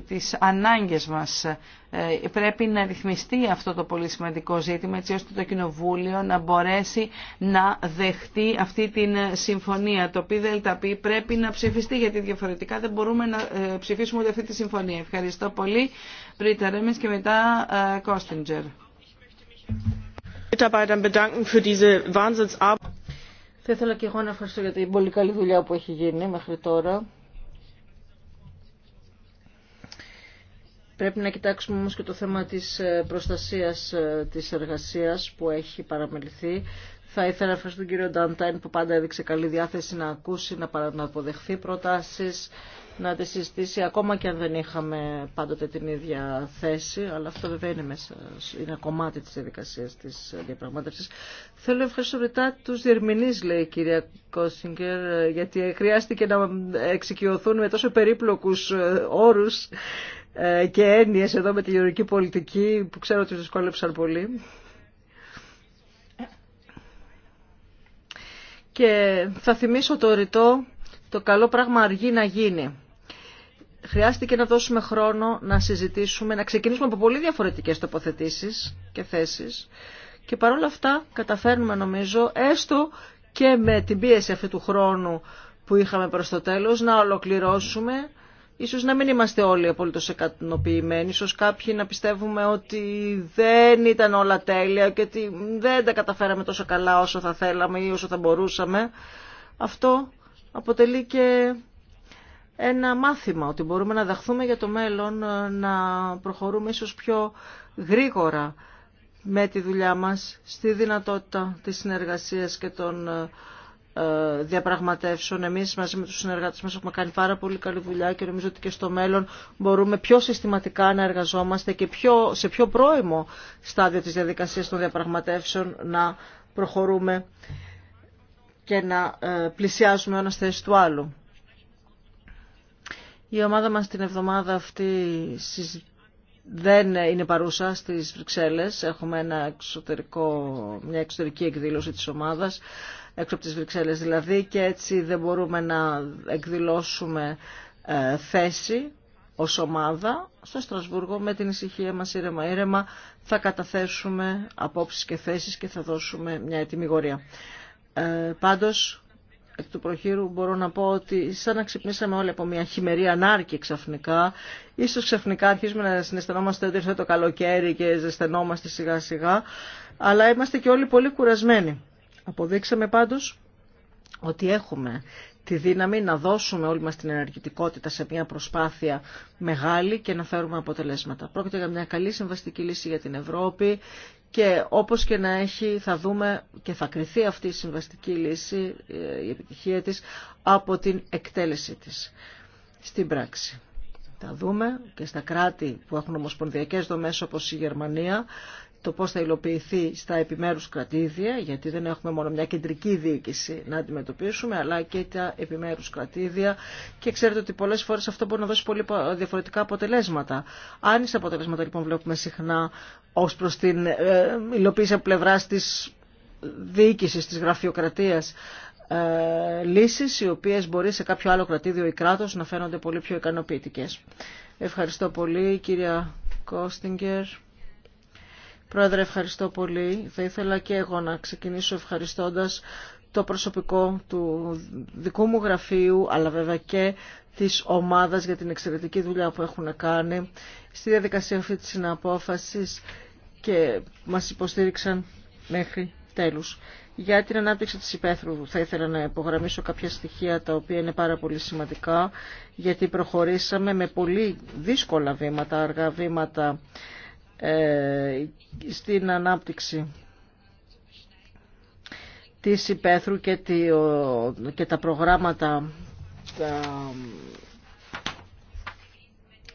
τις ανάγκες μας. Ε, πρέπει να ρυθμιστεί αυτό το πολύ σημαντικό ζήτημα έτσι ώστε το Κοινοβούλιο να μπορέσει να δεχτεί αυτή την συμφωνία. Το πει. πρέπει να ψηφιστεί γιατί διαφορετικά δεν μπορούμε να ψηφίσουμε ούτε αυτή τη συμφωνία. Ευχαριστώ πολύ. Πρίτα Ρέμις και μετά Κόστιντζερ. Θα ήθελα και εγώ να ευχαριστώ για την πολύ καλή δουλειά που έχει γίνει μέχρι τώρα. Πρέπει να κοιτάξουμε όμως και το θέμα της ε, προστασίας ε, της εργασίας που έχει παραμεληθεί. Θα ήθελα να ευχαριστώ τον κύριο Νταντάιν που πάντα έδειξε καλή διάθεση να ακούσει, να αποδεχθεί προτάσεις, να τη συζητήσει ακόμα και αν δεν είχαμε πάντοτε την ίδια θέση, αλλά αυτό βέβαια είναι, μέσα, είναι κομμάτι της διαδικασίας της διαπραγμάτευσης. Θέλω να ευχαριστώ μετά τους διερμηνείς, λέει η κυρία Κόσιγκερ, γιατί χρειάστηκε να εξοικειωθούν με τόσο περίπλοκους ε, όρους ε, και έννοιες εδώ με τη γεωργική πολιτική που ξέρω ότι δυσκόλεψαν πολύ. Και θα θυμίσω το ρητό το καλό πράγμα αργεί να γίνει χρειάστηκε να δώσουμε χρόνο να συζητήσουμε, να ξεκινήσουμε από πολύ διαφορετικές τοποθετήσεις και θέσεις και παρόλα αυτά καταφέρνουμε νομίζω έστω και με την πίεση αυτού του χρόνου που είχαμε προς το τέλος να ολοκληρώσουμε Ίσως να μην είμαστε όλοι απολύτως εκατονοποιημένοι, ίσως κάποιοι να πιστεύουμε ότι δεν ήταν όλα τέλεια και ότι δεν τα καταφέραμε τόσο καλά όσο θα θέλαμε ή όσο θα μπορούσαμε. Αυτό αποτελεί και ένα μάθημα, ότι μπορούμε να δαχθούμε για το μέλλον, ε, να προχωρούμε ίσως πιο γρήγορα με τη δουλειά μας, στη δυνατότητα της συνεργασίας και των ε, ε, διαπραγματεύσεων. Εμείς μαζί με τους συνεργάτες μας έχουμε κάνει πάρα πολύ καλή δουλειά και νομίζω ότι και στο μέλλον μπορούμε πιο συστηματικά να εργαζόμαστε και πιο, σε πιο πρώιμο στάδιο της διαδικασίας των διαπραγματεύσεων να προχωρούμε και να πλησιάζουμε ένα θέση του άλλου. Η ομάδα μας την εβδομάδα αυτή δεν είναι παρούσα στις Βρυξέλλες. Έχουμε ένα εξωτερικό, μια εξωτερική εκδήλωση της ομάδας, έξω από τις Βρυξέλλες δηλαδή, και έτσι δεν μπορούμε να εκδηλώσουμε ε, θέση ως ομάδα στο Στρασβούργο με την ησυχία μας ήρεμα ήρεμα θα καταθέσουμε απόψεις και θέσεις και θα δώσουμε μια ετοιμιγορία. Ε, πάντως εκ του προχείρου μπορώ να πω ότι σαν να ξυπνήσαμε όλοι από μια χειμερή ανάρκη ξαφνικά. Ίσως ξαφνικά αρχίζουμε να συναισθανόμαστε ότι ήρθε το καλοκαίρι και ζεσθενόμαστε σιγά σιγά. Αλλά είμαστε και όλοι πολύ κουρασμένοι. Αποδείξαμε πάντως ότι έχουμε τη δύναμη να δώσουμε όλη μας την ενεργητικότητα σε μια προσπάθεια μεγάλη και να φέρουμε αποτελέσματα. Πρόκειται για μια καλή συμβαστική λύση για την Ευρώπη και όπως και να έχει θα δούμε και θα κριθεί αυτή η συμβαστική λύση, ε, η επιτυχία της, από την εκτέλεσή της στην πράξη. Θα δούμε και στα κράτη που έχουν ομοσπονδιακές δομές όπως η Γερμανία το πώς θα υλοποιηθεί στα επιμέρους κρατήδια, γιατί δεν έχουμε μόνο μια κεντρική διοίκηση να αντιμετωπίσουμε, αλλά και τα επιμέρους κρατήδια. Και ξέρετε ότι πολλές φορές αυτό μπορεί να δώσει πολύ διαφορετικά αποτελέσματα. είσαι αποτελέσματα λοιπόν βλέπουμε συχνά ως προς την ε, υλοποίηση από πλευράς της διοίκησης, της γραφειοκρατίας ε, λύσεις οι οποίες μπορεί σε κάποιο άλλο κρατήδιο ή κράτος να φαίνονται πολύ πιο ικανοποιητικές. Ευχαριστώ πολύ κυρία Κόστιγκερ. Πρόεδρε, ευχαριστώ πολύ. Θα ήθελα και εγώ να ξεκινήσω ευχαριστώντας το προσωπικό του δικού μου γραφείου, αλλά βέβαια και της ομάδας για την εξαιρετική δουλειά που έχουν κάνει στη διαδικασία αυτή της συναπόφασης και μας υποστήριξαν μέχρι τέλους. Για την ανάπτυξη της υπαίθρου θα ήθελα να υπογραμμίσω κάποια στοιχεία τα οποία είναι πάρα πολύ σημαντικά γιατί προχωρήσαμε με πολύ δύσκολα βήματα, αργά βήματα ε, στην ανάπτυξη της υπαίθρου και, τα προγράμματα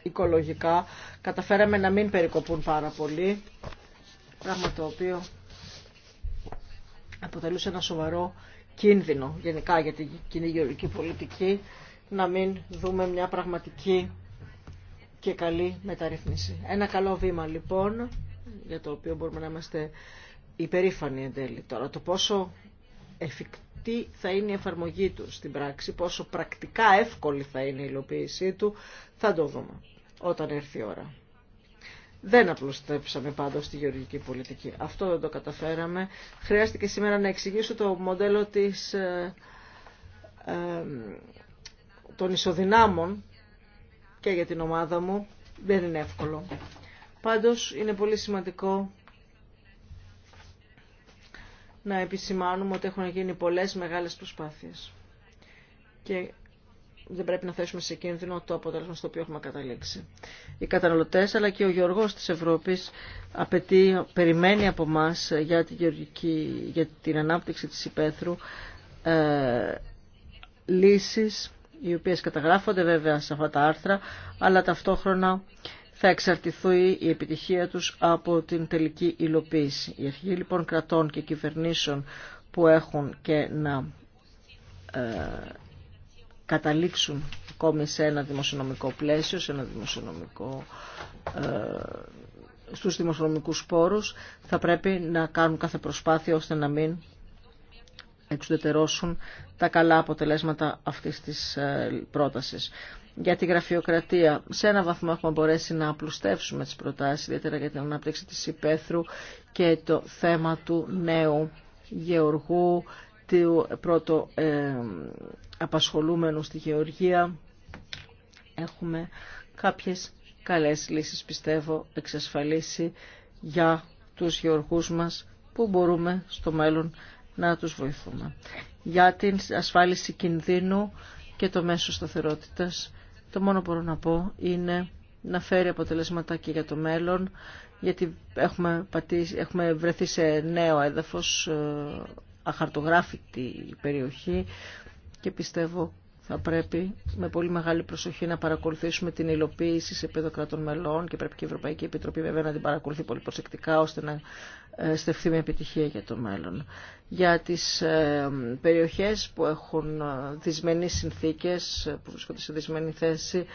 οικολογικά καταφέραμε να μην περικοπούν πάρα πολύ πράγμα το οποίο αποτελούσε ένα σοβαρό κίνδυνο γενικά για την κοινή πολιτική να μην δούμε μια πραγματική και καλή μεταρρύθμιση. Ένα καλό βήμα λοιπόν, για το οποίο μπορούμε να είμαστε υπερήφανοι εν τέλει. Τώρα το πόσο εφικτή θα είναι η εφαρμογή του στην πράξη, πόσο πρακτικά εύκολη θα είναι η υλοποίησή του, θα το δούμε όταν έρθει η ώρα. Δεν απλουστέψαμε πάντω τη γεωργική πολιτική. Αυτό δεν το καταφέραμε. Χρειάστηκε σήμερα να εξηγήσω το μοντέλο της, ε, ε, των ισοδυνάμων και για την ομάδα μου. Δεν είναι εύκολο. Πάντως είναι πολύ σημαντικό να επισημάνουμε ότι έχουν γίνει πολλές μεγάλες προσπάθειες. Και δεν πρέπει να θέσουμε σε κίνδυνο το αποτέλεσμα στο οποίο έχουμε καταλήξει. Οι καταναλωτές αλλά και ο Γεωργός της Ευρώπης απαιτεί, περιμένει από εμά για, για την ανάπτυξη της υπαίθρου ε, λύσεις οι οποίες καταγράφονται βέβαια σε αυτά τα άρθρα, αλλά ταυτόχρονα θα εξαρτηθεί η επιτυχία τους από την τελική υλοποίηση. Οι αρχηγοί λοιπόν κρατών και κυβερνήσεων που έχουν και να ε, καταλήξουν ακόμη σε ένα δημοσιονομικό πλαίσιο, σε ένα δημοσιονομικό, ε, στους δημοσιονομικούς πόρους, θα πρέπει να κάνουν κάθε προσπάθεια ώστε να μην εξουδετερώσουν τα καλά αποτελέσματα αυτής της ε, πρότασης. Για τη γραφειοκρατία, σε ένα βαθμό έχουμε μπορέσει να απλουστεύσουμε τις προτάσεις, ιδιαίτερα για την ανάπτυξη της υπαίθρου και το θέμα του νέου γεωργού, του πρώτο ε, απασχολούμενου στη γεωργία. Έχουμε κάποιες καλές λύσεις, πιστεύω, εξασφαλίσει για τους γεωργούς μας που μπορούμε στο μέλλον να τους βοηθούμε. Για την ασφάλιση κινδύνου και το μέσο σταθερότητας, το μόνο που μπορώ να πω είναι να φέρει αποτελέσματα και για το μέλλον, γιατί έχουμε, πατήσει, έχουμε βρεθεί σε νέο έδαφος, ε, αχαρτογράφητη περιοχή και πιστεύω θα πρέπει με πολύ μεγάλη προσοχή να παρακολουθήσουμε την υλοποίηση σε επίπεδο κρατών μελών και πρέπει και η Ευρωπαϊκή Επιτροπή βέβαια να την παρακολουθεί πολύ προσεκτικά ώστε να ε, στεφθεί με επιτυχία για το μέλλον. Για τις ε, περιοχές που έχουν ε, δυσμενείς συνθήκες, που βρίσκονται σε δυσμενή θέση,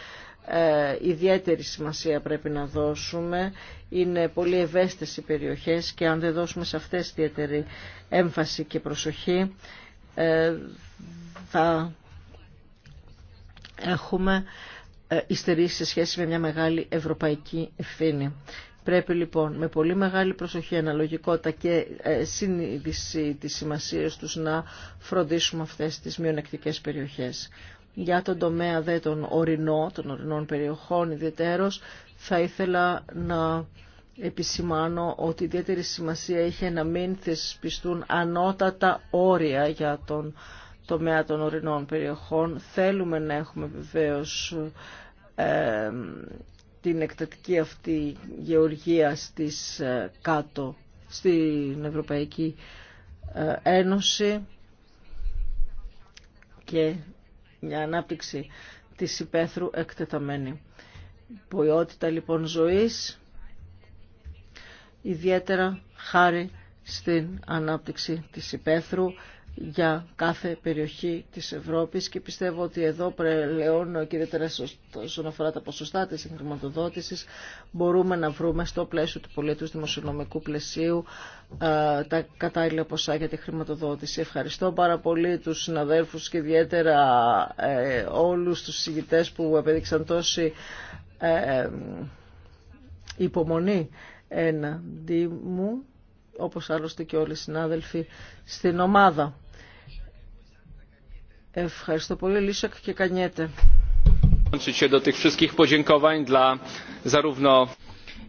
ιδιαίτερη σημασία πρέπει να δώσουμε. Είναι πολύ ευαίσθητες οι περιοχές και αν δεν δώσουμε σε αυτές ιδιαίτερη έμφαση και προσοχή, θα έχουμε ειστερήσει σε σχέση με μια μεγάλη ευρωπαϊκή ευθύνη. Πρέπει λοιπόν με πολύ μεγάλη προσοχή, αναλογικότητα και ε, συνείδηση της σημασίας τους να φροντίσουμε αυτές τις μειονεκτικές περιοχές. Για τον τομέα δε των ορεινών, των ορεινών περιοχών ιδιαίτερος, θα ήθελα να επισημάνω ότι ιδιαίτερη σημασία είχε να μην θεσπιστούν ανώτατα όρια για τον τομέα των ορεινών περιοχών. Θέλουμε να έχουμε βεβαίως ε, την εκτατική αυτή γεωργία στις ε, κάτω, στην Ευρωπαϊκή ε, Ένωση και μια ανάπτυξη της υπαίθρου εκτεταμένη. Ποιότητα λοιπόν ζωής, ιδιαίτερα χάρη στην ανάπτυξη της υπαίθρου για κάθε περιοχή της Ευρώπης και πιστεύω ότι εδώ πλέον, ιδιαίτερα όσον αφορά τα ποσοστά της χρηματοδότησης, μπορούμε να βρούμε στο πλαίσιο του πολιτού δημοσιονομικού πλαισίου τα κατάλληλα ποσά για τη χρηματοδότηση. Ευχαριστώ πάρα πολύ τους συναδέλφους και ιδιαίτερα ε, όλους τους συγητές που επέδειξαν τόση ε, ε, υπομονή έναντι μου όπως άλλωστε και όλοι οι συνάδελφοι στην ομάδα. Ευχαριστώ πολύ Λίσοκ και Κανιέτε.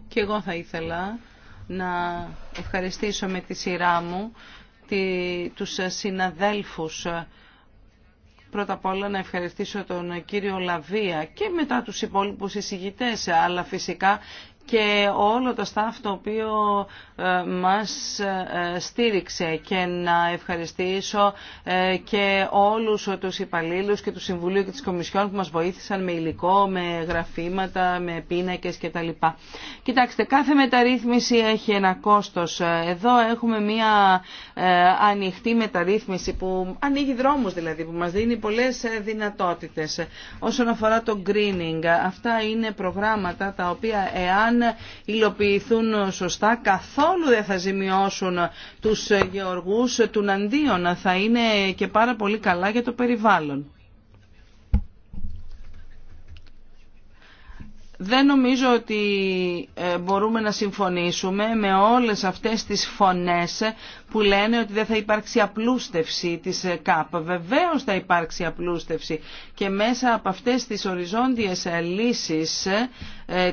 Και εγώ θα ήθελα να ευχαριστήσω με τη σειρά μου τους συναδέλφους πρώτα απ' όλα να ευχαριστήσω τον κύριο Λαβία και μετά τους υπόλοιπους εισηγητές, αλλά φυσικά και όλο το staff το οποίο ε, μας ε, στήριξε και να ευχαριστήσω ε, και όλους τους υπαλλήλους και του Συμβουλίου και της Κομισιόν που μας βοήθησαν με υλικό, με γραφήματα, με πίνακες κτλ. Κοιτάξτε, κάθε μεταρρύθμιση έχει ένα κόστος. Εδώ έχουμε μία ανοιχτή μεταρρύθμιση που ανοίγει δρόμους δηλαδή, που μας δίνει πολλές δυνατότητες. Όσον αφορά το greening, αυτά είναι προγράμματα τα οποία εάν υλοποιηθούν σωστά καθόλου δεν θα ζημιώσουν τους γεωργούς ε, του Ναντίον. Θα είναι και πάρα πολύ καλά για το περιβάλλον. Δεν νομίζω ότι ε, μπορούμε να συμφωνήσουμε με όλες αυτές τις φωνές που λένε ότι δεν θα υπάρξει απλούστευση της ε, ΚΑΠ. Βεβαίως θα υπάρξει απλούστευση και μέσα από αυτές τις οριζόντιες ε, λύσεις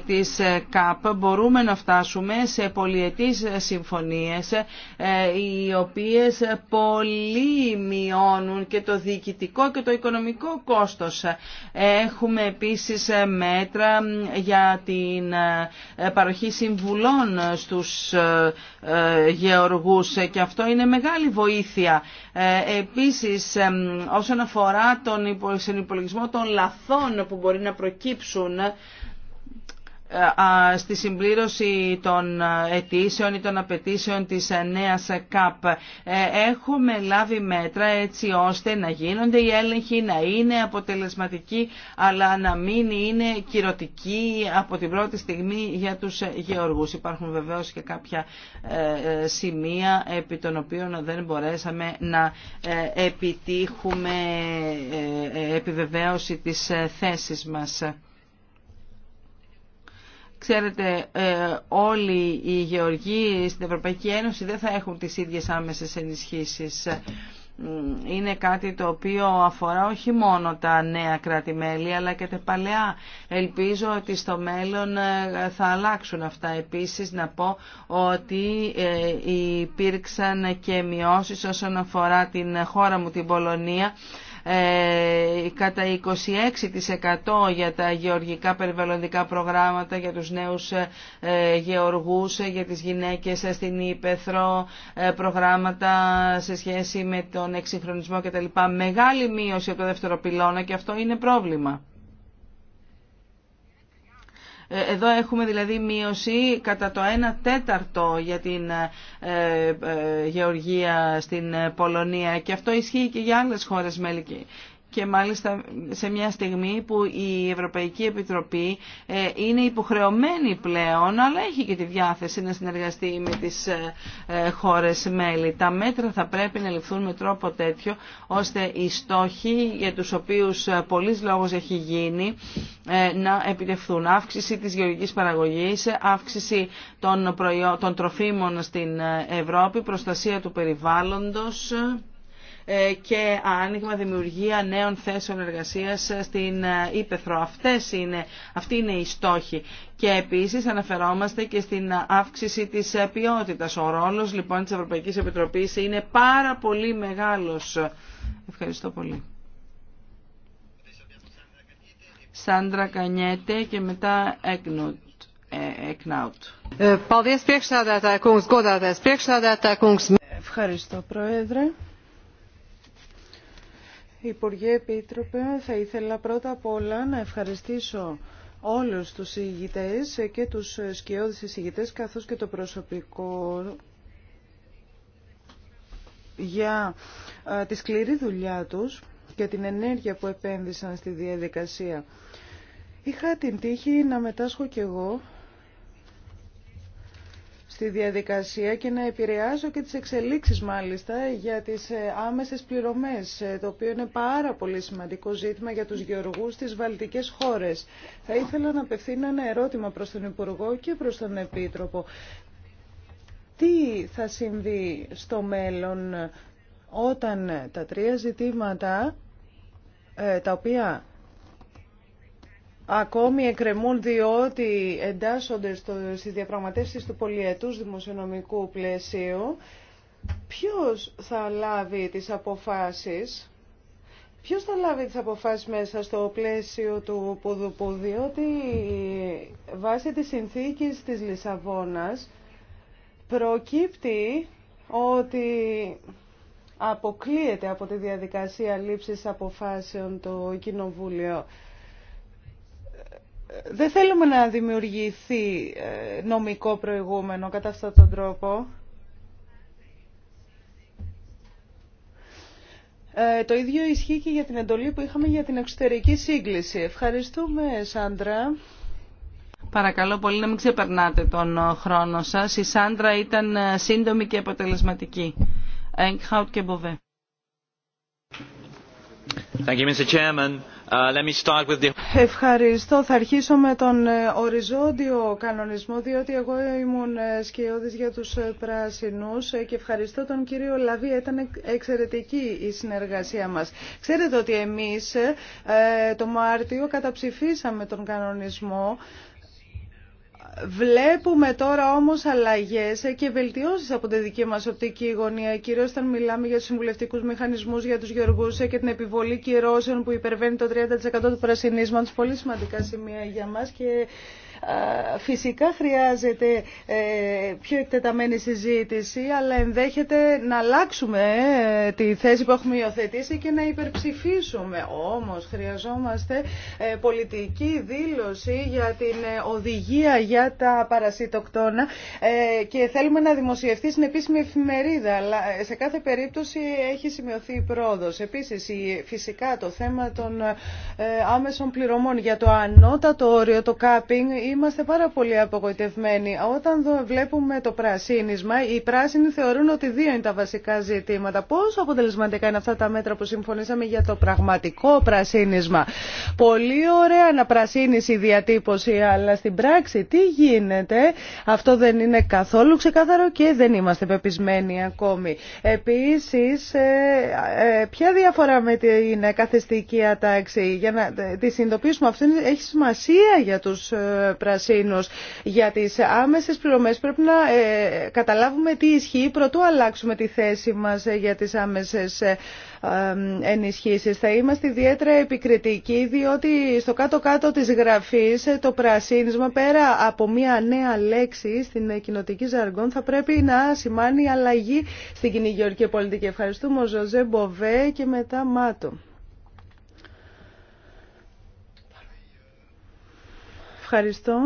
της ΚΑΠ μπορούμε να φτάσουμε σε πολυετείς συμφωνίες οι οποίες πολύ μειώνουν και το διοικητικό και το οικονομικό κόστος. Έχουμε επίσης μέτρα για την ε, παροχή συμβουλών στους ε, ε, γεωργούς και αυτό είναι μεγάλη βοήθεια. Επίσης, όσον αφορά τον υπολογισμό των λαθών που μπορεί να προκύψουν ε, στη συμπλήρωση των αιτήσεων ή των απαιτήσεων της νέας ΚΑΠ. Ε, έχουμε λάβει μέτρα έτσι ώστε να γίνονται οι έλεγχοι, να είναι αποτελεσματικοί, αλλά να μην είναι κυρωτικοί από την πρώτη στιγμή για τους γεωργούς. Υπάρχουν βεβαίως και κάποια ε, σημεία επί των οποίων δεν μπορέσαμε να επιτύχουμε επιβεβαίωση της θέσης μας. Ξέρετε, ε, όλοι οι γεωργοί στην Ευρωπαϊκή Ένωση δεν θα έχουν τις ίδιες άμεσες ενισχύσεις. Ε, είναι κάτι το οποίο αφορά όχι μόνο τα νέα κράτη-μέλη αλλά και τα παλαιά. Ελπίζω ότι στο μέλλον ε, θα αλλάξουν αυτά. Επίσης να πω ότι υπήρξαν και μειώσεις όσον αφορά την χώρα μου, την Πολωνία ε, κατά 26% για τα γεωργικά περιβαλλοντικά προγράμματα, για τους νέους ε, γεωργούς, ε, για τις γυναίκες στην Ήπεθρο, προγράμματα σε σχέση με τον εξυγχρονισμό κτλ. Μεγάλη μείωση από το δεύτερο πυλώνα και αυτό είναι πρόβλημα. Εδώ έχουμε δηλαδή μείωση κατά το 1 τέταρτο για την ε, ε, ε, γεωργία στην Πολωνία και αυτό ισχύει και για άλλες χώρες μέλη και μάλιστα σε μια στιγμή που η Ευρωπαϊκή Επιτροπή ε, είναι υποχρεωμένη πλέον αλλά έχει και τη διάθεση να συνεργαστεί με τις ε, ε, χώρες μέλη. Τα μέτρα θα πρέπει να ληφθούν με τρόπο τέτοιο ώστε οι στόχοι για τους οποίους πολλής λόγος έχει γίνει να επιτευχθούν. Αύξηση της γεωργικής παραγωγής, αύξηση των, των τροφίμων στην Ευρώπη, προστασία του περιβάλλοντος ε, και άνοιγμα δημιουργία νέων θέσεων εργασίας στην ε, Ήπεθρο. Αυτές είναι, αυτή είναι η στόχη. Και επίσης αναφερόμαστε και στην αύξηση της ε, ποιότητας. Ο ρόλος λοιπόν της Ευρωπαϊκής Επιτροπής είναι πάρα πολύ μεγάλος. Ευχαριστώ πολύ. Σάντρα Κανιέτε και μετά Έκνουτ. Ευχαριστώ Πρόεδρε. Υπουργέ Επίτροπε, θα ήθελα πρώτα απ' όλα να ευχαριστήσω όλους τους ηγητές και τους σκιώδεις ηγητές καθώς και το προσωπικό για ε, τη σκληρή δουλειά τους και την ενέργεια που επένδυσαν στη διαδικασία. Είχα την τύχη να μετάσχω κι εγώ στη διαδικασία και να επηρεάζω και τις εξελίξεις μάλιστα για τις ε, άμεσες πληρωμές, ε, το οποίο είναι πάρα πολύ σημαντικό ζήτημα για τους γεωργούς στις βαλτικές χώρες. Θα ήθελα να απευθύνω ένα ερώτημα προς τον Υπουργό και προς τον Επίτροπο. Τι θα συμβεί στο μέλλον ε, όταν τα τρία ζητήματα τα οποία ακόμη εκκρεμούν διότι εντάσσονται στο, στις διαπραγματεύσεις του πολιετούς δημοσιονομικού πλαισίου. Ποιος θα λάβει τις αποφάσεις, ποιος θα λάβει τις αποφάσεις μέσα στο πλαίσιο του Πουδουπού, διότι βάσει της συνθήκης της Λισαβόνας προκύπτει ότι αποκλείεται από τη διαδικασία λήψης αποφάσεων το Κοινοβούλιο δεν θέλουμε να δημιουργηθεί ε, νομικό προηγούμενο κατά αυτόν τον τρόπο. Ε, το ίδιο ισχύει και για την εντολή που είχαμε για την εξωτερική σύγκληση. Ευχαριστούμε, Σάντρα. Παρακαλώ πολύ να μην ξεπερνάτε τον ε, χρόνο σας. Η Σάντρα ήταν σύντομη και αποτελεσματική. Thank you, Mr. Uh, ευχαριστώ. Θα αρχίσω με τον ε, οριζόντιο κανονισμό, διότι εγώ ήμουν ε, σκιώδης για τους ε, πράσινους και ευχαριστώ τον κύριο Λαβία. Ήταν εξαιρετική η συνεργασία μας. Ξέρετε ότι εμείς το Μάρτιο καταψηφίσαμε τον κανονισμό Βλέπουμε τώρα όμως αλλαγές και βελτιώσεις από τη δική μας οπτική γωνία, κυρίως όταν μιλάμε για τους συμβουλευτικούς μηχανισμούς για τους γεωργούς και την επιβολή κυρώσεων που υπερβαίνει το 30% του πρασινίσματος. Πολύ σημαντικά σημεία για μας και ε, φυσικά χρειάζεται ε, πιο εκτεταμένη συζήτηση, αλλά ενδέχεται να αλλάξουμε ε, τη θέση που έχουμε υιοθετήσει και να υπερψηφίσουμε. Όμως χρειαζόμαστε πολιτική δήλωση για την οδηγία για τα παρασιτοκτόνα και θέλουμε να δημοσιευτεί στην επίσημη εφημερίδα, αλλά σε κάθε περίπτωση έχει σημειωθεί η πρόοδος. Επίσης, φυσικά το θέμα των άμεσων πληρωμών για το ανώτατο όριο, το κάπινγκ, είμαστε πάρα πολύ απογοητευμένοι. Όταν δω, βλέπουμε το πρασίνισμα, οι πράσινοι θεωρούν ότι δύο είναι τα βασικά ζητήματα. Πόσο αποτελεσματικά είναι αυτά τα μέτρα που συμφωνήσαμε για το πραγματικό πρασίνισμα. Πολύ ωραία να διατύπωση, αλλά στην πράξη τι γίνεται. Αυτό δεν είναι καθόλου ξεκάθαρο και δεν είμαστε πεπισμένοι ακόμη. Επίσης, ε, ε, ποια διαφορά με την καθεστική ατάξη, για να ε, τη συνειδητοποιήσουμε αυτό έχει σημασία για τους για τις άμεσες πληρωμές πρέπει να ε, καταλάβουμε τι ισχύει πρωτού αλλάξουμε τη θέση μας ε, για τις άμεσες ε, ενισχύσεις. Θα είμαστε ιδιαίτερα επικριτικοί διότι στο κάτω-κάτω της γραφής το πρασίνισμα πέρα από μια νέα λέξη στην κοινοτική ζαργόν θα πρέπει να σημάνει αλλαγή στην κοινή γεωργική πολιτική. Ευχαριστούμε ο Ζωζέ Μποβέ και μετά Μάτο. Ευχαριστώ.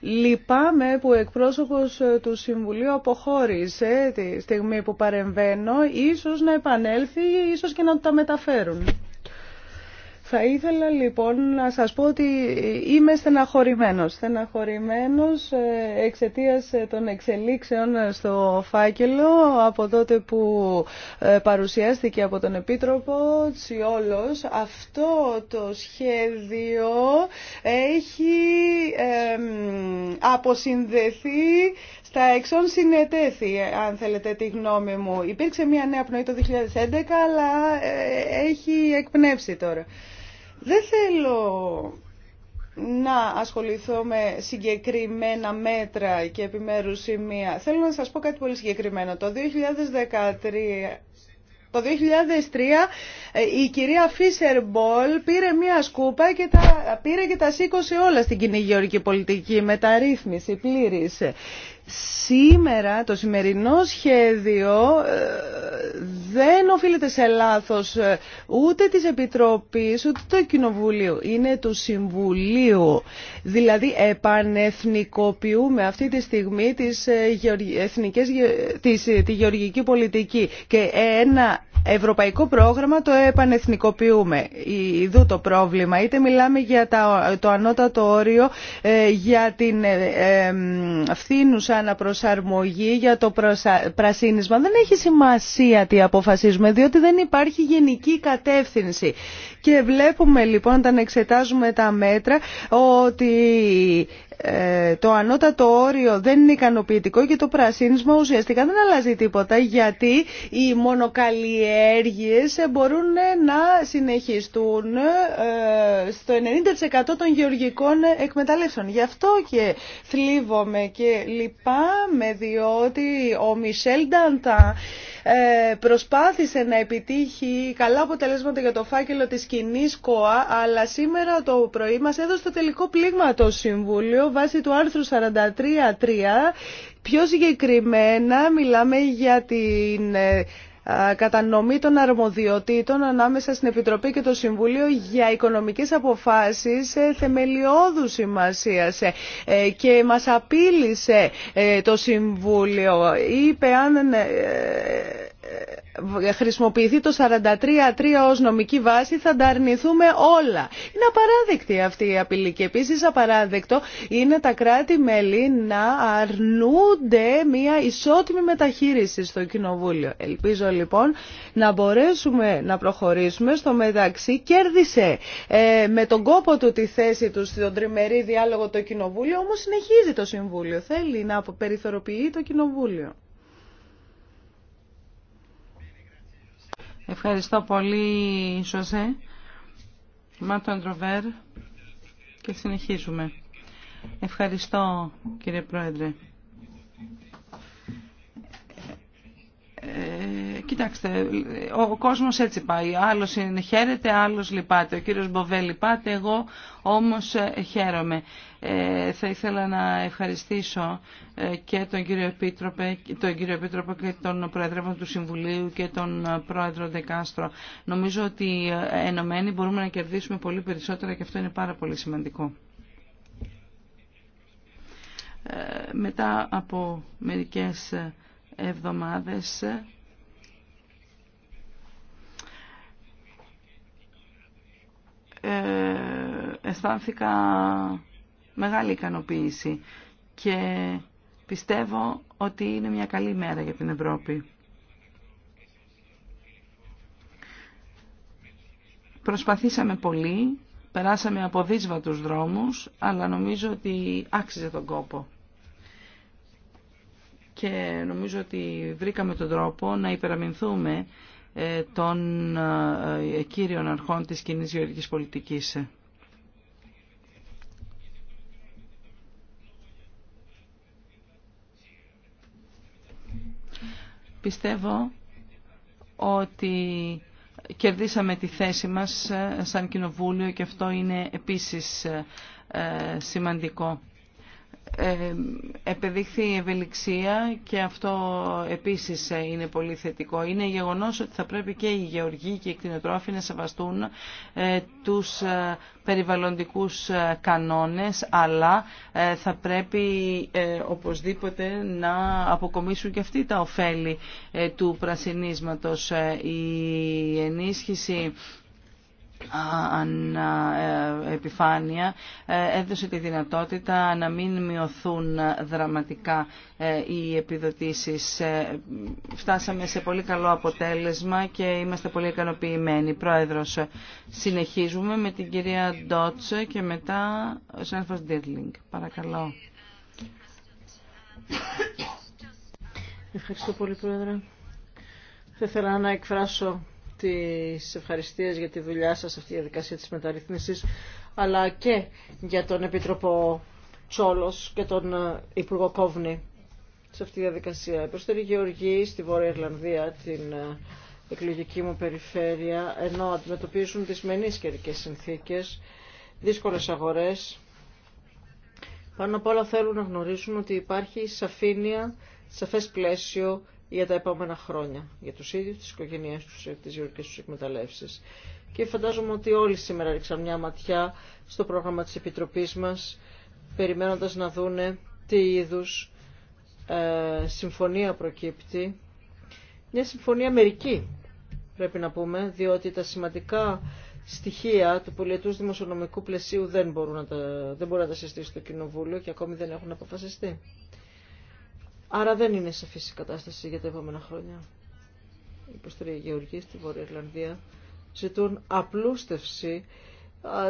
Λυπάμαι που ο εκπρόσωπος ε, του Συμβουλίου αποχώρησε τη στιγμή που παρεμβαίνω. Ίσως να επανέλθει, ίσως και να τα μεταφέρουν. Θα ήθελα λοιπόν να σας πω ότι είμαι στεναχωρημένος. Στεναχωρημένος ε, εξαιτίας ε, των εξελίξεων στο φάκελο από τότε που ε, παρουσιάστηκε από τον Επίτροπο Τσιόλος. Αυτό το σχέδιο έχει αποσυνδεθεί στα εξών συνετέθη, αν θέλετε τη γνώμη μου. Υπήρξε μια νέα πνοή το 2011, αλλά έχει εκπνεύσει τώρα. Δεν θέλω να ασχοληθώ με συγκεκριμένα μέτρα και επιμέρους σημεία. Θέλω να σας πω κάτι πολύ συγκεκριμένο. Το 2013... Το 2003 ε, η κυρία Φίσερ Μπολ πήρε μία σκούπα και τα πήρε και τα σήκωσε όλα στην κοινή γεωργική πολιτική μεταρρύθμιση πλήρης. Σήμερα το σημερινό σχέδιο ε, δεν οφείλεται σε λάθος ε, ούτε της Επιτροπής ούτε του Κοινοβουλίου. Είναι του Συμβουλίου. Δηλαδή επανεθνικοποιούμε αυτή τη στιγμή τις ε, εθνικές, τη γεωργική πολιτική και ένα ευρωπαϊκό πρόγραμμα το επανεθνικοποιούμε. Ιδού το πρόβλημα. Είτε μιλάμε για το ανώτατο όριο για την φθήνουσα αναπροσαρμογή, για το πρασίνισμα. Δεν έχει σημασία τι αποφασίζουμε, διότι δεν υπάρχει γενική κατεύθυνση. Και βλέπουμε λοιπόν, όταν εξετάζουμε τα μέτρα, ότι ε, το ανώτατο όριο δεν είναι ικανοποιητικό και το πρασίνισμα ουσιαστικά δεν αλλάζει τίποτα γιατί οι μονοκαλλιέργειες μπορούν να συνεχιστούν ε, στο 90% των γεωργικών εκμεταλλεύσεων. Γι' αυτό και θλίβομαι και λυπάμαι διότι ο Μισελ Νταντά ε, προσπάθησε να επιτύχει καλά αποτελέσματα για το φάκελο της κοινή ΚΟΑ, αλλά σήμερα το πρωί μας έδωσε το τελικό πλήγμα το Συμβούλιο βάσει του άρθρου 43.3. Πιο συγκεκριμένα μιλάμε για την ε, κατανομή των αρμοδιοτήτων ανάμεσα στην Επιτροπή και το Συμβούλιο για οικονομικές αποφάσεις ε, θεμελιώδους σημασίας ε, ε, και μας απείλησε το Συμβούλιο. Είπε αν χρησιμοποιηθεί το 43-3 ως νομική βάση θα τα αρνηθούμε όλα. Είναι απαράδεκτη αυτή η απειλή και επίσης απαράδεκτο είναι τα κράτη-μέλη να αρνούνται μια ισότιμη μεταχείριση στο Κοινοβούλιο. Ελπίζω λοιπόν να μπορέσουμε να προχωρήσουμε στο μεταξύ. Κέρδισε ε, με τον κόπο του τη θέση του στον τριμερή διάλογο το Κοινοβούλιο, όμως συνεχίζει το Συμβούλιο. Θέλει να περιθωροποιεί το Κοινοβούλιο. Ευχαριστώ πολύ, Ζωζέ. Μάτων Τροβέρ και συνεχίζουμε. Ευχαριστώ, κύριε Πρόεδρε. Ε, κοιτάξτε, ο, κόσμος έτσι πάει. Άλλος χαίρεται, άλλος λυπάται. Ο κύριος Μποβέ λυπάται, εγώ όμως ε, χαίρομαι. Ε, θα ήθελα να ευχαριστήσω και τον κύριο, Επίτροπε, τον κύριο Επίτροπο και τον Προεδρεύον του Συμβουλίου και τον Πρόεδρο Δεκάστρο. Νομίζω ότι ενωμένοι μπορούμε να κερδίσουμε πολύ περισσότερα και αυτό είναι πάρα πολύ σημαντικό μετά από μερικές εβδομάδες ε, αισθάνθηκα μεγάλη ικανοποίηση και πιστεύω ότι είναι μια καλή μέρα για την Ευρώπη. Προσπαθήσαμε πολύ, περάσαμε από δύσβατους δρόμους, αλλά νομίζω ότι άξιζε τον κόπο και νομίζω ότι βρήκαμε τον τρόπο να υπεραμεινθούμε ε, των ε, ε, κύριων αρχών της κοινής γεωργικής πολιτικής. Πιστεύω ότι κερδίσαμε τη θέση μας σαν κοινοβούλιο και αυτό είναι επίσης σημαντικό. Ε, επεδείχθη η ευελιξία και αυτό επίσης είναι πολύ θετικό. Είναι γεγονός ότι θα πρέπει και οι γεωργοί και οι κτηνοτρόφοι να σεβαστούν ε, τους ε, περιβαλλοντικούς κανόνες, αλλά θα πρέπει οπωσδήποτε να αποκομίσουν και αυτοί τα ωφέλη του πρασινίσματος. Η ενίσχυση ε, επιφάνεια ε, έδωσε τη δυνατότητα να μην μειωθούν δραματικά ε, οι επιδοτήσεις. Φτάσαμε σε πολύ καλό αποτέλεσμα και είμαστε πολύ ικανοποιημένοι. Πρόεδρος, συνεχίζουμε με την κυρία Ντότσε και μετά ο Σένφος Ντίρλινγκ. Παρακαλώ. Ευχαριστώ πολύ, Πρόεδρε. Θα ήθελα να εκφράσω τις ευχαριστίες για τη δουλειά σας αυτή τη διαδικασία της μεταρρύθμισης, αλλά και για τον Επίτροπο Τσόλος και τον ε, Υπουργό Κόβνη σε αυτή τη διαδικασία. Η Προστερή Γεωργή στη Βόρεια Ιρλανδία, την ε, εκλογική μου περιφέρεια, ενώ αντιμετωπίζουν δυσμενείς καιρικές συνθήκες, δύσκολες αγορές. Πάνω απ' όλα θέλουν να γνωρίσουν ότι υπάρχει σαφήνεια, σαφές πλαίσιο για τα επόμενα χρόνια, για τους ίδιους, τις οικογένειές τους, τις γεωργικές τους εκμεταλλεύσεις. Και φαντάζομαι ότι όλοι σήμερα ρίξαν μια ματιά στο πρόγραμμα της Επιτροπής μας, περιμένοντας να δούνε τι είδους ε, συμφωνία προκύπτει. Μια συμφωνία μερική, πρέπει να πούμε, διότι τα σημαντικά στοιχεία του πολιετούς δημοσιονομικού πλαισίου δεν, μπορούν να τα, δεν μπορεί να τα συστήσει το Κοινοβούλιο και ακόμη δεν έχουν αποφασιστεί. Άρα δεν είναι σε φύση κατάσταση για τα επόμενα χρόνια. Οι υποστήριοι γεωργοί στη Βόρεια Ιρλανδία ζητούν απλούστευση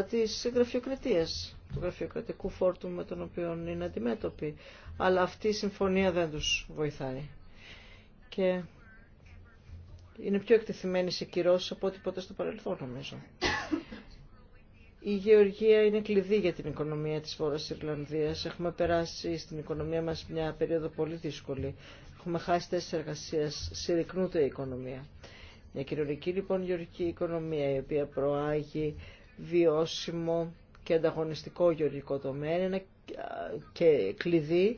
της γραφειοκρατίας, του γραφειοκρατικού φόρτου με τον οποίο είναι αντιμέτωποι. Αλλά αυτή η συμφωνία δεν τους βοηθάει. Και είναι πιο εκτεθειμένοι σε κυρώσεις από ό,τι ποτέ στο παρελθόν νομίζω. Η γεωργία είναι κλειδί για την οικονομία της Βόρειας Ιρλανδίας. Έχουμε περάσει στην οικονομία μας μια περίοδο πολύ δύσκολη. Έχουμε χάσει τέσσερις εργασίες. συρρυκνούται η οικονομία. Μια κοινωνική λοιπόν γεωργική οικονομία η οποία προάγει βιώσιμο και ανταγωνιστικό γεωργικό τομέα είναι και κλειδί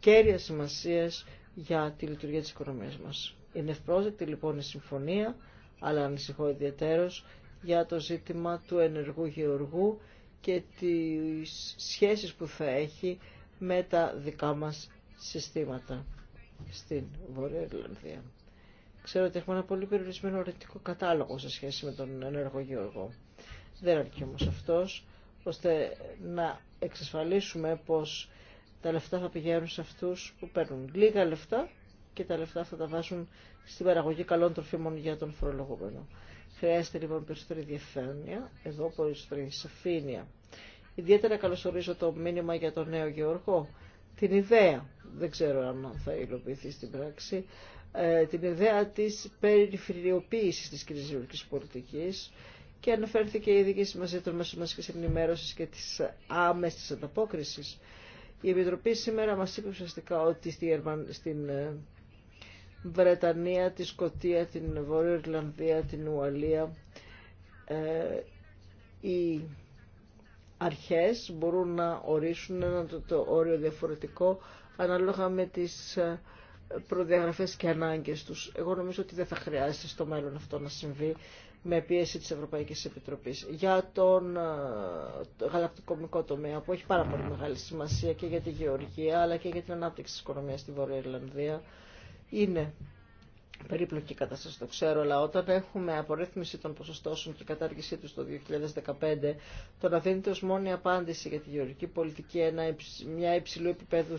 κέρια σημασία για τη λειτουργία της οικονομίας μας. Είναι ευπρόσδεκτη λοιπόν η συμφωνία, αλλά ανησυχώ ιδιαίτερως για το ζήτημα του ενεργού γεωργού και τις σχέσεις που θα έχει με τα δικά μας συστήματα στην Βόρεια Ιρλανδία. Ξέρω ότι έχουμε ένα πολύ περιορισμένο ορετικό κατάλογο σε σχέση με τον ενεργό γεωργό. Δεν αρκεί όμως αυτός, ώστε να εξασφαλίσουμε πως τα λεφτά θα πηγαίνουν σε αυτούς που παίρνουν λίγα λεφτά και τα λεφτά θα τα βάζουν στην παραγωγή καλών τροφίμων για τον φορολογούμενο. Χρειάζεται λοιπόν περισσότερη διαφάνεια, εδώ περισσότερη σαφήνεια. Ιδιαίτερα καλωσορίζω το μήνυμα για τον νέο Γεωργό. Την ιδέα, δεν ξέρω αν θα υλοποιηθεί στην πράξη, ε, την ιδέα της περιφερειοποίησης της κυριαζιολικής πολιτικής και αναφέρθηκε η ειδική σημασία των μέσων μαζικής ενημέρωσης και της άμεσης ανταπόκρισης. Η Επιτροπή σήμερα μας είπε ουσιαστικά ότι στην ε, Βρετανία, τη Σκοτία, την Βόρεια Ιρλανδία, την Ουαλία. Ε, οι αρχές μπορούν να ορίσουν ένα το, όριο διαφορετικό ανάλογα με τις ε, προδιαγραφές και ανάγκες τους. Εγώ νομίζω ότι δεν θα χρειάζεται στο μέλλον αυτό να συμβεί με πίεση της Ευρωπαϊκής Επιτροπής. Για τον ε, το γαλακτοκομικό τομέα που έχει πάρα πολύ μεγάλη σημασία και για τη γεωργία αλλά και για την ανάπτυξη της οικονομίας στη Βόρεια Ιρλανδία είναι περίπλοκη κατάσταση, το ξέρω, αλλά όταν έχουμε απορρίθμιση των ποσοστώσεων και κατάργησή του το 2015, το να δίνεται ως μόνη απάντηση για τη γεωργική πολιτική ένα, μια υψηλού επίπεδου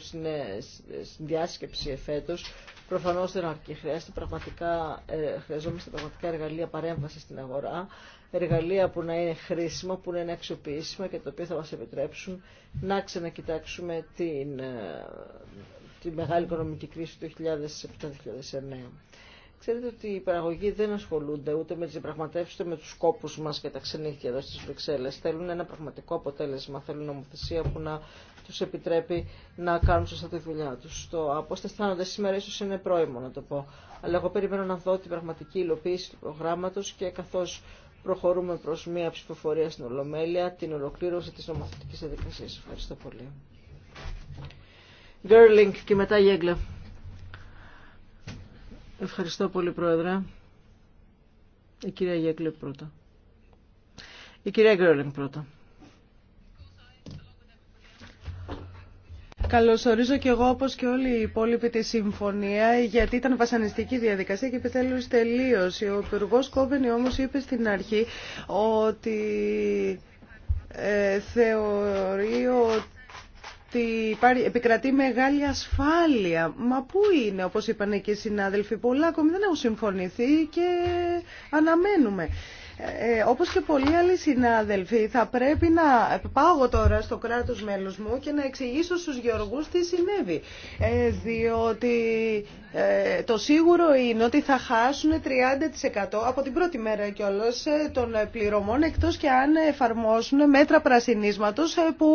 συνδιάσκεψη εφέτος, προφανώς δεν αρκεί. Χρειάζεται πραγματικά, ε, χρειαζόμαστε πραγματικά εργαλεία παρέμβαση στην αγορά, εργαλεία που να είναι χρήσιμα, που να είναι αξιοποιήσιμα και τα οποία θα μας επιτρέψουν να ξανακοιτάξουμε την ε, τη μεγάλη οικονομική κρίση του 2007-2009. Ξέρετε ότι οι παραγωγοί δεν ασχολούνται ούτε με τι διαπραγματεύσει ούτε με του κόπου μα και τα ξενύχια εδώ στι Βρυξέλλε. Θέλουν ένα πραγματικό αποτέλεσμα. Θέλουν νομοθεσία που να του επιτρέπει να κάνουν σωστά τη δουλειά του. Το πώ αισθάνονται σήμερα ίσω είναι πρόημο να το πω. Αλλά εγώ περιμένω να δω την πραγματική υλοποίηση του προγράμματο και καθώ προχωρούμε προ μια ψηφοφορία στην Ολομέλεια, την ολοκλήρωση τη νομοθετική διαδικασία. Ευχαριστώ πολύ. Γκέρλινγκ και μετά Γέγκλα. Ευχαριστώ πολύ, Πρόεδρε. Η κυρία Γιέγλε πρώτα. Η κυρία Γκέρλινγκ πρώτα. Καλωσορίζω και εγώ όπως και όλοι οι υπόλοιποι τη συμφωνία γιατί ήταν βασανιστική διαδικασία και επιτέλους τελείωσε. Ο υπουργό Κόβενη όμως είπε στην αρχή ότι ε, θεωρεί ότι ότι επικρατεί μεγάλη ασφάλεια. Μα πού είναι, όπως είπαν και οι συνάδελφοι, πολλά ακόμη δεν έχουν συμφωνηθεί και αναμένουμε. Ε, ε, όπως και πολλοί άλλοι συνάδελφοι, θα πρέπει να πάω τώρα στο κράτος μέλος μου και να εξηγήσω στους γεωργούς τι συνέβη. Ε, διότι ε, το σίγουρο είναι ότι θα χάσουν 30% από την πρώτη μέρα κιόλας ε, των πληρωμών, εκτός και αν εφαρμόσουν μέτρα πρασινίσματος που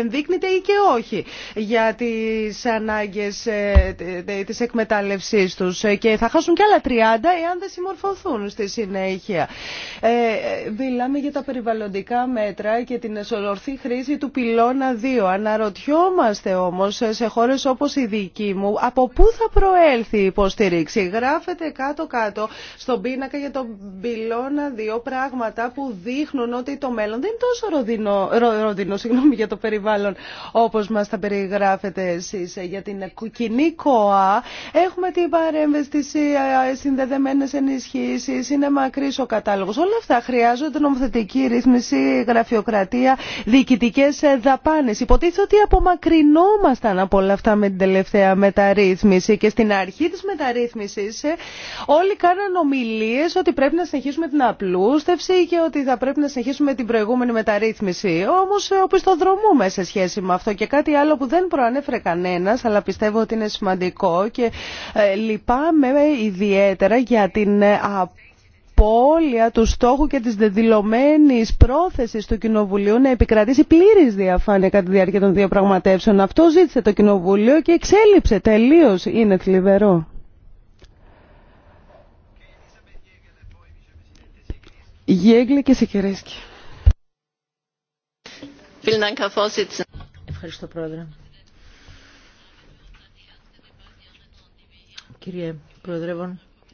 ενδείκνεται ή και όχι για τις ανάγκες της εκμετάλλευσής τους. Και θα χάσουν κι άλλα 30% εάν δεν συμμορφωθούν στη συνέχεια. Ε, μιλάμε για τα περιβαλλοντικά μέτρα και την εσωλορθή χρήση του πυλώνα 2. Αναρωτιόμαστε όμως σε χώρες όπως η δική μου από πού θα προέλθει η υποστήριξη. Γράφεται κάτω-κάτω στον πίνακα για τον πυλώνα 2 πράγματα που δείχνουν ότι το μέλλον δεν είναι τόσο ροδινό, συγγνώμη, για το περιβάλλον όπως μας τα περιγράφετε εσείς. Για την κοινή ΚΟΑ έχουμε την παρέμβαση, συνδεδεμένε συνδεδεμένες ενισχύσεις, είναι μακρύς ο κατάλογος. Όλα όλα αυτά χρειάζονται νομοθετική ρύθμιση, γραφειοκρατία, διοικητικές δαπάνε. Υποτίθεται ότι απομακρυνόμασταν από όλα αυτά με την τελευταία μεταρρύθμιση και στην αρχή της μεταρρύθμισης ε, όλοι κάναν ομιλίε ότι πρέπει να συνεχίσουμε την απλούστευση και ότι θα πρέπει να συνεχίσουμε την προηγούμενη μεταρρύθμιση. Όμω ε, οπισθοδρομούμε σε σχέση με αυτό και κάτι άλλο που δεν προανέφερε κανένα, αλλά πιστεύω ότι είναι σημαντικό και ε, λυπάμαι ιδιαίτερα για την απώλεια του στόχου και της δεδηλωμένης πρόθεσης του Κοινοβουλίου να επικρατήσει πλήρης διαφάνεια κατά τη διάρκεια των διαπραγματεύσεων. Αυτό ζήτησε το Κοινοβούλιο και εξέλιψε τελείως. Είναι θλιβερό. Γέγγλε και Σικερέσκη. Ευχαριστώ Πρόεδρε. Κύριε Πρόεδρε,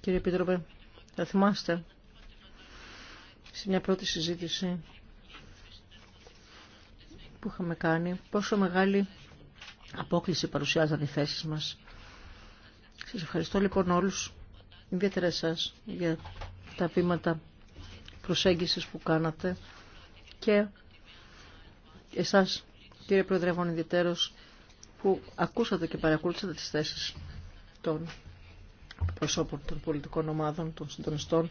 κύριε Επίτροπε, θα θυμάστε σε μια πρώτη συζήτηση που είχαμε κάνει πόσο μεγάλη απόκληση παρουσιάζαν οι θέσεις μας. Σας ευχαριστώ λοιπόν όλους, ιδιαίτερα εσάς, για τα βήματα προσέγγισης που κάνατε και εσάς κύριε Προεδρεύον Ιδιαιτέρως που ακούσατε και παρακολούθησατε τις θέσεις των προσώπων των πολιτικών ομάδων, των συντονιστών.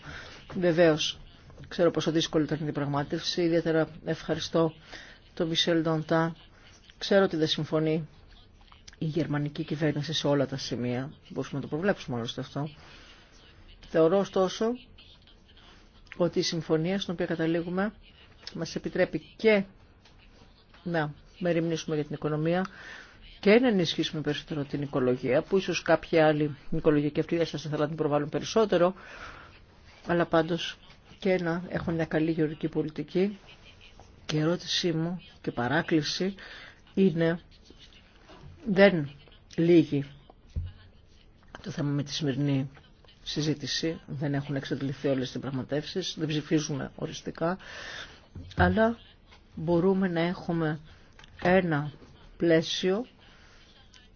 Βεβαίως Ξέρω πόσο δύσκολη ήταν η διαπραγμάτευση. Ιδιαίτερα ευχαριστώ τον Μισελ Ντοντά. Ξέρω ότι δεν συμφωνεί η γερμανική κυβέρνηση σε όλα τα σημεία. Μπορούμε να το προβλέψουμε άλλωστε αυτό. Θεωρώ ωστόσο ότι η συμφωνία στην οποία καταλήγουμε μας επιτρέπει και να μεριμνήσουμε για την οικονομία και να ενισχύσουμε περισσότερο την οικολογία, που ίσως κάποιοι άλλοι οικολογικοί αυτοί θα ήθελαν να την προβάλλουν περισσότερο, αλλά πάντως και να έχουν μια καλή γεωργική πολιτική. Και η ερώτησή μου και παράκληση είναι δεν λύγει το θέμα με τη σημερινή συζήτηση. Δεν έχουν εξαντληθεί όλες τις πραγματεύσεις, δεν ψηφίζουμε οριστικά, αλλά μπορούμε να έχουμε ένα πλαίσιο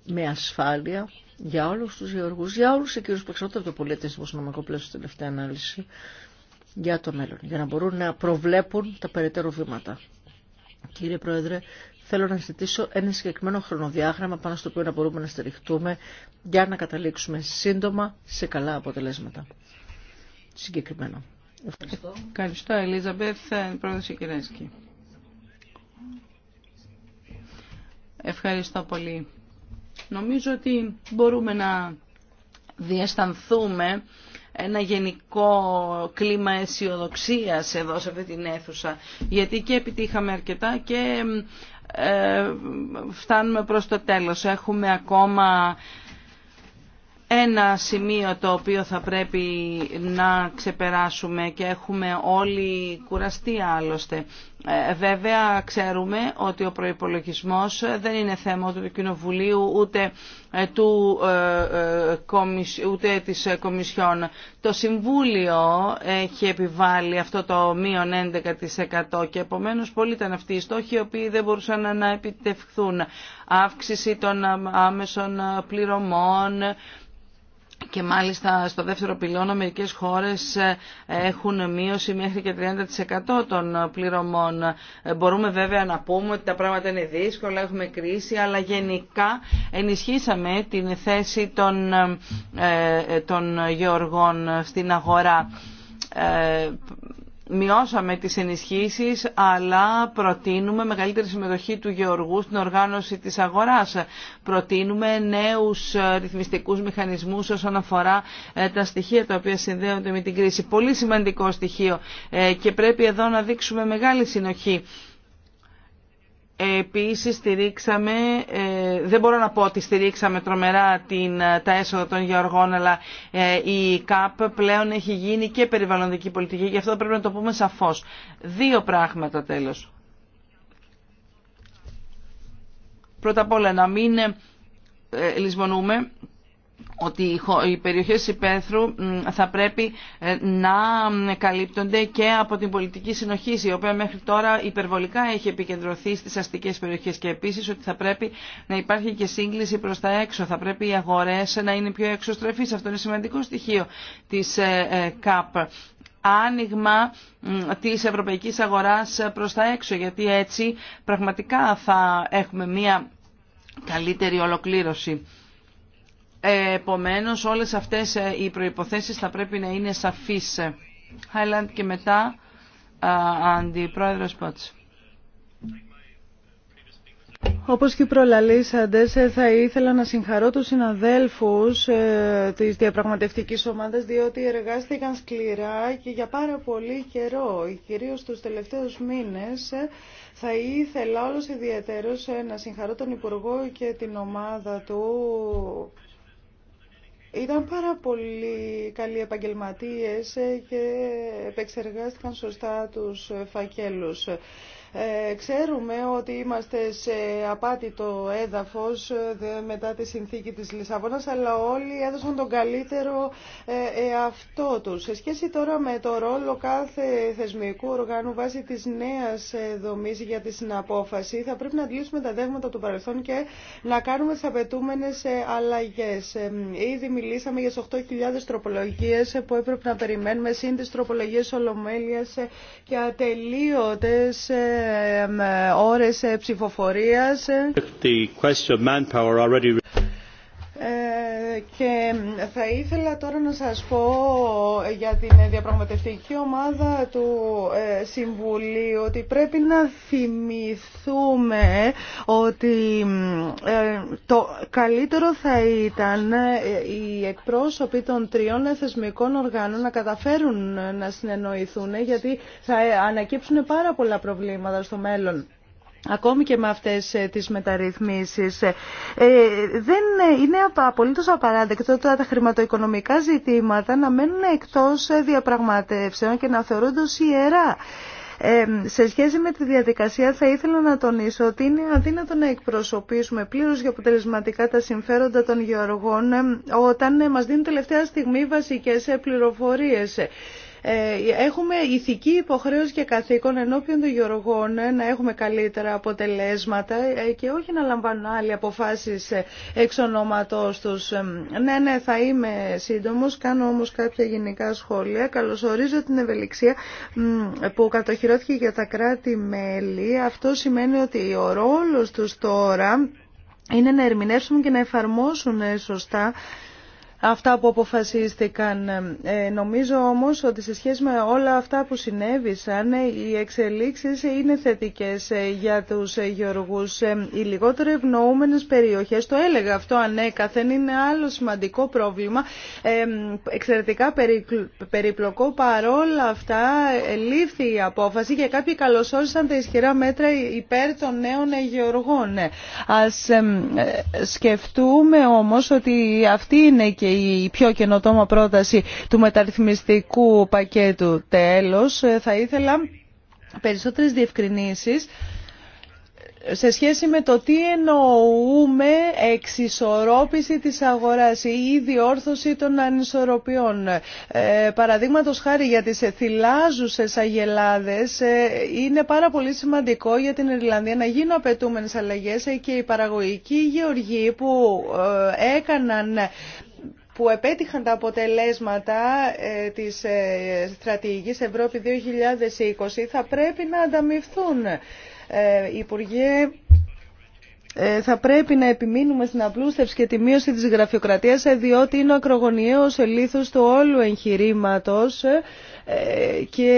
με ασφάλεια για όλους τους γεωργούς, για όλους εκείνους που εξαρτάται από το πολιτισμό στο νομικό πλαίσιο τελευταία ανάλυση, για το μέλλον, για να μπορούν να προβλέπουν τα περαιτέρω βήματα. Κύριε Πρόεδρε, θέλω να ζητήσω ένα συγκεκριμένο χρονοδιάγραμμα πάνω στο οποίο να μπορούμε να στηριχτούμε για να καταλήξουμε σύντομα σε καλά αποτελέσματα. Συγκεκριμένο. Ευχαριστώ. Ευχαριστώ, Ελίζα Μπεθ, Σικυρέσκη. Ευχαριστώ πολύ. Νομίζω ότι μπορούμε να διαισθανθούμε ένα γενικό κλίμα αισιοδοξία εδώ σε αυτή την αίθουσα. Γιατί και επιτύχαμε αρκετά και ε, φτάνουμε προς το τέλος. Έχουμε ακόμα ένα σημείο το οποίο θα πρέπει να ξεπεράσουμε και έχουμε όλοι κουραστεί άλλωστε. Ε, βέβαια ξέρουμε ότι ο προϋπολογισμός δεν είναι θέμα του Κοινοβουλίου ούτε, ε, του, ε, ούτε της Κομισιόν. Το Συμβούλιο έχει επιβάλει αυτό το μείον 11% και επομένως πολλοί ήταν αυτοί οι στόχοι οι οποίοι δεν μπορούσαν να επιτευχθούν. Αύξηση των άμεσων πληρωμών, και μάλιστα στο δεύτερο πυλώνα μερικές χώρες ε, έχουν μείωση μέχρι και 30% των πληρωμών. Ε, μπορούμε βέβαια να πούμε ότι τα πράγματα είναι δύσκολα, έχουμε κρίση, αλλά γενικά ενισχύσαμε την θέση των, ε, των γεωργών στην αγορά μειώσαμε τις ενισχύσεις αλλά προτείνουμε μεγαλύτερη συμμετοχή του γεωργού στην οργάνωση της αγοράς. Προτείνουμε νέους ε, ρυθμιστικούς μηχανισμούς όσον αφορά ε, τα στοιχεία τα οποία συνδέονται με την κρίση. Πολύ σημαντικό στοιχείο ε, και πρέπει εδώ να δείξουμε μεγάλη συνοχή Επίση στηρίξαμε, ε, δεν μπορώ να πω ότι στηρίξαμε τρομερά την, ε, τα έσοδα των γεωργών, αλλά ε, η ΚΑΠ πλέον έχει γίνει και περιβαλλοντική πολιτική, γι' αυτό πρέπει να το πούμε σαφώς. Δύο πράγματα τέλος. Πρώτα απ' όλα να μην λησμονούμε ότι οι περιοχές υπαίθρου θα πρέπει ε, να καλύπτονται και από την πολιτική συνοχή, η οποία μέχρι τώρα υπερβολικά έχει επικεντρωθεί στις αστικές περιοχές και επίσης ότι θα πρέπει να υπάρχει και σύγκληση προς τα έξω. Θα πρέπει οι αγορές να είναι πιο εξωστρεφείς. Αυτό είναι σημαντικό στοιχείο της ε, ε, ΚΑΠ άνοιγμα της ευρωπαϊκής αγοράς προς τα έξω, γιατί έτσι πραγματικά θα έχουμε μια καλύτερη ολοκλήρωση. Επομένως όλες αυτές ε, οι προϋποθέσεις θα πρέπει να είναι σαφείς. Highland και μετά Αντιπρόεδρος Πότς. Όπως και προλαλήσατε, ε, θα ήθελα να συγχαρώ τους συναδέλφους ε, της διαπραγματευτικής ομάδας, διότι εργάστηκαν σκληρά και για πάρα πολύ καιρό, κυρίως τους τελευταίους μήνες. Θα ήθελα όλος ιδιαίτερος να συγχαρώ τον Υπουργό και την ομάδα του ήταν πάρα πολύ καλοί επαγγελματίες ε, και επεξεργάστηκαν σωστά τους φακέλους. Ε, ξέρουμε ότι είμαστε σε απάτητο έδαφος μετά τη συνθήκη της Λισαβόνας, αλλά όλοι έδωσαν τον καλύτερο ε, εαυτό τους. Σε σχέση τώρα με το ρόλο κάθε θεσμικού οργάνου βάσει της νέας ε, δομής για τη συναπόφαση, θα πρέπει να αντλήσουμε τα δέγματα του παρελθόν και να κάνουμε τις απαιτούμενε αλλαγές. Ήδη μιλήσαμε για 8.000 τροπολογίες που έπρεπε να περιμένουμε, σύν τις τροπολογίες ολομέλειας και ατελείωτες ώρες ψηφοφορίας. The question of manpower already... Ε, και θα ήθελα τώρα να σας πω για την διαπραγματευτική ομάδα του ε, Συμβουλίου ότι πρέπει να θυμηθούμε ότι ε, το καλύτερο θα ήταν οι εκπρόσωποι των τριών θεσμικών οργάνων να καταφέρουν να συνεννοηθούν γιατί θα ανακύψουν πάρα πολλά προβλήματα στο μέλλον ακόμη και με αυτές ε, τις μεταρρυθμίσεις. Ε, ε, δεν είναι απολύτως απαράδεκτο τα χρηματοοικονομικά ζητήματα να μένουν εκτός διαπραγματεύσεων και να θεωρούνται ως ιερά. σε σχέση με τη διαδικασία θα ήθελα να τονίσω ότι είναι αδύνατο να εκπροσωπήσουμε πλήρως και αποτελεσματικά τα συμφέροντα των γεωργών όταν μας δίνουν τελευταία στιγμή βασικές πληροφορίες. Ε, έχουμε ηθική υποχρέωση και καθήκον ενώπιον των γεωργών να έχουμε καλύτερα αποτελέσματα ε, και όχι να λαμβάνουν άλλοι αποφάσεις ε, εξ ονόματός τους. Ναι, ναι, θα είμαι σύντομος, κάνω όμως κάποια γενικά σχόλια. Καλωσορίζω την ευελιξία που κατοχυρώθηκε για τα κράτη-μέλη. Αυτό σημαίνει ότι ο ρόλος τους τώρα είναι να ερμηνεύσουν και να εφαρμόσουν σωστά αυτά που αποφασίστηκαν. Ε, νομίζω όμως ότι σε σχέση με όλα αυτά που συνέβησαν, οι εξελίξεις είναι θετικές ε, για τους γεωργούς. Ε, οι λιγότερο ευνοούμενες περιοχές, το έλεγα αυτό ανέκαθεν, είναι άλλο σημαντικό πρόβλημα, εξαιρετικά περιπλοκό. Παρόλα αυτά, λήφθη η απόφαση και κάποιοι καλωσόρισαν τα ισχυρά μέτρα υπέρ των νέων γεωργών. Ας σκεφτούμε όμως ότι αυτή είναι και η πιο καινοτόμα πρόταση του μεταρρυθμιστικού πακέτου. Τέλος, ε, θα ήθελα περισσότερες διευκρινήσεις σε σχέση με το τι εννοούμε εξισορρόπηση της αγοράς ή διόρθωση των ανισορροπιών. Ε, παραδείγματος χάρη για τις θυλάζουσες αγελάδες ε, είναι πάρα πολύ σημαντικό για την Ιρλανδία να γίνουν απαιτούμενες αλλαγές ε, και οι παραγωγικοί γεωργοί που έκαναν που επέτυχαν τα αποτελέσματα ε, της ε, στρατηγικής Ευρώπη 2020 θα πρέπει να ανταμυφθούν. Ε, Υπουργέ ε, θα πρέπει να επιμείνουμε στην απλούστευση και τη μείωση της γραφειοκρατίας ε, διότι είναι ο ακρογωνιαίος ελίθος του όλου εγχειρήματος ε, και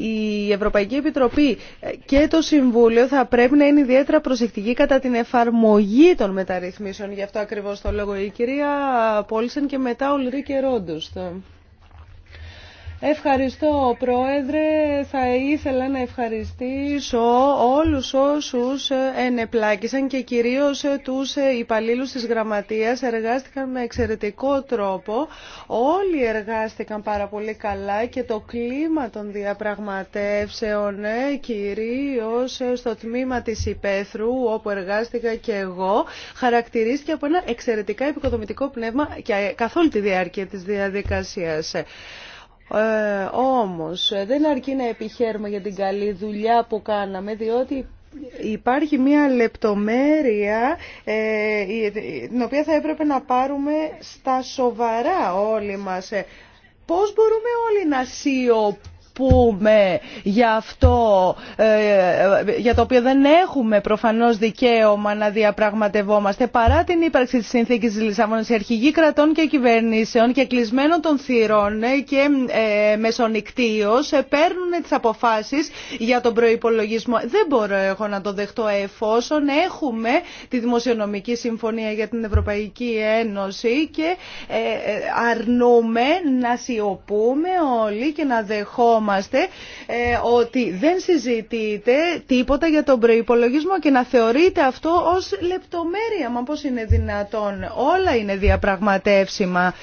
η Ευρωπαϊκή Επιτροπή και το Συμβούλιο θα πρέπει να είναι ιδιαίτερα προσεκτικοί κατά την εφαρμογή των μεταρρυθμίσεων. Γι' αυτό ακριβώς το λόγο η κυρία Πόλσεν και μετά ο Λρίκε Ρόντουστ. Ευχαριστώ Πρόεδρε. Θα ήθελα να ευχαριστήσω όλους όσους ενεπλάκησαν και κυρίως τους υπαλλήλου της Γραμματείας. Εργάστηκαν με εξαιρετικό τρόπο. Όλοι εργάστηκαν πάρα πολύ καλά και το κλίμα των διαπραγματεύσεων ε, κυρίως στο τμήμα της Υπέθρου όπου εργάστηκα και εγώ χαρακτηρίστηκε από ένα εξαιρετικά επικοδομητικό πνεύμα και καθ' όλη τη διάρκεια της διαδικασίας. Ε, όμως δεν αρκεί να επιχαίρουμε για την καλή δουλειά που κάναμε, διότι υπάρχει μία λεπτομέρεια ε, την οποία θα έπρεπε να πάρουμε στα σοβαρά όλοι μας. Ε, πώς μπορούμε όλοι να σιωπούμε πούμε για αυτό ε, για το οποίο δεν έχουμε προφανώς δικαίωμα να διαπραγματευόμαστε παρά την ύπαρξη της συνθήκης της Λισαβόνας οι κρατών και κυβερνήσεων και κλεισμένων των θυρών ε, και ε, ε παίρνουν τις αποφάσεις για τον προϋπολογισμό. Δεν μπορώ εγώ να το δεχτώ εφόσον έχουμε τη Δημοσιονομική Συμφωνία για την Ευρωπαϊκή Ένωση και αρνούμε να σιωπούμε όλοι και να δεχόμαστε φοβόμαστε ε, ότι δεν συζητείτε τίποτα για τον προϋπολογισμό και να θεωρείτε αυτό ως λεπτομέρεια. Μα πώς είναι δυνατόν. Όλα είναι διαπραγματεύσιμα.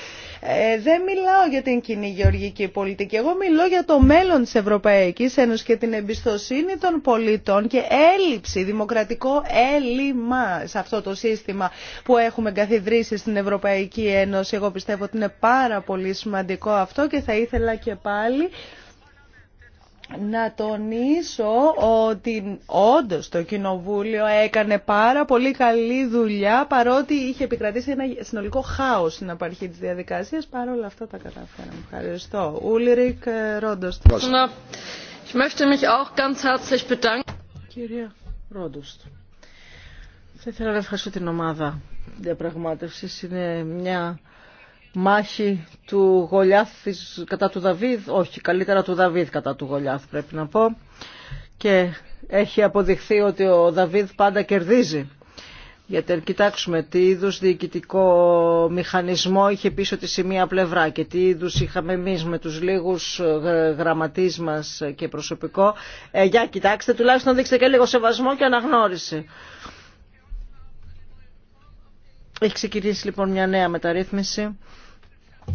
Ε, δεν μιλάω για την κοινή γεωργική πολιτική. Εγώ μιλώ για το μέλλον της Ευρωπαϊκής Ένωσης και την εμπιστοσύνη των πολιτών και έλλειψη, δημοκρατικό έλλειμμα σε αυτό το σύστημα που έχουμε καθιδρύσει στην Ευρωπαϊκή Ένωση. Εγώ πιστεύω ότι είναι πάρα πολύ σημαντικό αυτό και θα ήθελα και πάλι να τονίσω ότι όντω το Κοινοβούλιο έκανε πάρα πολύ καλή δουλειά παρότι είχε επικρατήσει ένα συνολικό χάος στην απαρχή της διαδικασίας όλα αυτά τα καταφέραμε. Ευχαριστώ. Ούλρικ ε, Ρόντοστ. Κυρία Ρόντοστ, θα ήθελα να ευχαριστώ την ομάδα διαπραγμάτευσης. Είναι μια μάχη του Γολιάθ κατά του Δαβίδ, όχι καλύτερα του Δαβίδ κατά του Γολιάθ πρέπει να πω και έχει αποδειχθεί ότι ο Δαβίδ πάντα κερδίζει. Γιατί αν κοιτάξουμε τι είδους διοικητικό μηχανισμό είχε πίσω τη σημεία πλευρά και τι είδου είχαμε εμείς με τους λίγους ε, γραμματεί και προσωπικό. Ε, για κοιτάξτε, τουλάχιστον δείξτε και λίγο σεβασμό και αναγνώριση. Έχει ξεκινήσει λοιπόν μια νέα μεταρρύθμιση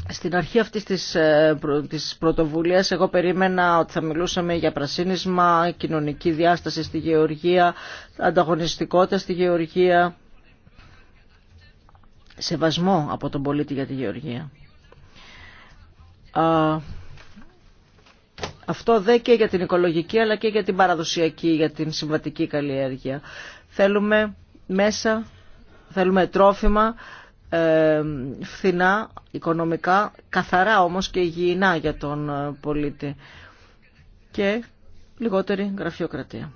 στην αρχή αυτής της, ε, της πρωτοβουλίας εγώ περίμενα ότι θα μιλούσαμε για πρασίνισμα, κοινωνική διάσταση στη γεωργία, ανταγωνιστικότητα στη γεωργία, σεβασμό από τον πολίτη για τη γεωργία. Αυτό δε και για την οικολογική αλλά και για την παραδοσιακή, για την συμβατική καλλιέργεια. Θέλουμε μέσα, θέλουμε τρόφιμα φθηνά οικονομικά, καθαρά όμως και υγιεινά για τον ε, πολίτη και λιγότερη γραφειοκρατία.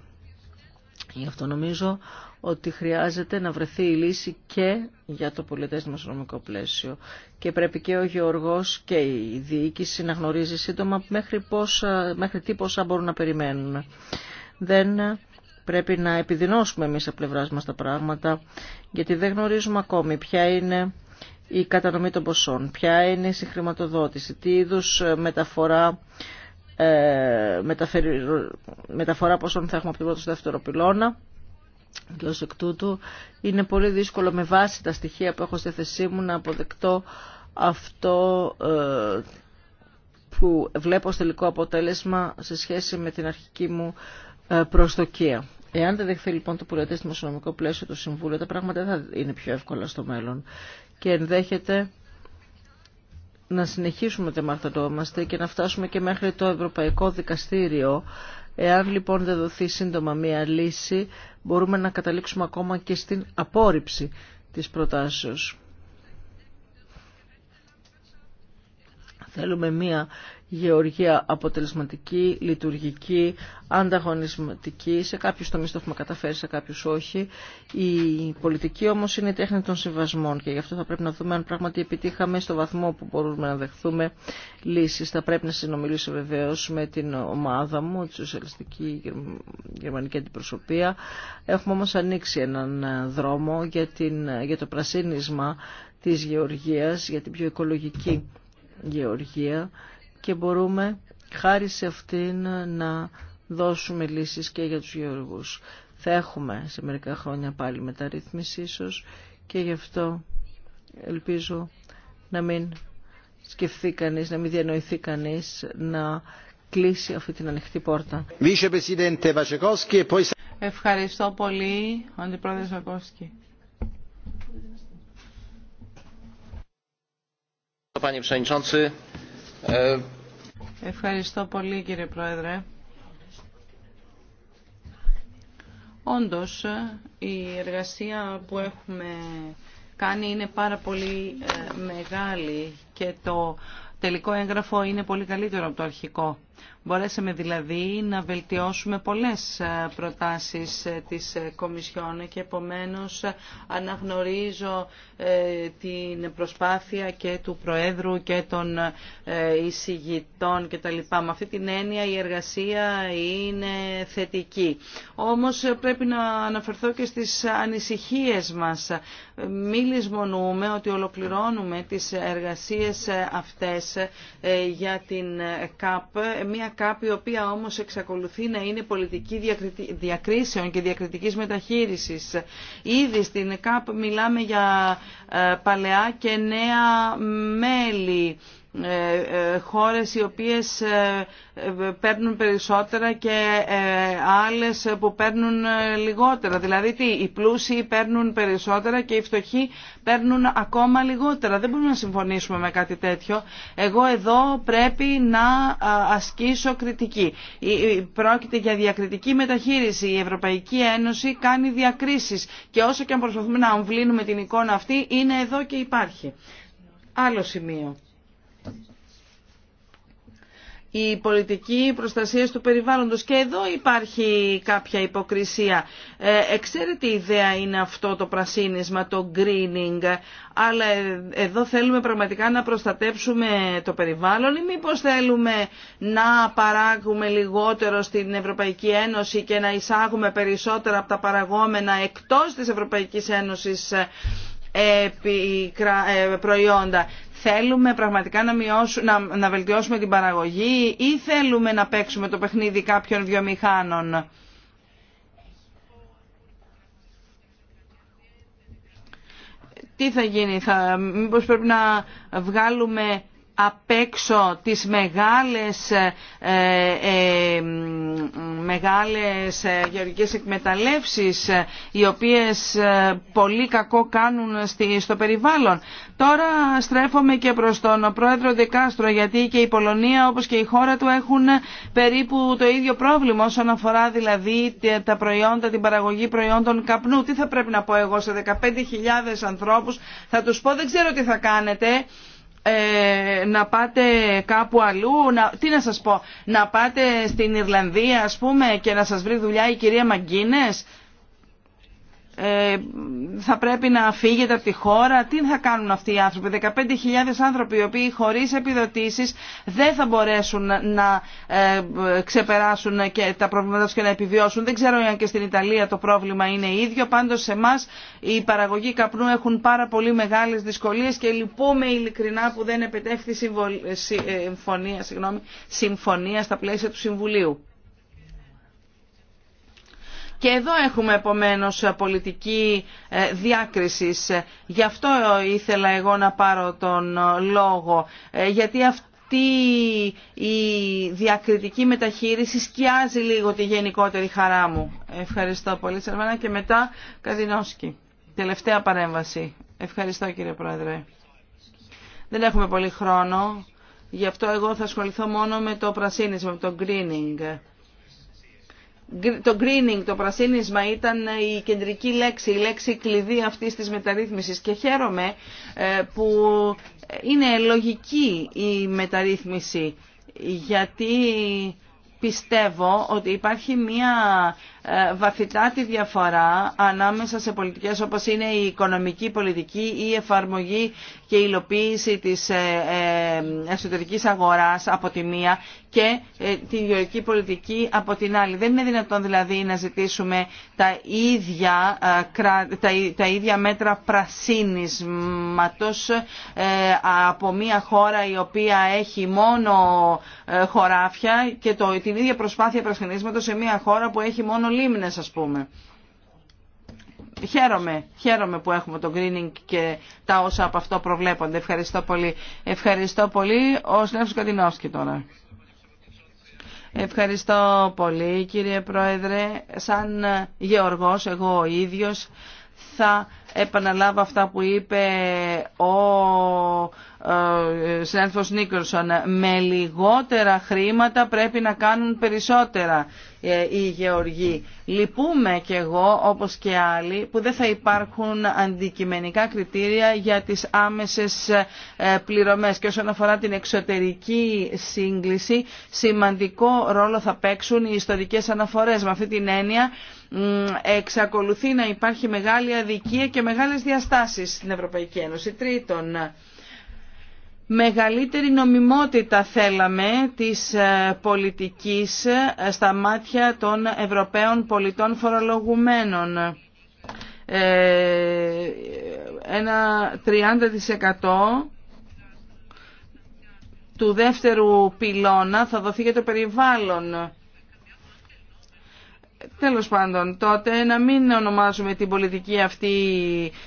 Γι' αυτό νομίζω ότι χρειάζεται να βρεθεί η λύση και για το πολιτές δημοσιονομικό πλαίσιο. Και πρέπει και ο Γεωργός και η διοίκηση να γνωρίζει σύντομα μέχρι, πόσα, μέχρι τι πόσα μπορούν να περιμένουν. Δεν Πρέπει να επιδεινώσουμε εμείς από πλευρά μας τα πράγματα, γιατί δεν γνωρίζουμε ακόμη ποια είναι η κατανομή των ποσών, ποια είναι η συγχρηματοδότηση, τι είδους ε, μεταφορά, ε, μεταφορά ποσών θα έχουμε από την πρώτο στο δεύτερο πυλώνα. Και εκ είναι πολύ δύσκολο με βάση τα στοιχεία που έχω στη θέσή μου να αποδεκτώ αυτό ε, που βλέπω ως τελικό αποτέλεσμα σε σχέση με την αρχική μου ε, προσδοκία. Εάν δεν δεχθεί λοιπόν το στο δημοσιονομικό πλαίσιο του Συμβούλου, τα πράγματα δεν θα είναι πιο εύκολα στο μέλλον. Και ενδέχεται να συνεχίσουμε να μαρτυρόμαστε και να φτάσουμε και μέχρι το Ευρωπαϊκό Δικαστήριο. Εάν λοιπόν δεν δοθεί σύντομα μία λύση, μπορούμε να καταλήξουμε ακόμα και στην απόρριψη της προτάσεως. Θέλουμε μία γεωργία αποτελεσματική, λειτουργική, ανταγωνισματική. Σε κάποιους τομείς το έχουμε καταφέρει, σε κάποιους όχι. Η πολιτική όμως είναι η τέχνη των συμβασμών και γι' αυτό θα πρέπει να δούμε αν πράγματι επιτύχαμε στο βαθμό που μπορούμε να δεχθούμε λύσεις. Θα πρέπει να συνομιλήσω βεβαίω με την ομάδα μου, τη Σοσιαλιστική Γερμανική Αντιπροσωπεία. Έχουμε όμως ανοίξει έναν δρόμο για, την, για το πρασίνισμα της γεωργίας, για την πιο οικολογική γεωργία και μπορούμε χάρη σε αυτήν να δώσουμε λύσεις και για τους γεωργούς. Θα έχουμε σε μερικά χρόνια πάλι μεταρρύθμιση ίσως και γι' αυτό ελπίζω να μην σκεφτεί κανείς, να μην διανοηθεί κανείς να κλείσει αυτή την ανοιχτή πόρτα. Ευχαριστώ πολύ, ο Αντιπρόεδρος Panie Przewodniczący, e, Ευχαριστώ πολύ κύριε Πρόεδρε. Όντως, η εργασία που έχουμε κάνει είναι πάρα πολύ ε, μεγάλη και το τελικό έγγραφο είναι πολύ καλύτερο από το αρχικό. Μπορέσαμε δηλαδή να βελτιώσουμε πολλές ε, προτάσεις ε, της ε, Κομισιόν και επομένως αναγνωρίζω την προσπάθεια και του Προέδρου και των εισηγητών και τα λοιπά. Με αυτή την έννοια η εργασία είναι θετική. Όμως πρέπει να αναφερθώ και στις ανησυχίες μας. Μη λησμονούμε ότι ολοκληρώνουμε τις εργασίες αυτές για την ΚΑΠ μια ΚΑΠ η οποία όμως εξακολουθεί να είναι πολιτική διακρίσεων και διακριτικής μεταχείρισης. Ήδη στην ΚΑΠ μιλάμε για ε, παλαιά και νέα μέλη. Ε, ε, χώρες οι οποίες ε, παίρνουν περισσότερα και άλλες που παίρνουν λιγότερα. Δηλαδή τι, οι πλούσιοι παίρνουν περισσότερα και οι φτωχοί παίρνουν ακόμα λιγότερα. Δεν μπορούμε να συμφωνήσουμε με κάτι τέτοιο. Εγώ εδώ πρέπει να ασκήσω κριτική. Πρόκειται για διακριτική μεταχείριση. Η Ευρωπαϊκή Ένωση κάνει διακρίσεις και όσο και αν προσπαθούμε να αμβλύνουμε την εικόνα αυτή είναι εδώ και υπάρχει. Άλλο σημείο η πολιτική προστασία του περιβάλλοντος. Και εδώ υπάρχει κάποια υποκρισία. Ε, εξαίρετη ιδέα είναι αυτό το πρασίνισμα, το greening, αλλά εδώ θέλουμε πραγματικά να προστατέψουμε το περιβάλλον ή μήπως θέλουμε να παράγουμε λιγότερο στην Ευρωπαϊκή Ένωση και να εισάγουμε περισσότερα από τα παραγόμενα εκτός της Ευρωπαϊκής Ένωσης ε, ε, προϊόντα. Θέλουμε πραγματικά να, μειώσουμε, να, να βελτιώσουμε την παραγωγή ή θέλουμε να παίξουμε το παιχνίδι κάποιων βιομηχάνων. Τι θα γίνει, θα, μήπως πρέπει να βγάλουμε απ' έξω τις μεγάλες, ε, ε μεγάλες ε, γεωργικές εκμεταλλεύσεις ε, οι οποίες πολύ κακό κάνουν στη, στο περιβάλλον. Τώρα στρέφομαι και προς τον πρόεδρο Δεκάστρο γιατί και η Πολωνία όπως και η χώρα του έχουν περίπου το ίδιο πρόβλημα όσον αφορά δηλαδή τα προϊόντα, την παραγωγή προϊόντων καπνού. Τι θα πρέπει να πω εγώ σε 15.000 ανθρώπους, θα τους πω δεν ξέρω τι θα κάνετε. Ε, να πάτε κάπου αλλού, να, τι να σας πω, να πάτε στην Ιρλανδία ας πούμε και να σας βρει δουλειά η κυρία Μαγκίνες. Ε, θα πρέπει να φύγετε από τη χώρα. Τι θα κάνουν αυτοί οι άνθρωποι. 15.000 άνθρωποι οι οποίοι χωρίς επιδοτήσεις δεν θα μπορέσουν να ε, ξεπεράσουν και τα προβλήματά τους και να επιβιώσουν. Δεν ξέρω αν και στην Ιταλία το πρόβλημα είναι ίδιο. Πάντως σε εμά οι παραγωγοί καπνού έχουν πάρα πολύ μεγάλες δυσκολίες και λυπούμε ειλικρινά που δεν επετεύχθη ε, συμφωνία, συμφωνία στα πλαίσια του Συμβουλίου. Και εδώ έχουμε επομένως πολιτική ε, διάκριση. Γι' αυτό ήθελα εγώ να πάρω τον ε, λόγο, ε, γιατί αυτή η διακριτική μεταχείριση σκιάζει λίγο τη γενικότερη χαρά μου. Ευχαριστώ πολύ Σαρβάνα και μετά Καδινόσκι. Τελευταία παρέμβαση. Ευχαριστώ κύριε Πρόεδρε. Δεν έχουμε πολύ χρόνο, γι' αυτό εγώ θα ασχοληθώ μόνο με το πρασίνισμα, με το greening το greening, το πρασίνισμα ήταν η κεντρική λέξη, η λέξη κλειδί αυτής της μεταρρύθμισης και χαίρομαι ε, που είναι λογική η μεταρρύθμιση γιατί πιστεύω ότι υπάρχει μια ε, βαθυτάτη διαφορά ανάμεσα σε πολιτικές όπως είναι η οικονομική πολιτική, η εφαρμογή και η υλοποίηση της ε, εσωτερικής αγοράς από τη μία και ε, την γεωργική πολιτική από την άλλη. Δεν είναι δυνατόν δηλαδή να ζητήσουμε τα ίδια, τα, ίδια μέτρα πρασίνισματος ε, από μια χώρα η οποία έχει μόνο ε, χωράφια και το, την ίδια προσπάθεια πρασινίσματος σε μια χώρα που έχει μόνο λίμνες ας πούμε. Χαίρομαι, χαίρομαι που έχουμε το greening και τα όσα από αυτό προβλέπονται. Ευχαριστώ πολύ. Ευχαριστώ πολύ. Ο Σλεύς Καντινόφσκι τώρα. Ευχαριστώ πολύ κύριε Πρόεδρε. Σαν γεωργός εγώ ο ίδιος θα επαναλάβω αυτά που είπε ο ε, συνάδελφος Νίκολσον. Με λιγότερα χρήματα πρέπει να κάνουν περισσότερα ε, οι γεωργοί. Λυπούμε κι εγώ, όπως και άλλοι, που δεν θα υπάρχουν αντικειμενικά κριτήρια για τις άμεσες ε, πληρωμές. Και όσον αφορά την εξωτερική σύγκληση, σημαντικό ρόλο θα παίξουν οι ιστορικές αναφορές. Με αυτή την έννοια εξακολουθεί να υπάρχει μεγάλη αδικία και μεγάλες διαστάσεις στην Ευρωπαϊκή Ένωση. Τρίτον, μεγαλύτερη νομιμότητα θέλαμε της ε, πολιτικής ε, στα μάτια των Ευρωπαίων πολιτών φορολογουμένων. Ε, ένα 30% του δεύτερου πυλώνα θα δοθεί για το περιβάλλον Τέλος πάντων, τότε να μην ονομάζουμε την πολιτική αυτή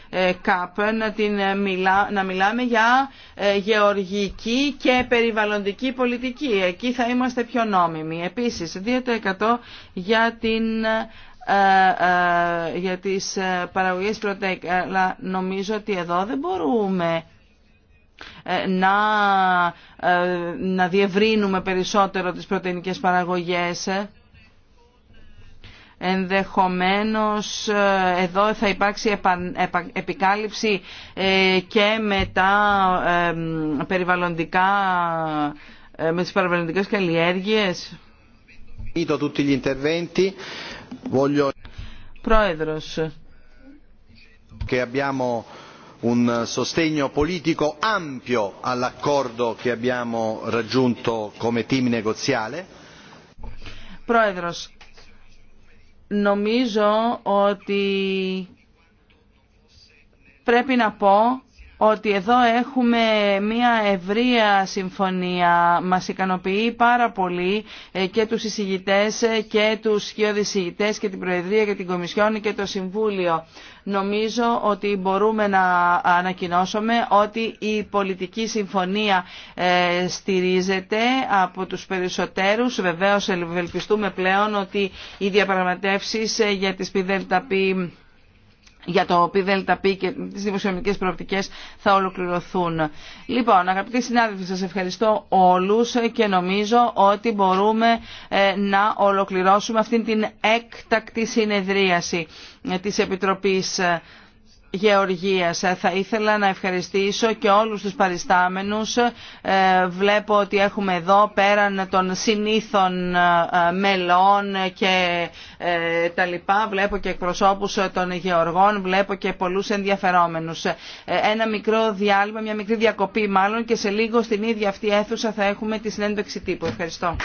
ε, ΚΑΠ, να, την ε, μιλά, να μιλάμε για ε, γεωργική και περιβαλλοντική πολιτική. Εκεί θα είμαστε πιο νόμιμοι. Επίσης, 2% για, την, για τις παραγωγές Αλλά νομίζω ότι εδώ δεν μπορούμε να, να διευρύνουμε περισσότερο τις πρωτεϊνικές παραγωγές Ενδεχομένως ε, εδώ θα υπάρξει επικάλυψη ε, και με τα περιβαλλοντικά, ε, με τις περιβαλλοντικές καλλιέργειες. Πρόεδρος. Και abbiamo un sostegno politico ampio all'accordo che abbiamo raggiunto come team negoziale. Πρόεδρος, νομίζω ότι πρέπει να πω ότι εδώ έχουμε μια ευρεία συμφωνία. Μας ικανοποιεί πάρα πολύ ε, και τους εισηγητές ε, και τους εισηγητές και την Προεδρία και την Κομισιόν και το Συμβούλιο. Νομίζω ότι μπορούμε να ανακοινώσουμε ότι η πολιτική συμφωνία ε, στηρίζεται από τους περισσότερους. Βεβαίως ευελπιστούμε πλέον ότι οι διαπραγματεύσεις για τις πιδέλταπή για το πει και τις δημοσιονομικές προοπτικές θα ολοκληρωθούν. Λοιπόν, αγαπητοί συνάδελφοι, σας ευχαριστώ όλους και νομίζω ότι μπορούμε ε, να ολοκληρώσουμε αυτήν την έκτακτη συνεδρίαση ε, της Επιτροπής Γεωργίας. Θα ήθελα να ευχαριστήσω και όλους τους παριστάμενους. Ε, βλέπω ότι έχουμε εδώ πέραν των συνήθων ε, μελών και ε, τα λοιπά. Βλέπω και εκπροσώπους των γεωργών, βλέπω και πολλούς ενδιαφερόμενους. Ένα μικρό διάλειμμα, μια μικρή διακοπή μάλλον και σε λίγο στην ίδια αυτή αίθουσα θα έχουμε τη συνέντευξη τύπου. Ευχαριστώ.